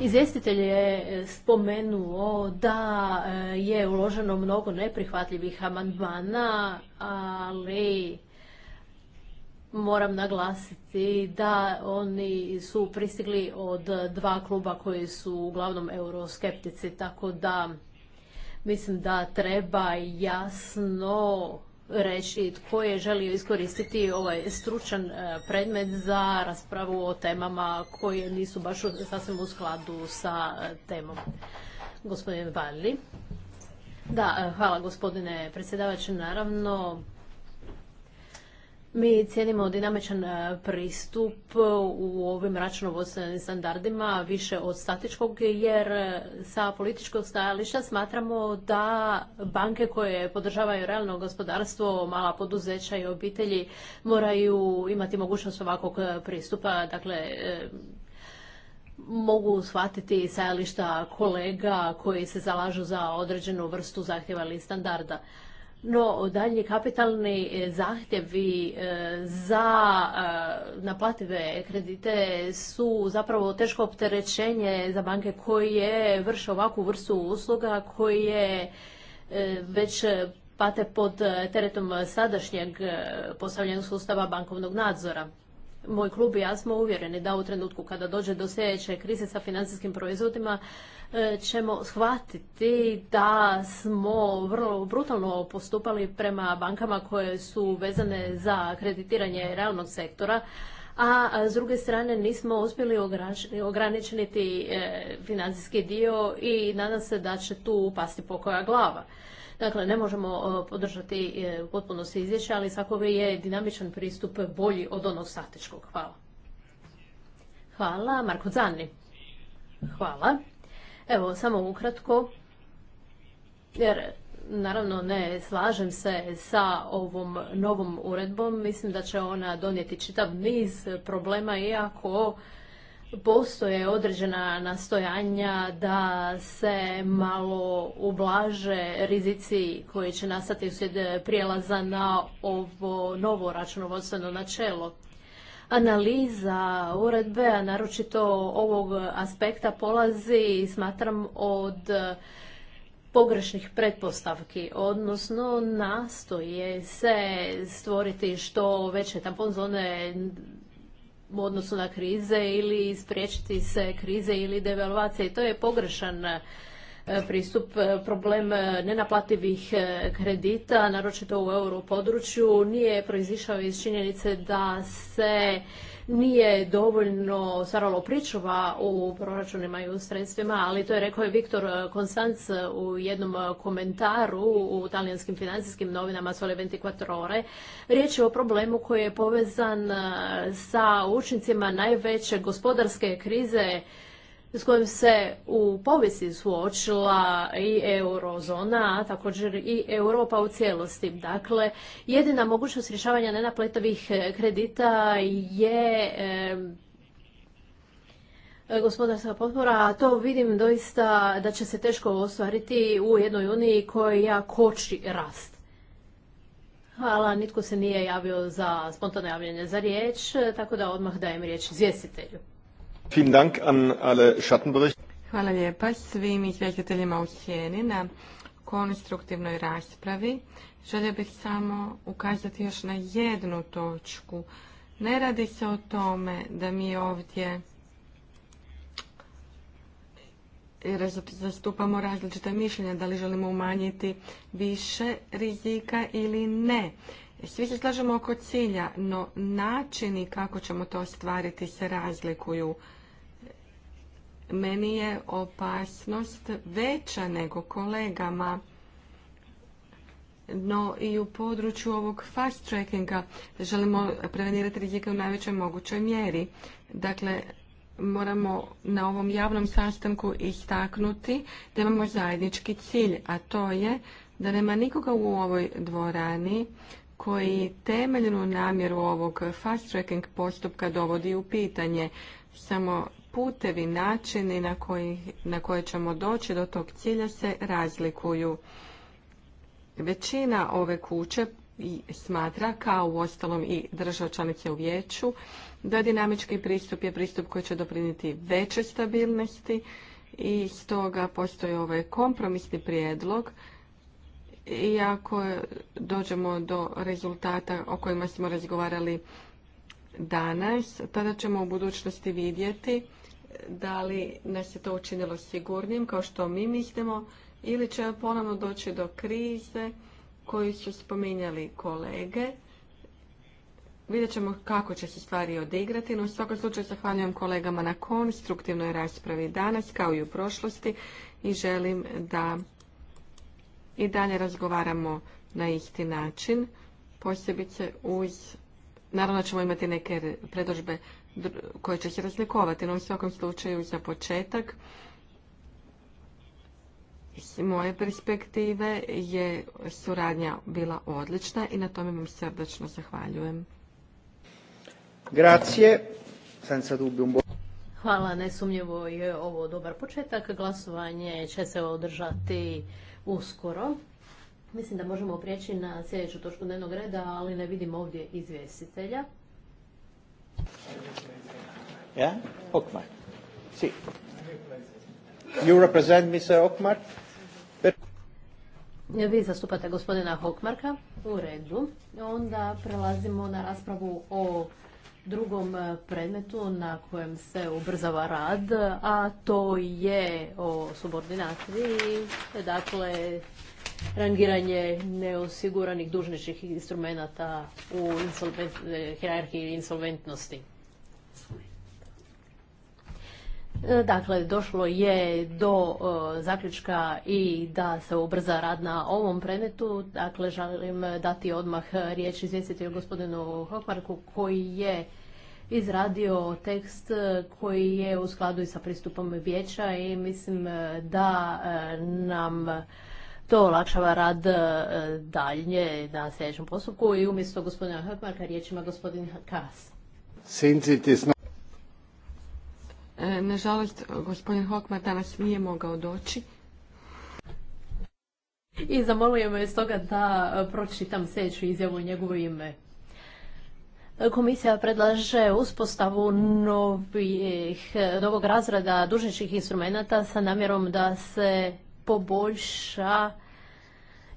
Izvjestitelj je e, spomenuo da e, je uloženo mnogo neprihvatljivih amandmana, ali moram naglasiti da oni su pristigli od dva kluba koji su uglavnom euroskeptici, tako da Mislim da treba jasno reći tko je želio iskoristiti ovaj stručan e, predmet za raspravu o temama koje nisu baš sasvim u skladu sa e, temom. gospodine Valli. Da, e, hvala gospodine predsjedavajući. Naravno, mi cijenimo dinamičan e, pristup u ovim računovodstvenim standardima više od statičkog jer e, sa političkog stajališta smatramo da banke koje podržavaju realno gospodarstvo, mala poduzeća i obitelji moraju imati mogućnost ovakvog e, pristupa. Dakle, mogu shvatiti stajališta kolega koji se zalažu za određenu vrstu zahtjeva ili standarda no daljnji kapitalni e, zahtjevi e, za e, naplative kredite su zapravo teško opterećenje za banke koje vrše ovakvu vrstu usluga koje već pate pod teretom sadašnjeg postavljenog sustava bankovnog nadzora moj klub i ja smo uvjereni da u trenutku kada dođe do sljedeće krize sa financijskim proizvodima e, ćemo shvatiti da smo vrlo brutalno postupali prema bankama koje su vezane za kreditiranje realnog sektora, a s druge strane nismo uspjeli ograničiti e, financijski dio i nadam se da će tu upasti pokoja glava. Dakle, ne možemo podržati e, potpuno se izvješće, ali svakako je dinamičan pristup bolji od onog statičkog. Hvala. Hvala. Marko Zanni. Hvala. Evo, samo ukratko, jer naravno ne slažem se sa ovom novom uredbom. Mislim da će ona donijeti čitav niz problema, iako postoje određena nastojanja da se malo ublaže rizici koji će nastati uslijed prijelaza na ovo novo računovodstveno načelo. Analiza uredbe, a naročito ovog aspekta polazi, i smatram, od pogrešnih pretpostavki, odnosno nastoje se stvoriti što veće tampon zone u odnosu na krize ili spriječiti se krize ili devalvacije. to je pogrešan e, pristup. E, problem e, nenaplativih kredita, naročito u euro području, nije proizišao iz činjenice da se nije dovoljno stvaralo pričova u proračunima i u sredstvima, ali to je rekao je Viktor eh, Konstanc eh, u jednom eh, komentaru u talijanskim financijskim novinama Sole ore. Riječ je o problemu koji je povezan sa učincima najveće gospodarske krize s kojim se u povijesti suočila i eurozona, a također i Europa u cijelosti. Dakle, jedina mogućnost rješavanja nenapletovih kredita je gospodarska potpora, a to vidim doista da će se teško ostvariti u jednoj uniji koja koči rast. Hvala, nitko se nije javio za spontano javljanje za riječ, tako da odmah dajem riječ izvjestitelju. Hvala lijepa svim izvjestiteljima u sjeni na konstruktivnoj raspravi. Želio bih samo ukazati još na jednu točku. Ne radi se o tome da mi ovdje zastupamo različita mišljenja, da li želimo umanjiti više rizika ili ne. Svi se slažemo oko cilja, no načini kako ćemo to ostvariti se razlikuju meni je opasnost veća nego kolegama. No i u području ovog fast trackinga želimo prevenirati rizike u najvećoj mogućoj mjeri. Dakle, moramo na ovom javnom sastanku istaknuti da imamo zajednički cilj, a to je da nema nikoga u ovoj dvorani koji temeljnu namjeru ovog fast tracking postupka dovodi u pitanje. Samo putevi, načini na, koji, na koje ćemo doći do tog cilja se razlikuju. Većina ove kuće i smatra, kao u ostalom i država članice u vijeću, da dinamički pristup je pristup koji će doprinijeti veće stabilnosti i stoga postoji ovaj kompromisni prijedlog i ako dođemo do rezultata o kojima smo razgovarali danas, tada ćemo u budućnosti vidjeti da li nas je to učinilo sigurnim kao što mi mislimo ili će ponovno doći do krize koju su spominjali kolege. Vidjet ćemo kako će se stvari odigrati, no u svakom slučaju zahvaljujem kolegama na konstruktivnoj raspravi danas kao i u prošlosti i želim da i dalje razgovaramo na isti način, posebice uz Naravno ćemo imati neke predložbe koje će se razlikovati. No, u svakom slučaju za početak iz moje perspektive je suradnja bila odlična i na tome vam srdačno zahvaljujem. Grazie. Senza dubbio Hvala, nesumnjivo je ovo dobar početak. Glasovanje će se održati uskoro. Mislim da možemo prijeći na sljedeću točku dnevnog reda, ali ne vidim ovdje izvjestitelja. Yeah? Okmar. You represent Vi zastupate gospodina Hokmarka. U redu. Onda prelazimo na raspravu o drugom e, predmetu na kojem se ubrzava rad, a to je o subordinaciji. Dakle, rangiranje neosiguranih dužničkih instrumenata u eh, hierarhiji insolventnosti. E, dakle, došlo je do e, zaključka i da se ubrza rad na ovom predmetu. Dakle, želim dati odmah riječ o gospodinu Hokmarku koji je izradio tekst koji je u skladu i sa pristupom vijeća i mislim e, da nam to olakšava rad e, daljnje na sljedećem postupku i umjesto gospodina Hrpmarka riječima gospodin Kas. E, nažalost, gospodin Hokmar danas nije mogao doći. I zamolio je stoga da e, pročitam sljedeću izjavu njegovo ime. Komisija predlaže uspostavu novih, novog razreda dužničkih instrumenata sa namjerom da se poboljša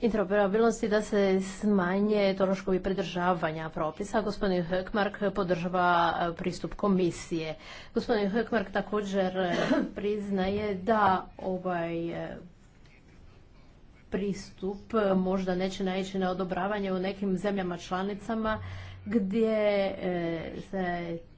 interoperabilnost i da se smanje troškovi pridržavanja propisa. Gospodin Hökmark podržava e, pristup komisije. Gospodin Hökmark također e, priznaje da ovaj e, pristup možda neće naići na odobravanje u nekim zemljama članicama gdje se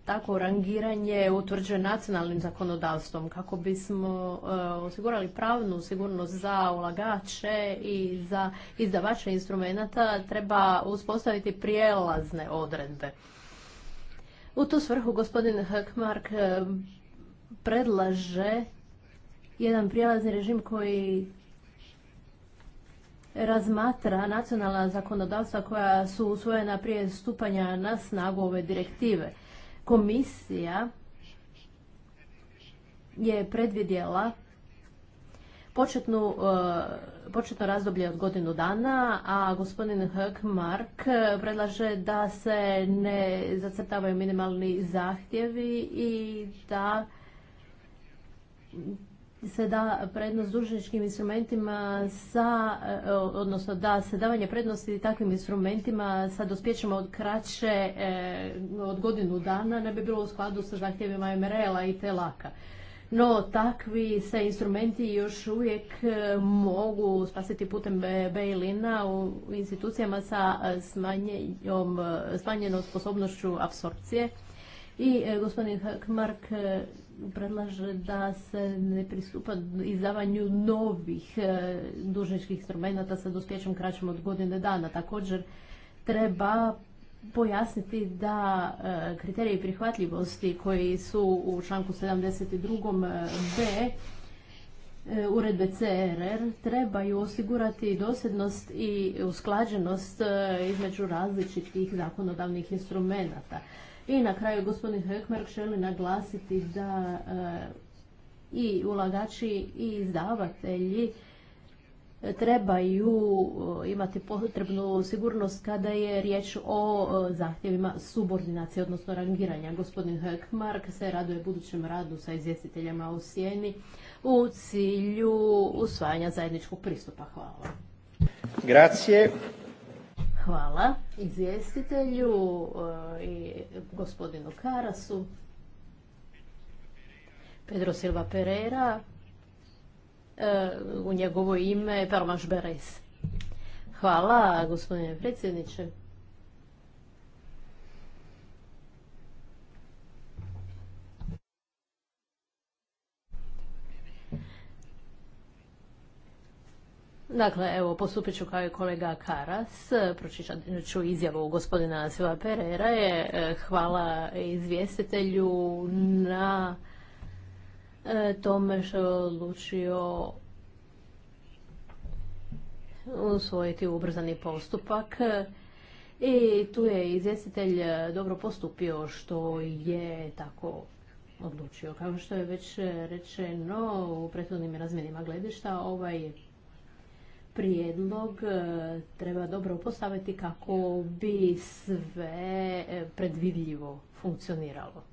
tako rangiranje utvrđuje nacionalnim zakonodavstvom kako bismo e, osigurali pravnu sigurnost za ulagače i za izdavače instrumenata treba uspostaviti prijelazne odredbe. U tu svrhu gospodin Hakmark e, predlaže jedan prijelazni režim koji razmatra nacionalna zakonodavstva koja su usvojena prije stupanja na snagu ove direktive komisija je predvidjela e, početno razdoblje od godinu dana, a gospodin Mark predlaže da se ne zacrtavaju minimalni zahtjevi i da se da prednost dužničkim instrumentima sa, e, odnosno da se davanje prednosti takvim instrumentima sa dospjećama od kraće e, od godinu dana ne bi bilo u skladu sa zahtjevima MRL-a i TELAK-a. No, takvi se instrumenti još uvijek e, mogu spasiti putem bail-ina u institucijama sa smanjenom sposobnošću apsorpcije. I gospodin Mark predlaže da se ne pristupa izdavanju novih e, dužničkih instrumenata sa dospjećom kraćom od godine dana. Također treba pojasniti da e, kriteriji prihvatljivosti koji su u članku 72. E, b uredbe CRR trebaju osigurati dosjednost i usklađenost između različitih zakonodavnih instrumenata. I na kraju gospodin Hökmark želi naglasiti da e, i ulagači i izdavatelji trebaju e, imati potrebnu sigurnost kada je riječ o e, zahtjevima subordinacije, odnosno rangiranja. Gospodin Hökmark se raduje budućem radu sa izvjestiteljama u Sjeni u cilju usvajanja zajedničkog pristupa. Hvala. Hvala izvjestitelju e, i gospodinu Karasu. Pedro Silva Pereira, e, u njegovo ime Parmaš Beres. Hvala gospodine predsjedniče. Dakle, evo, postupit ću kao i kolega Karas, pročitat ću izjavu gospodina Silva Perera je e, hvala izvjestitelju na e, tome što je odlučio usvojiti ubrzani postupak. I tu je izvjestitelj e, dobro postupio što je tako odlučio. Kao što je već rečeno u prethodnim razmjenima gledišta, ovaj prijedlog e, treba dobro postaviti kako bi sve e, predvidljivo funkcioniralo.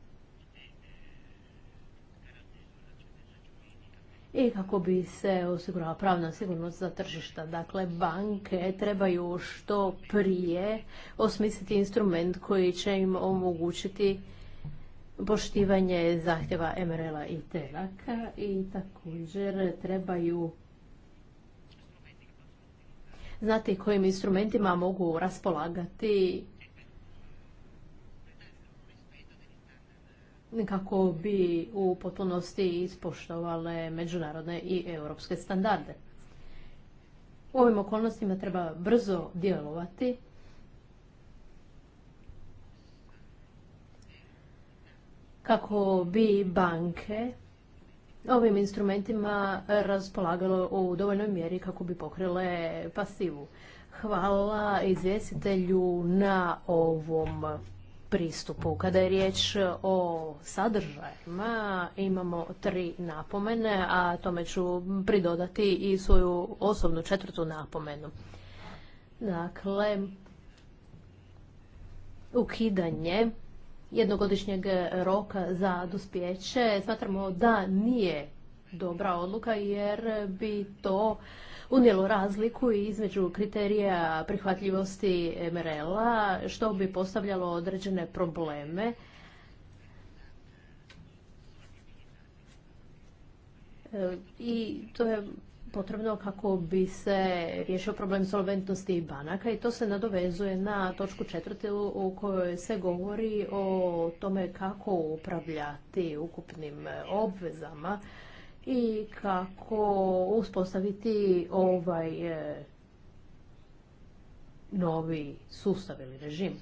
i kako bi se osigurala pravna sigurnost za tržišta. Dakle, banke trebaju što prije osmisliti instrument koji će im omogućiti poštivanje zahtjeva MRL-a i TRK-a i također trebaju znati kojim instrumentima mogu raspolagati kako bi u potpunosti ispoštovale međunarodne i europske standarde. U ovim okolnostima treba brzo djelovati kako bi banke ovim instrumentima raspolagalo u dovoljnoj mjeri kako bi pokrile pasivu. Hvala izvjestitelju na ovom pristupu. Kada je riječ o sadržajima, imamo tri napomene, a tome ću pridodati i svoju osobnu četvrtu napomenu. Dakle, ukidanje jednogodišnjeg e, roka za dospjeće smatramo da nije dobra odluka jer bi to unijelo razliku između kriterija prihvatljivosti MRL-a što bi postavljalo određene probleme. E, I to je potrebno kako bi se riješio problem solventnosti i banaka i to se nadovezuje na točku četvrtu u kojoj se govori o tome kako upravljati ukupnim obvezama i kako uspostaviti ovaj e, novi sustav ili režim.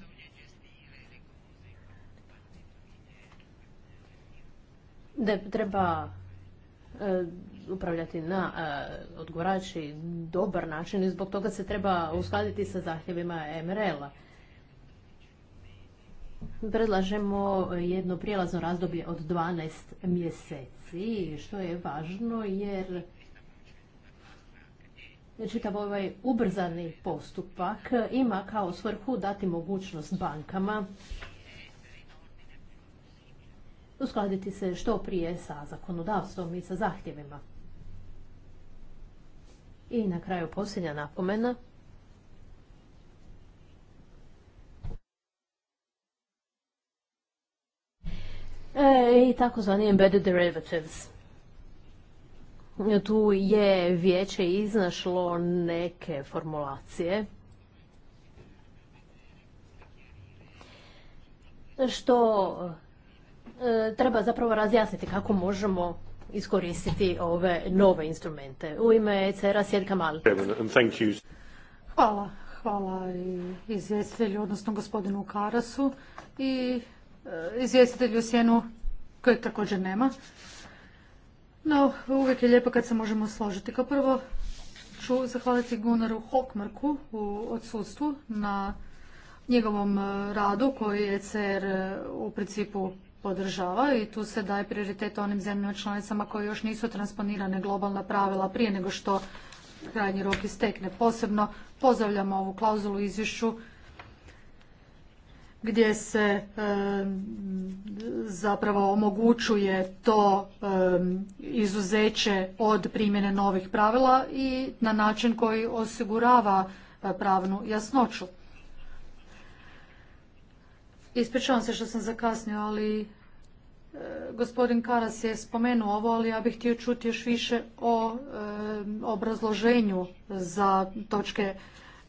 treba e, upravljati na eh, odgovarajući dobar način i zbog toga se treba uskladiti sa zahtjevima MRL-a. Predlažemo jedno prijelazno razdoblje od 12 mjeseci, što je važno jer čitav ovaj ubrzani postupak ima kao svrhu dati mogućnost bankama uskladiti se što prije sa zakonodavstvom i sa zahtjevima. I na kraju posljednja napomena. E, I takozvani embedded derivatives. Tu je vijeće iznašlo neke formulacije što e, treba zapravo razjasniti kako možemo iskoristiti ove nove instrumente. U ime ECR-a Sjed Hvala. Hvala i izvjestitelju, odnosno gospodinu Karasu i e, izvjestitelju Sjenu kojeg također nema. No, uvijek je lijepo kad se možemo složiti. Kao prvo ću zahvaliti Gunaru Hokmarku u odsudstvu na njegovom e, radu koji je CER e, u principu podržava i tu se daje prioritet onim zemljama članicama koje još nisu transponirane globalna pravila prije nego što krajnji rok istekne. Posebno pozdravljamo ovu klauzulu u izvješću gdje se zapravo omogućuje to izuzeće od primjene novih pravila i na način koji osigurava e, pravnu jasnoću. Ispričavam se što sam zakasnio, ali e, gospodin Karas je spomenuo ovo, ali ja bih htio čuti još više o e, obrazloženju za točke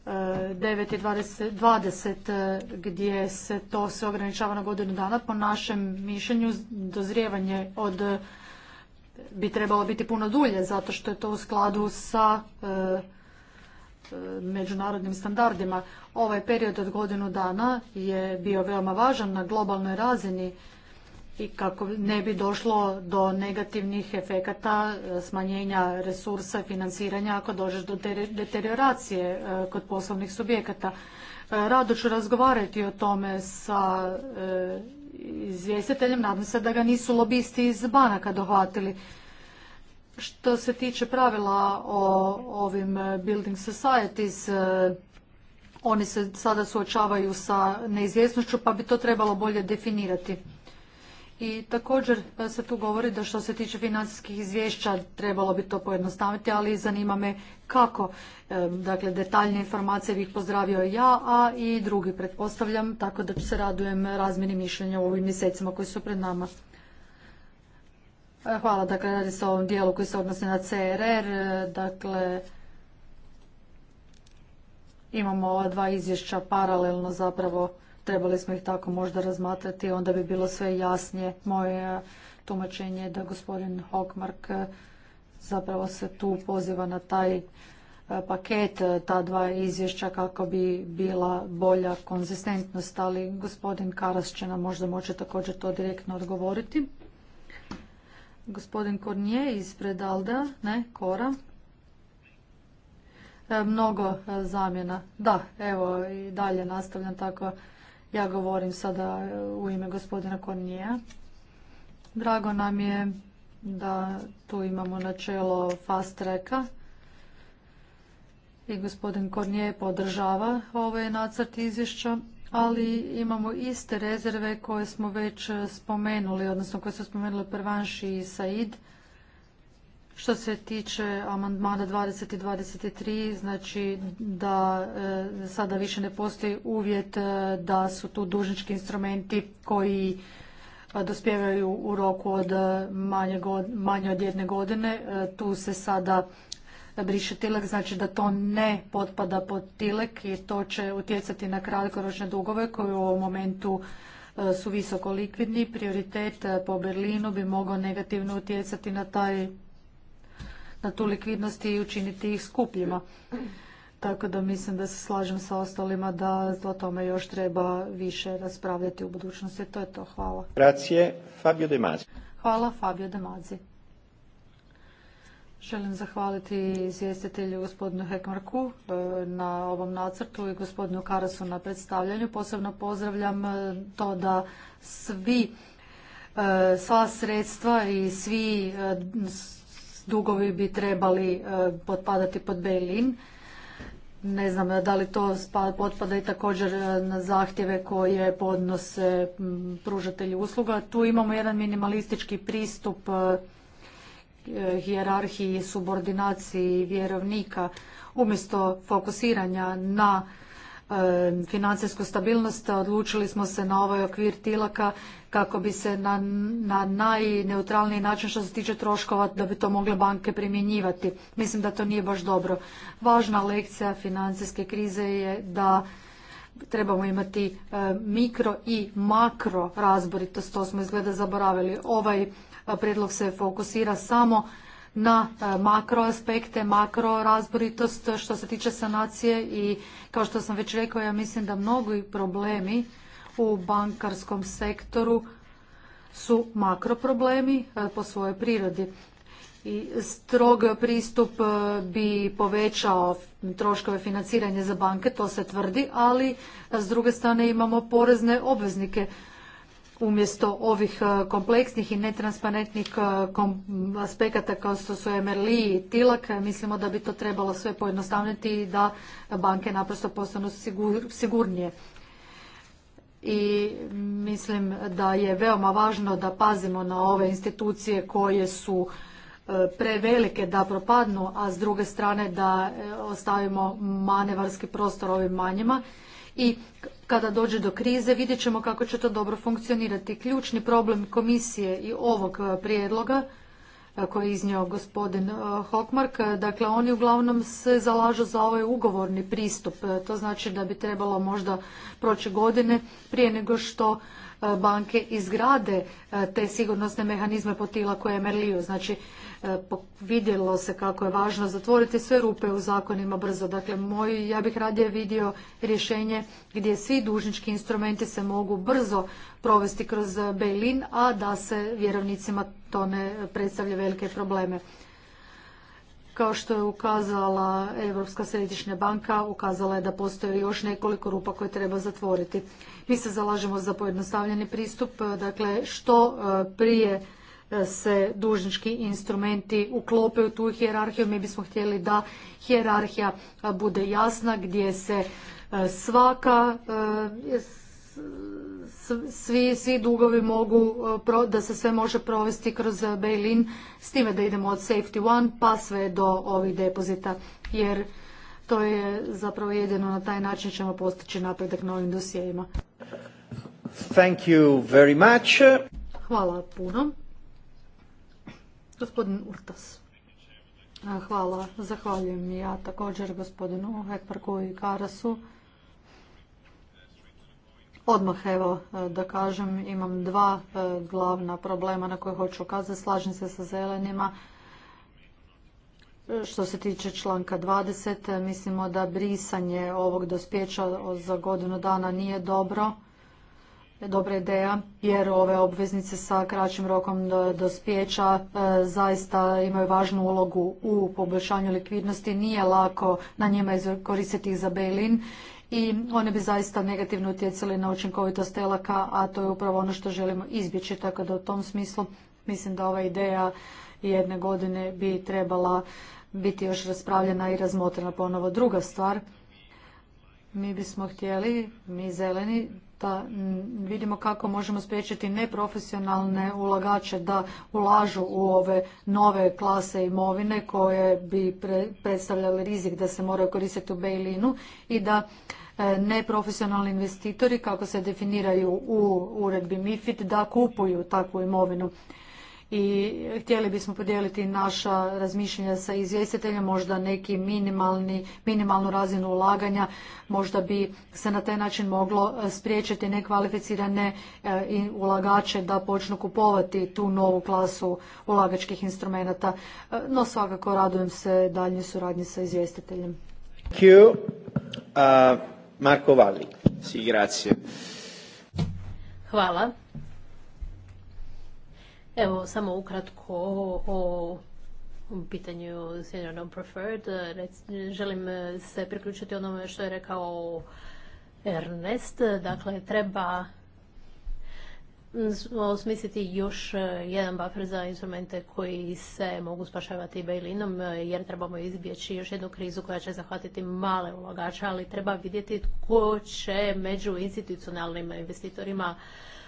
9 e, i 20, gdje se to se ograničava na godinu dana. Po našem mišljenju dozrijevanje od bi trebalo biti puno dulje zato što je to u skladu sa međunarodnim standardima. Ovaj period od godinu dana je bio veoma važan na globalnoj razini i kako ne bi došlo do negativnih efekata e, smanjenja resursa i financiranja ako dođeš do deterioracije e, kod poslovnih subjekata. E, rado ću razgovarati o tome sa izvjestiteljem, nadam se da ga nisu lobisti iz banaka dohvatili što se tiče pravila o ovim building societies, e, oni se sada suočavaju sa neizvjesnošću pa bi to trebalo bolje definirati. I također e, se tu govori da što se tiče financijskih izvješća trebalo bi to pojednostaviti, ali zanima me kako. E, dakle, detaljne informacije bih pozdravio ja, a i drugi pretpostavljam, tako da se radujem razmjeni mišljenja u ovim mjesecima koji su pred nama. E, hvala, dakle, radi se o ovom dijelu koji se odnosi na CRR, e, dakle, imamo ova dva izvješća paralelno zapravo, trebali smo ih tako možda razmatrati, onda bi bilo sve jasnije. Moje e, tumačenje je da gospodin Hokmark zapravo se tu poziva na taj paket ta dva izvješća kako bi bila bolja konzistentnost, ali gospodin Karas će nam možda moći također to direktno odgovoriti. Gospodin Kornije ispred Alda, ne, Kora. E, mnogo e, zamjena. Da, evo i dalje nastavljam tako. Ja govorim sada e, u ime gospodina Kornije. Drago nam je da tu imamo načelo fast tracka i gospodin Kornije podržava ovaj nacrt izvješća ali imamo iste rezerve koje smo već spomenuli, odnosno koje su spomenuli Prvanši i Said. Što se tiče amandmana 20 i 23, znači da e, sada više ne postoji uvjet e, da su tu dužnički instrumenti koji e, dospijevaju dospjevaju u roku od manje od jedne godine. Tu se sada da briše tilek, znači da to ne potpada pod tilek i to će utjecati na kratkoročne dugove koji u ovom momentu e, su visoko likvidni. Prioritet e, po Berlinu bi mogao negativno utjecati na taj na tu likvidnost i učiniti ih skupljima. Tako da mislim da se slažem sa ostalima da o tome još treba više raspravljati u budućnosti. To je to. Hvala. Grazie, Fabio De Hvala, Fabio De Mazi. Želim zahvaliti izvjestitelju gospodinu Hekmarku e, na ovom nacrtu i gospodinu Karasu na predstavljanju. Posebno pozdravljam e, to da svi, e, sva sredstva i svi dugovi bi trebali potpadati pod Berlin. Ne znam da li to potpada i također na zahtjeve koje podnose pružatelji usluga. Tu imamo jedan minimalistički pristup hijerarhiji i subordinaciji vjerovnika umjesto fokusiranja na e, financijsku stabilnost odlučili smo se na ovaj okvir tilaka kako bi se na, na najneutralniji način što se tiče troškova da bi to mogle banke primjenjivati. Mislim da to nije baš dobro. Važna lekcija financijske krize je da trebamo imati e, mikro i makro razboritost. To smo izgleda zaboravili. Ovaj Prijedlog se fokusira samo na e, makro aspekte, makro razboritost što se tiče sanacije i kao što sam već rekao, ja mislim da mnogi problemi u bankarskom sektoru su makro problemi e, po svojoj prirodi. I strog pristup e, bi povećao troškove financiranja za banke, to se tvrdi, ali s druge strane imamo porezne obveznike umjesto ovih e, kompleksnih i netransparentnih e, aspekata kao što su MRLI i TILAK, mislimo da bi to trebalo sve pojednostavniti i da banke naprosto postanu sigurnije. I mislim da je veoma važno da pazimo na ove institucije koje su e, prevelike da propadnu, a s druge strane da ostavimo manevarski prostor ovim manjima. I kada dođe do krize vidjet ćemo kako će to dobro funkcionirati. Ključni problem komisije i ovog e, prijedloga e, koji je iznio gospodin e, Hokmark, dakle oni uglavnom se zalažu za ovaj ugovorni pristup. To znači da bi trebalo možda proći godine prije nego što banke izgrade te sigurnosne mehanizme potila koje je Merliju. Znači E, vidjelo se kako je važno zatvoriti sve rupe u zakonima brzo. Dakle, moj, ja bih radije vidio rješenje gdje svi dužnički instrumenti se mogu brzo provesti kroz Bejlin, a da se vjerovnicima to ne predstavlja velike probleme. Kao što je ukazala Europska središnja banka, ukazala je da postoje još nekoliko rupa koje treba zatvoriti. Mi se zalažemo za pojednostavljeni pristup, dakle što e, prije se dužnički instrumenti uklope u tu hijerarhiju Mi bismo htjeli da hijerarhija bude jasna gdje se svaka svi, svi dugovi mogu, da se sve može provesti kroz bail-in, s time da idemo od safety one pa sve do ovih depozita, jer to je zapravo jedino na taj način ćemo postići napredak novim ovim Thank you very much. Hvala puno. Gospodin Urtas. Hvala. Zahvaljujem ja također gospodinu Hekvarku i Karasu. Odmah evo da kažem, imam dva e, glavna problema na koje hoću ukazati. Slažem se sa zelenima. E, što se tiče članka 20, mislimo da brisanje ovog dospjeća za godinu dana nije dobro dobra ideja jer ove obveznice sa kraćim rokom dospjeća e, zaista imaju važnu ulogu u poboljšanju likvidnosti. Nije lako na njima koristiti ih za bail-in i one bi zaista negativno utjecali na učinkovitost telaka, a to je upravo ono što želimo izbjeći. Tako da u tom smislu mislim da ova ideja jedne godine bi trebala biti još raspravljena i razmotrena ponovo. Druga stvar, mi bismo htjeli, mi zeleni, da vidimo kako možemo spriječiti neprofesionalne ulagače da ulažu u ove nove klase imovine koje bi predstavljale rizik da se moraju koristiti u bail-inu i da e, neprofesionalni investitori, kako se definiraju u uredbi MIFID, da kupuju takvu imovinu i htjeli bismo podijeliti naša razmišljanja sa izvjestiteljem, možda neki minimalni, minimalnu razinu ulaganja, možda bi se na taj način moglo e, spriječiti nekvalificirane e, ulagače da počnu kupovati tu novu klasu ulagačkih instrumenata. E, no svakako radujem se daljnjoj suradnji sa izvjestiteljem. Uh, Hvala. Evo, samo ukratko o, pitanju Senior Non-Preferred. Želim se priključiti onome što je rekao Ernest. Dakle, treba osmisliti još jedan buffer za instrumente koji se mogu spašavati bailinom jer trebamo izbjeći još jednu krizu koja će zahvatiti male ulagače, ali treba vidjeti tko će među institucionalnim investitorima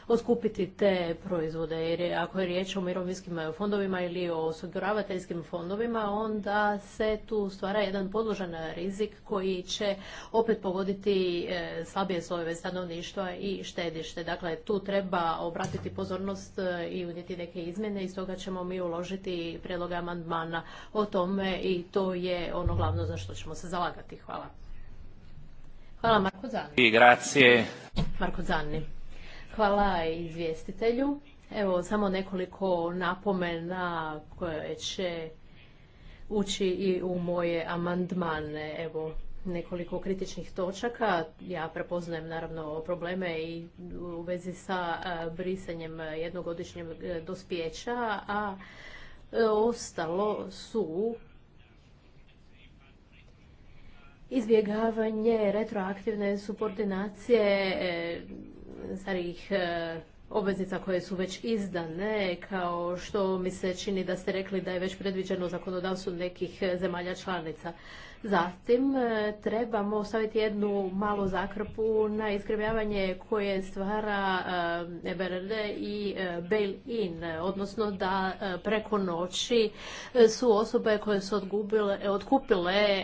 otkupiti te proizvode. Jer ako je riječ o mirovinskim e, fondovima ili o osiguravateljskim fondovima, onda se tu stvara jedan podložan rizik koji će opet pogoditi e, slabije slojeve stanovništva i štedište. Dakle, tu treba obratiti pozornost e, i unijeti neke izmjene i stoga ćemo mi uložiti prijedloge amandmana o tome i to je ono glavno za što ćemo se zalagati. Hvala. Hvala Zanni. Marko Zanni. Hvala izvjestitelju. Evo samo nekoliko napomena koje će ući i u moje amandmane. Evo nekoliko kritičnih točaka. Ja prepoznajem naravno probleme i u vezi sa e, brisanjem jednogodišnjeg e, dospjeća, a e, ostalo su izbjegavanje retroaktivne subordinacije starih e, obveznica koje su već izdane, kao što mi se čini da ste rekli da je već predviđeno u zakonodavstvu nekih e, zemalja članica. Zatim e, trebamo staviti jednu malu zakrpu na iskrivljavanje koje stvara EBRD i bail-in, odnosno da preko noći su osobe koje su odgubile, otkupile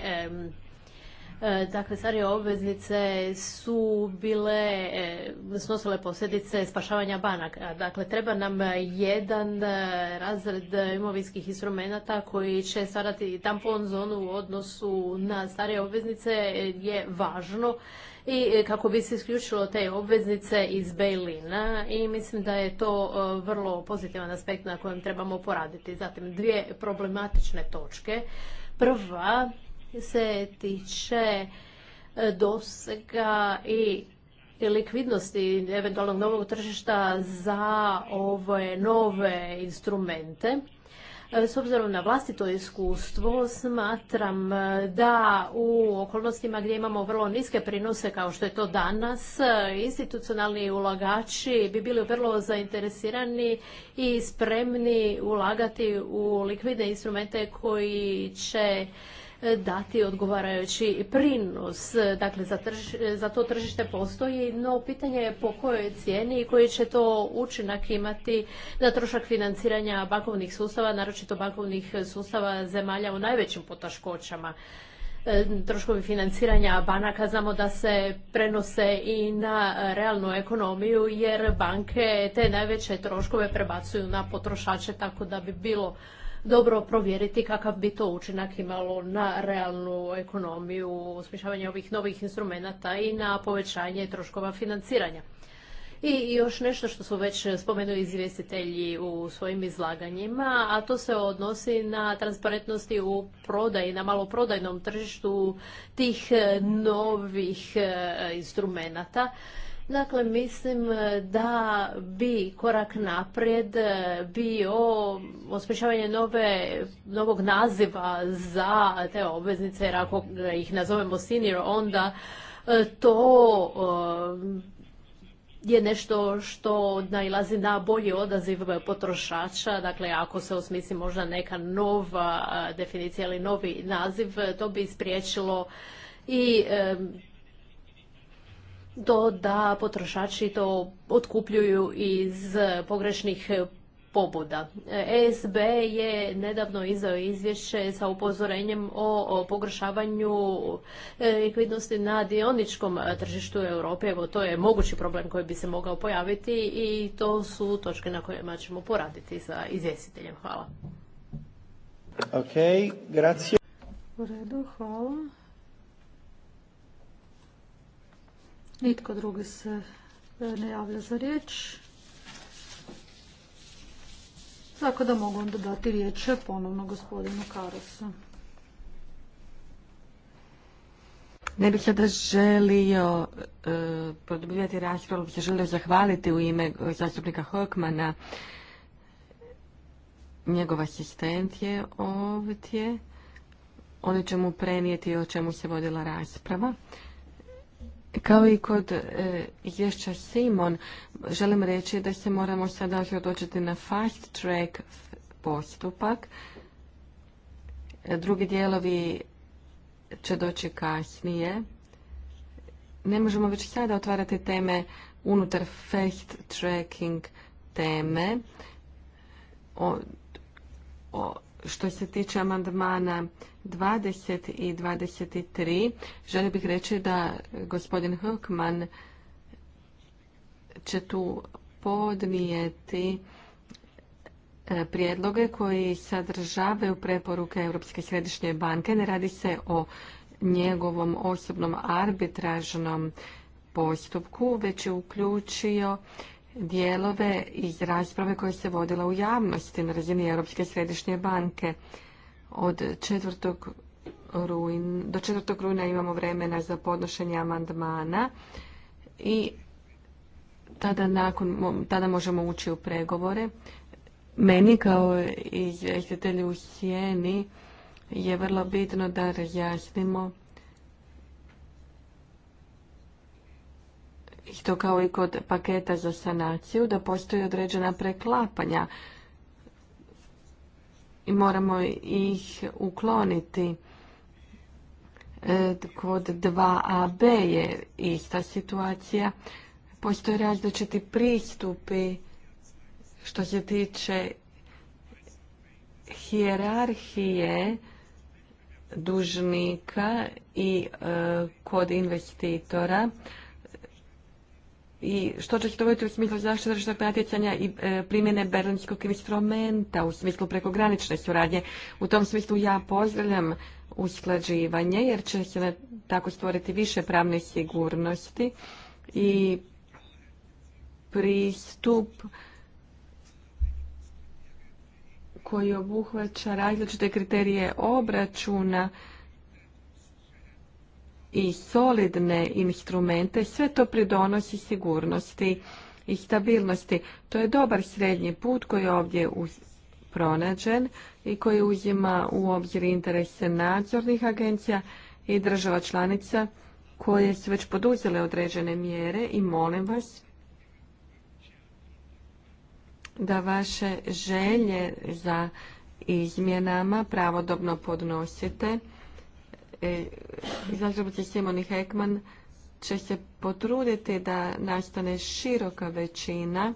E, dakle, starije obveznice su bile, e, snosile posljedice spašavanja banaka. Dakle, treba nam jedan e, razred imovinskih instrumenta koji će stvarati tampon zonu u odnosu na starije obveznice je važno i kako bi se isključilo te obveznice iz Bejlina i mislim da je to vrlo pozitivan aspekt na kojem trebamo poraditi. Zatim dvije problematične točke. Prva se tiče e, dosega i likvidnosti eventualnog novog tržišta za ove nove instrumente. E, s obzirom na vlastito iskustvo smatram e, da u okolnostima gdje imamo vrlo niske prinose kao što je to danas, institucionalni ulagači bi bili vrlo zainteresirani i spremni ulagati u likvidne instrumente koji će dati odgovarajući prinos. Dakle, za, to tržište postoji, no pitanje je po kojoj cijeni i koji će to učinak imati na trošak financiranja bankovnih sustava, naročito bankovnih sustava zemalja u najvećim poteškoćama e, troškovi financiranja banaka znamo da se prenose i na realnu ekonomiju jer banke te najveće troškove prebacuju na potrošače tako da bi bilo dobro provjeriti kakav bi to učinak imalo na realnu ekonomiju, smišavanje ovih novih instrumenata i na povećanje troškova financiranja. I još nešto što su već spomenuli izvjestitelji u svojim izlaganjima, a to se odnosi na transparentnosti u prodaji, na maloprodajnom tržištu tih novih e, instrumenata. Dakle, mislim e, da bi korak naprijed e, bio osmišavanje nove, novog naziva za te obveznice, jer ako ih nazovemo senior, onda e, to je nešto što nailazi na bolji odaziv potrošača. Dakle, ako se osmisli možda neka nova definicija ili novi naziv, to bi spriječilo i do da potrošači to otkupljuju iz pogrešnih pobuda. ESB je nedavno izdao izvješće sa upozorenjem o pogrešavanju e, likvidnosti na dioničkom e, tržištu Europe. Evo, to je mogući problem koji bi se mogao pojaviti i to su točke na kojima ćemo poraditi sa izvjestiteljem. Hvala. Ok, grazie. U redu, hvala. Nitko drugi se ne javlja za riječ. Tako da mogu onda dati riječ ponovno gospodinu Karasu. Ne bih sada želio e, produbljivati raspravu, bih se želio zahvaliti u ime zastupnika Hokmana. Njegov asistent je ovdje. Oni će mu prenijeti o čemu se vodila rasprava. Kao i kod e, izvješća Simon, želim reći da se moramo sada odočiti na fast track postupak. E, drugi dijelovi će doći kasnije. Ne možemo već sada otvarati teme unutar fast tracking teme. o, što se tiče amandmana 20 i 23, želio bih reći da gospodin Hukman će tu podnijeti e, prijedloge koji sadržavaju preporuke Europske središnje banke. Ne radi se o njegovom osobnom arbitražnom postupku, već je uključio dijelove iz rasprave koja se vodila u javnosti na razini Europske središnje banke. Od 4. Rujna, do 4. rujna imamo vremena za podnošenje amandmana i tada, nakon, tada možemo ući u pregovore. Meni kao izvjestitelju u Sjeni je vrlo bitno da razjasnimo isto kao i kod paketa za sanaciju, da postoji određena preklapanja i moramo ih ukloniti. E, kod 2AB je ista situacija. Postoje različiti pristupi što se tiče hijerarhije dužnika i e, kod investitora i što će se dogoditi u smislu zaštite tržišnog natjecanja i e, primjene berlinskog instrumenta u smislu prekogranične suradnje. U tom smislu ja pozdravljam usklađivanje jer će se tako stvoriti više pravne sigurnosti i pristup koji obuhvaća različite kriterije obračuna i solidne instrumente, sve to pridonosi sigurnosti i stabilnosti. To je dobar srednji put koji je ovdje pronađen i koji uzima u obzir interese nadzornih agencija i država članica koje su već poduzele određene mjere i molim vas da vaše želje za izmjenama pravodobno podnosite E, zastupnica Simoni Hekman će se potruditi da nastane široka većina.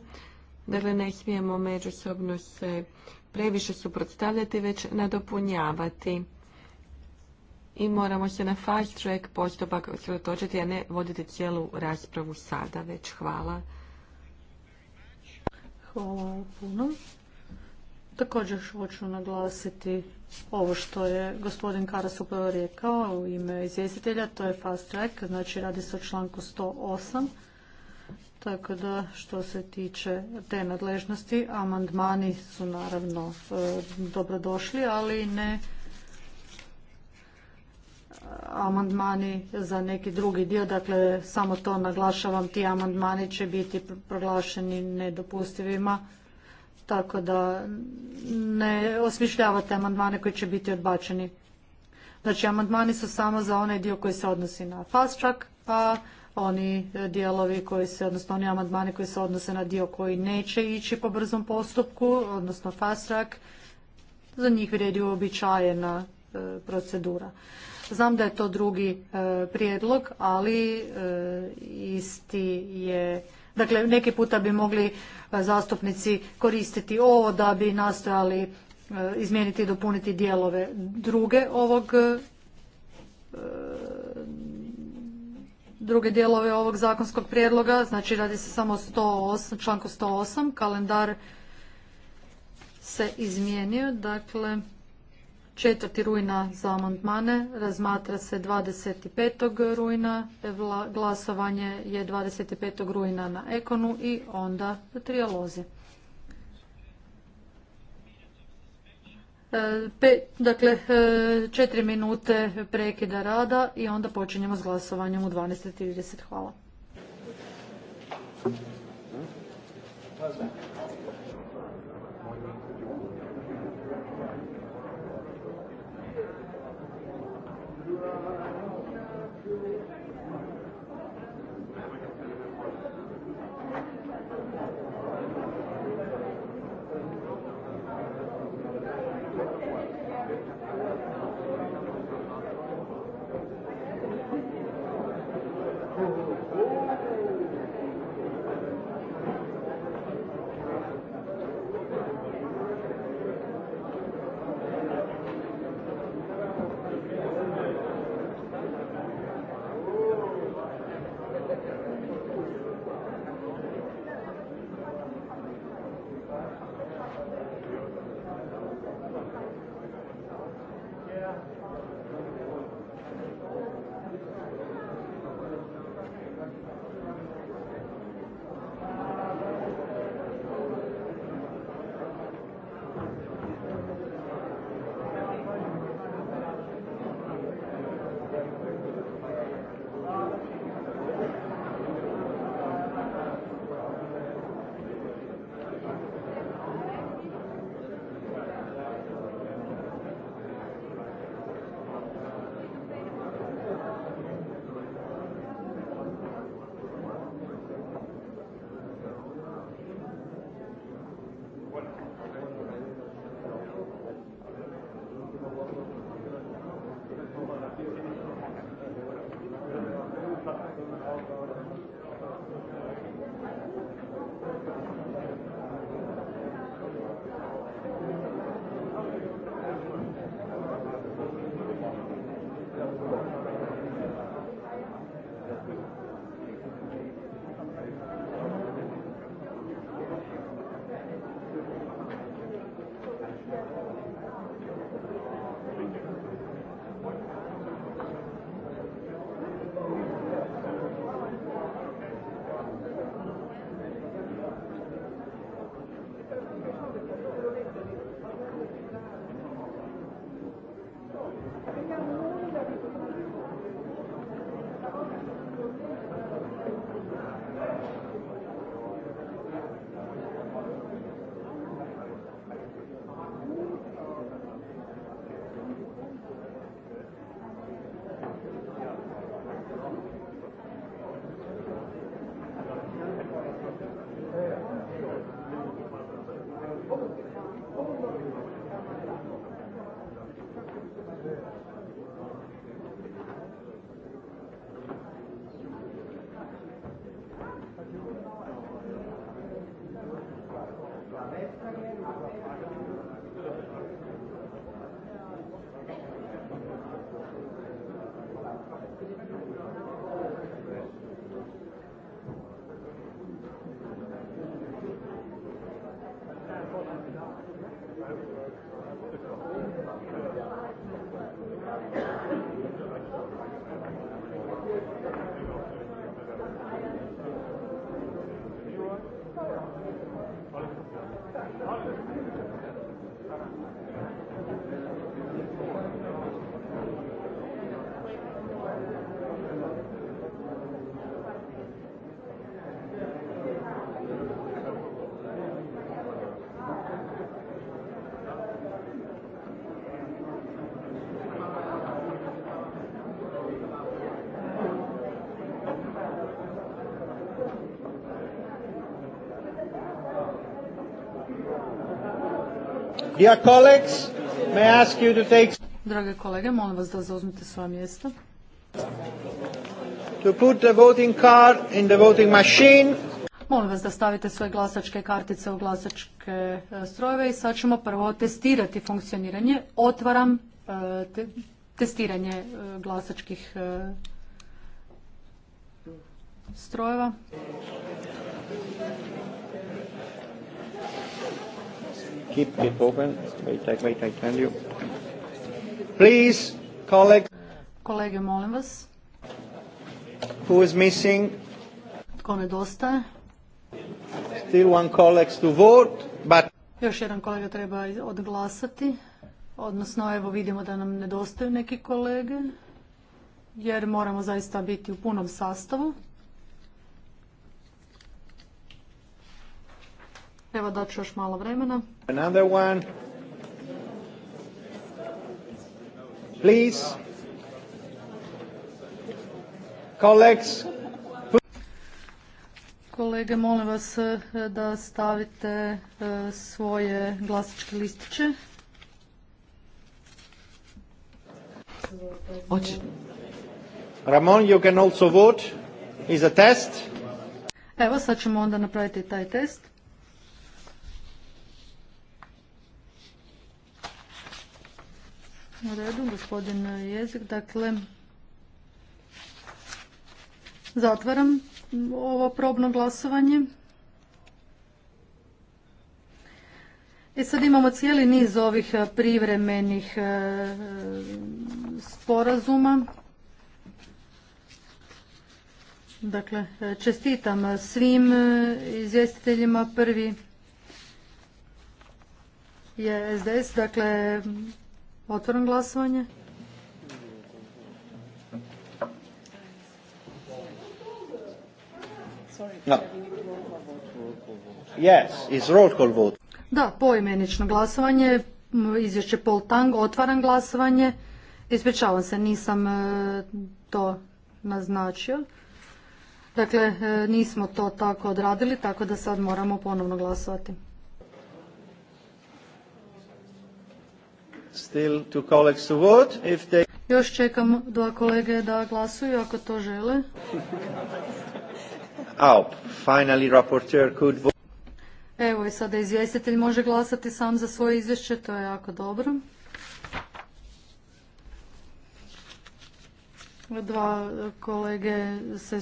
Dakle, ne smijemo međusobno se previše suprotstavljati, već nadopunjavati. I moramo se na fast track postupak sredotočiti, a ne voditi cijelu raspravu sada već. Hvala. Hvala puno. Također hoću naglasiti ovo što je gospodin Karas upravo rekao u ime izvjestitelja, to je fast track, znači radi se o članku 108. Tako da što se tiče te nadležnosti, amandmani su naravno e, dobrodošli, ali ne e, amandmani za neki drugi dio, dakle samo to naglašavam, ti amandmani će biti proglašeni nedopustivima tako da ne osmišljavate amandmane koji će biti odbačeni. Znači, amandmani su samo za onaj dio koji se odnosi na fast track, a pa oni dijelovi koji se, odnosno oni amandmani koji se odnose na dio koji neće ići po brzom postupku, odnosno fast track, za njih vrijedi uobičajena e, procedura. Znam da je to drugi e, prijedlog, ali e, isti je Dakle, neki puta bi mogli e, zastupnici koristiti ovo da bi nastojali e, izmijeniti i dopuniti dijelove druge ovog e, druge dijelove ovog zakonskog prijedloga, znači radi se samo 108, članku 108, kalendar se izmijenio, dakle 4. rujna za amandmane, razmatra se 25. rujna, glasovanje je 25. rujna na Ekonu i onda trijalozi. E, dakle, e, četiri minute prekida rada i onda počinjemo s glasovanjem u 12.30. Hvala. Dear Drage kolege, molim vas da zauzmete svoja mjesta. To Molim vas da stavite svoje glasačke kartice u glasačke e, strojeve i sad ćemo prvo testirati funkcioniranje. Otvaram e, testiranje e, glasačkih strojeva. keep it open. Wait, I, wait, I tell you. Please, colleague. Kolege, molim vas. Who is missing? Tko nedostaje? Still one colleague to vote, but... Još jedan kolega treba odglasati, odnosno evo vidimo da nam nedostaju neki kolege, jer moramo zaista biti u punom sastavu. Evo ću još malo vremena. Another one. Please. Colleagues. Kolege, molim vas eh, da stavite eh, svoje glasačke listiće. Ramon, you can also vote. Is a test. Evo, sad ćemo onda napraviti taj test. na redu, gospodin Jezik. Dakle, zatvaram ovo probno glasovanje. I e, sad imamo cijeli niz ovih privremenih e, sporazuma. Dakle, čestitam svim e, izvjestiteljima. Prvi je SDS, dakle, Otvaram glasovanje. Da, poimenično glasovanje, izvješće Pol Tang, otvaram glasovanje. Ispričavam se, nisam e, to naznačio. Dakle, e, nismo to tako odradili, tako da sad moramo ponovno glasovati. still two colleagues to vote if they... Još čekam dva kolege da glasuju ako to žele. finally rapporteur could vote. Evo i sada izvjestitelj može glasati sam za svoje izvješće, to je jako dobro. Dva kolege se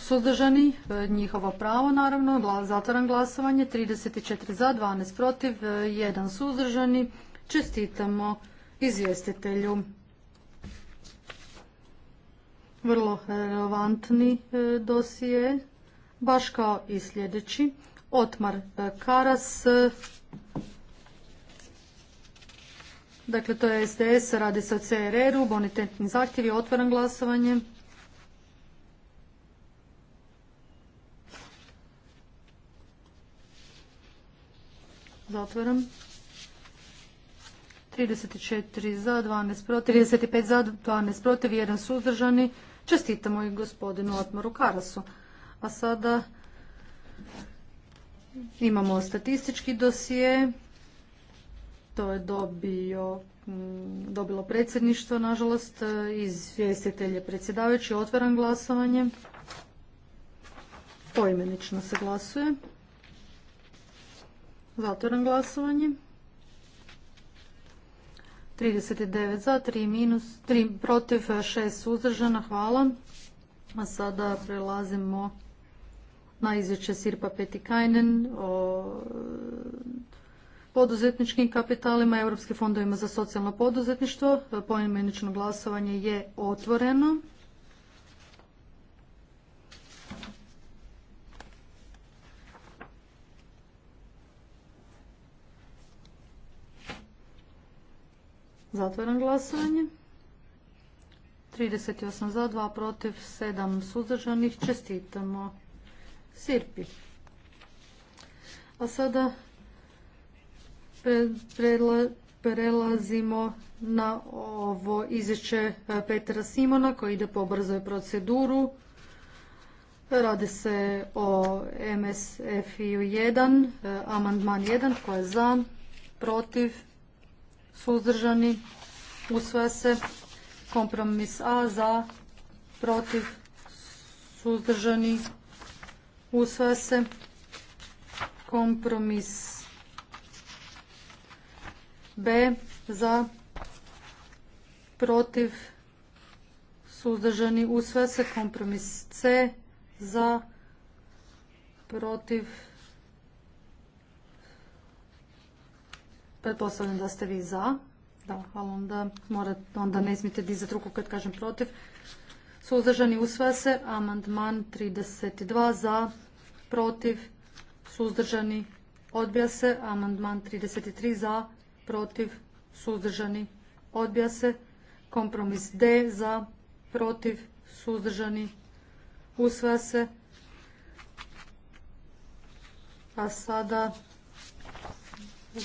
suzdržani, njihovo pravo naravno, zatvoran glasovanje, 34 za, 12 protiv, 1 suzdržani. Čestitamo izvjestitelju. Vrlo relevantni e, dosije, baš kao i sljedeći. Otmar e, Karas, dakle to je SDS, radi se o CRR-u, bonitetni zahtjevi, otvoran glasovanje. Zatvaram. 34 za, 12 protiv, 35 za, 12 protiv, 1 suzdržani. Čestitamo i gospodinu Otmaru Karasu. A sada imamo statistički dosije. To je dobio, mm, dobilo predsjedništvo, nažalost. E, iz je predsjedavajući. Otvaram glasovanje. Poimenično se glasuje. zatvoran glasovanje. 39 za, 3 minus, 3 protiv, 6 suzdržana, hvala. A sada prelazimo na izvješće Sirpa Petikajnen o e, poduzetničkim kapitalima, Europskim fondovima za socijalno poduzetništvo. Poimenično glasovanje je otvoreno. Zatvaram glasovanje. 38 za, 2 protiv, 7 suzdržanih. Čestitamo Sirpi. A sada prelazimo na ovo izvješće e, Petra Simona koji ide po brzoj proceduru. Radi se o MSFI-u 1, e, amandman 1, koja je za, protiv, suzdržani, usvaja se. Kompromis A za, protiv, suzdržani, usvaja se. Kompromis B za, protiv, suzdržani, usvaja se. Kompromis C za, protiv, Pretpostavljam da ste vi za. Da, ali onda, morate, onda ne smijete dizati ruku kad kažem protiv. Suzdržani usvaja se. Amandman 32 za, protiv, suzdržani odbija se. Amandman 33 za, protiv, suzdržani odbija se. Kompromis D za, protiv, suzdržani usvaja se. A sada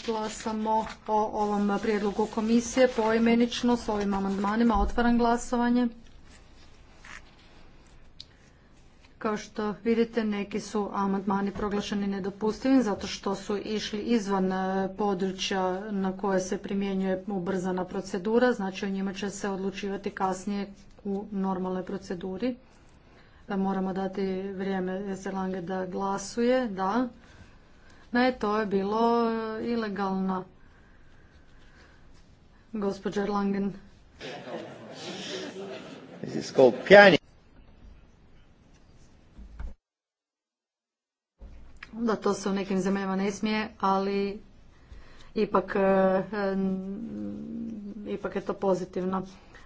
Glasamo o ovom prijedlogu komisije poimenično s ovim amandmanima. Otvaram glasovanje. Kao što vidite, neki su amandmani proglašeni nedopustivim zato što su išli izvan e, područja na koje se primjenjuje ubrzana procedura, znači o njima će se odlučivati kasnije u normalnoj proceduri. E, moramo dati vrijeme Zelange da glasuje, da. Ne, to je bilo e, ilegalno. Gospođa Erlangen. This is called Da, to se u nekim zemljama ne smije, ali ipak, e, e, ipak je to pozitivno.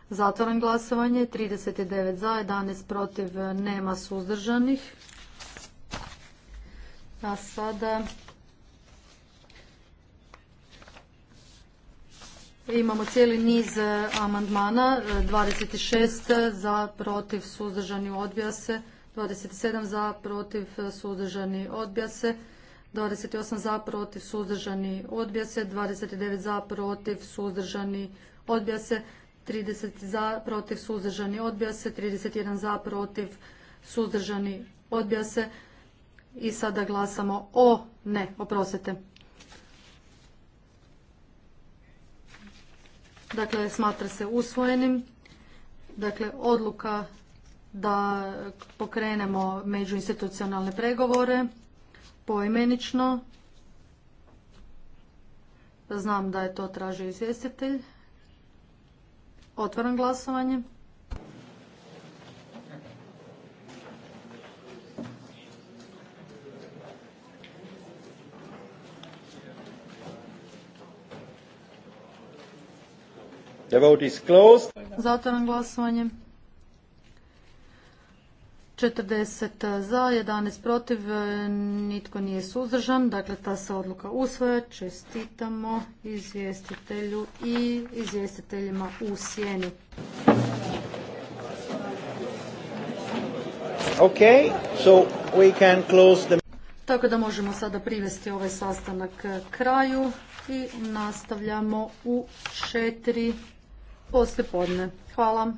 Zatvoran glasovanje, 39 za, 11 protiv, nema suzdržanih. A sada Imamo cijeli niz e, amandmana, 26 e, za, protiv, suzdržani, odbija se, 27 e, za, protiv, suzdržani, odbija se, 28 za, protiv, suzdržani, odbija se, 29 za, protiv, suzdržani, odbija se, 30 za, protiv, suzdržani, odbija se, 31 za, protiv, suzdržani, odbija se. I sada glasamo o, ne, oprostite, Dakle, smatra se usvojenim. Dakle, odluka da pokrenemo međuinstitucionalne pregovore poimenično. Znam da je to tražio izvjestitelj. Otvaram glasovanje. The is Zatvaram glasovanje. 40 za, 11 protiv, nitko nije suzdržan, dakle ta se odluka usvaja. Čestitamo izvjestitelju i izvjestiteljima u sjeni. Okay, so we can close the... Tako da možemo sada privesti ovaj sastanak kraju i nastavljamo u četiri poslijepodne. Hvala.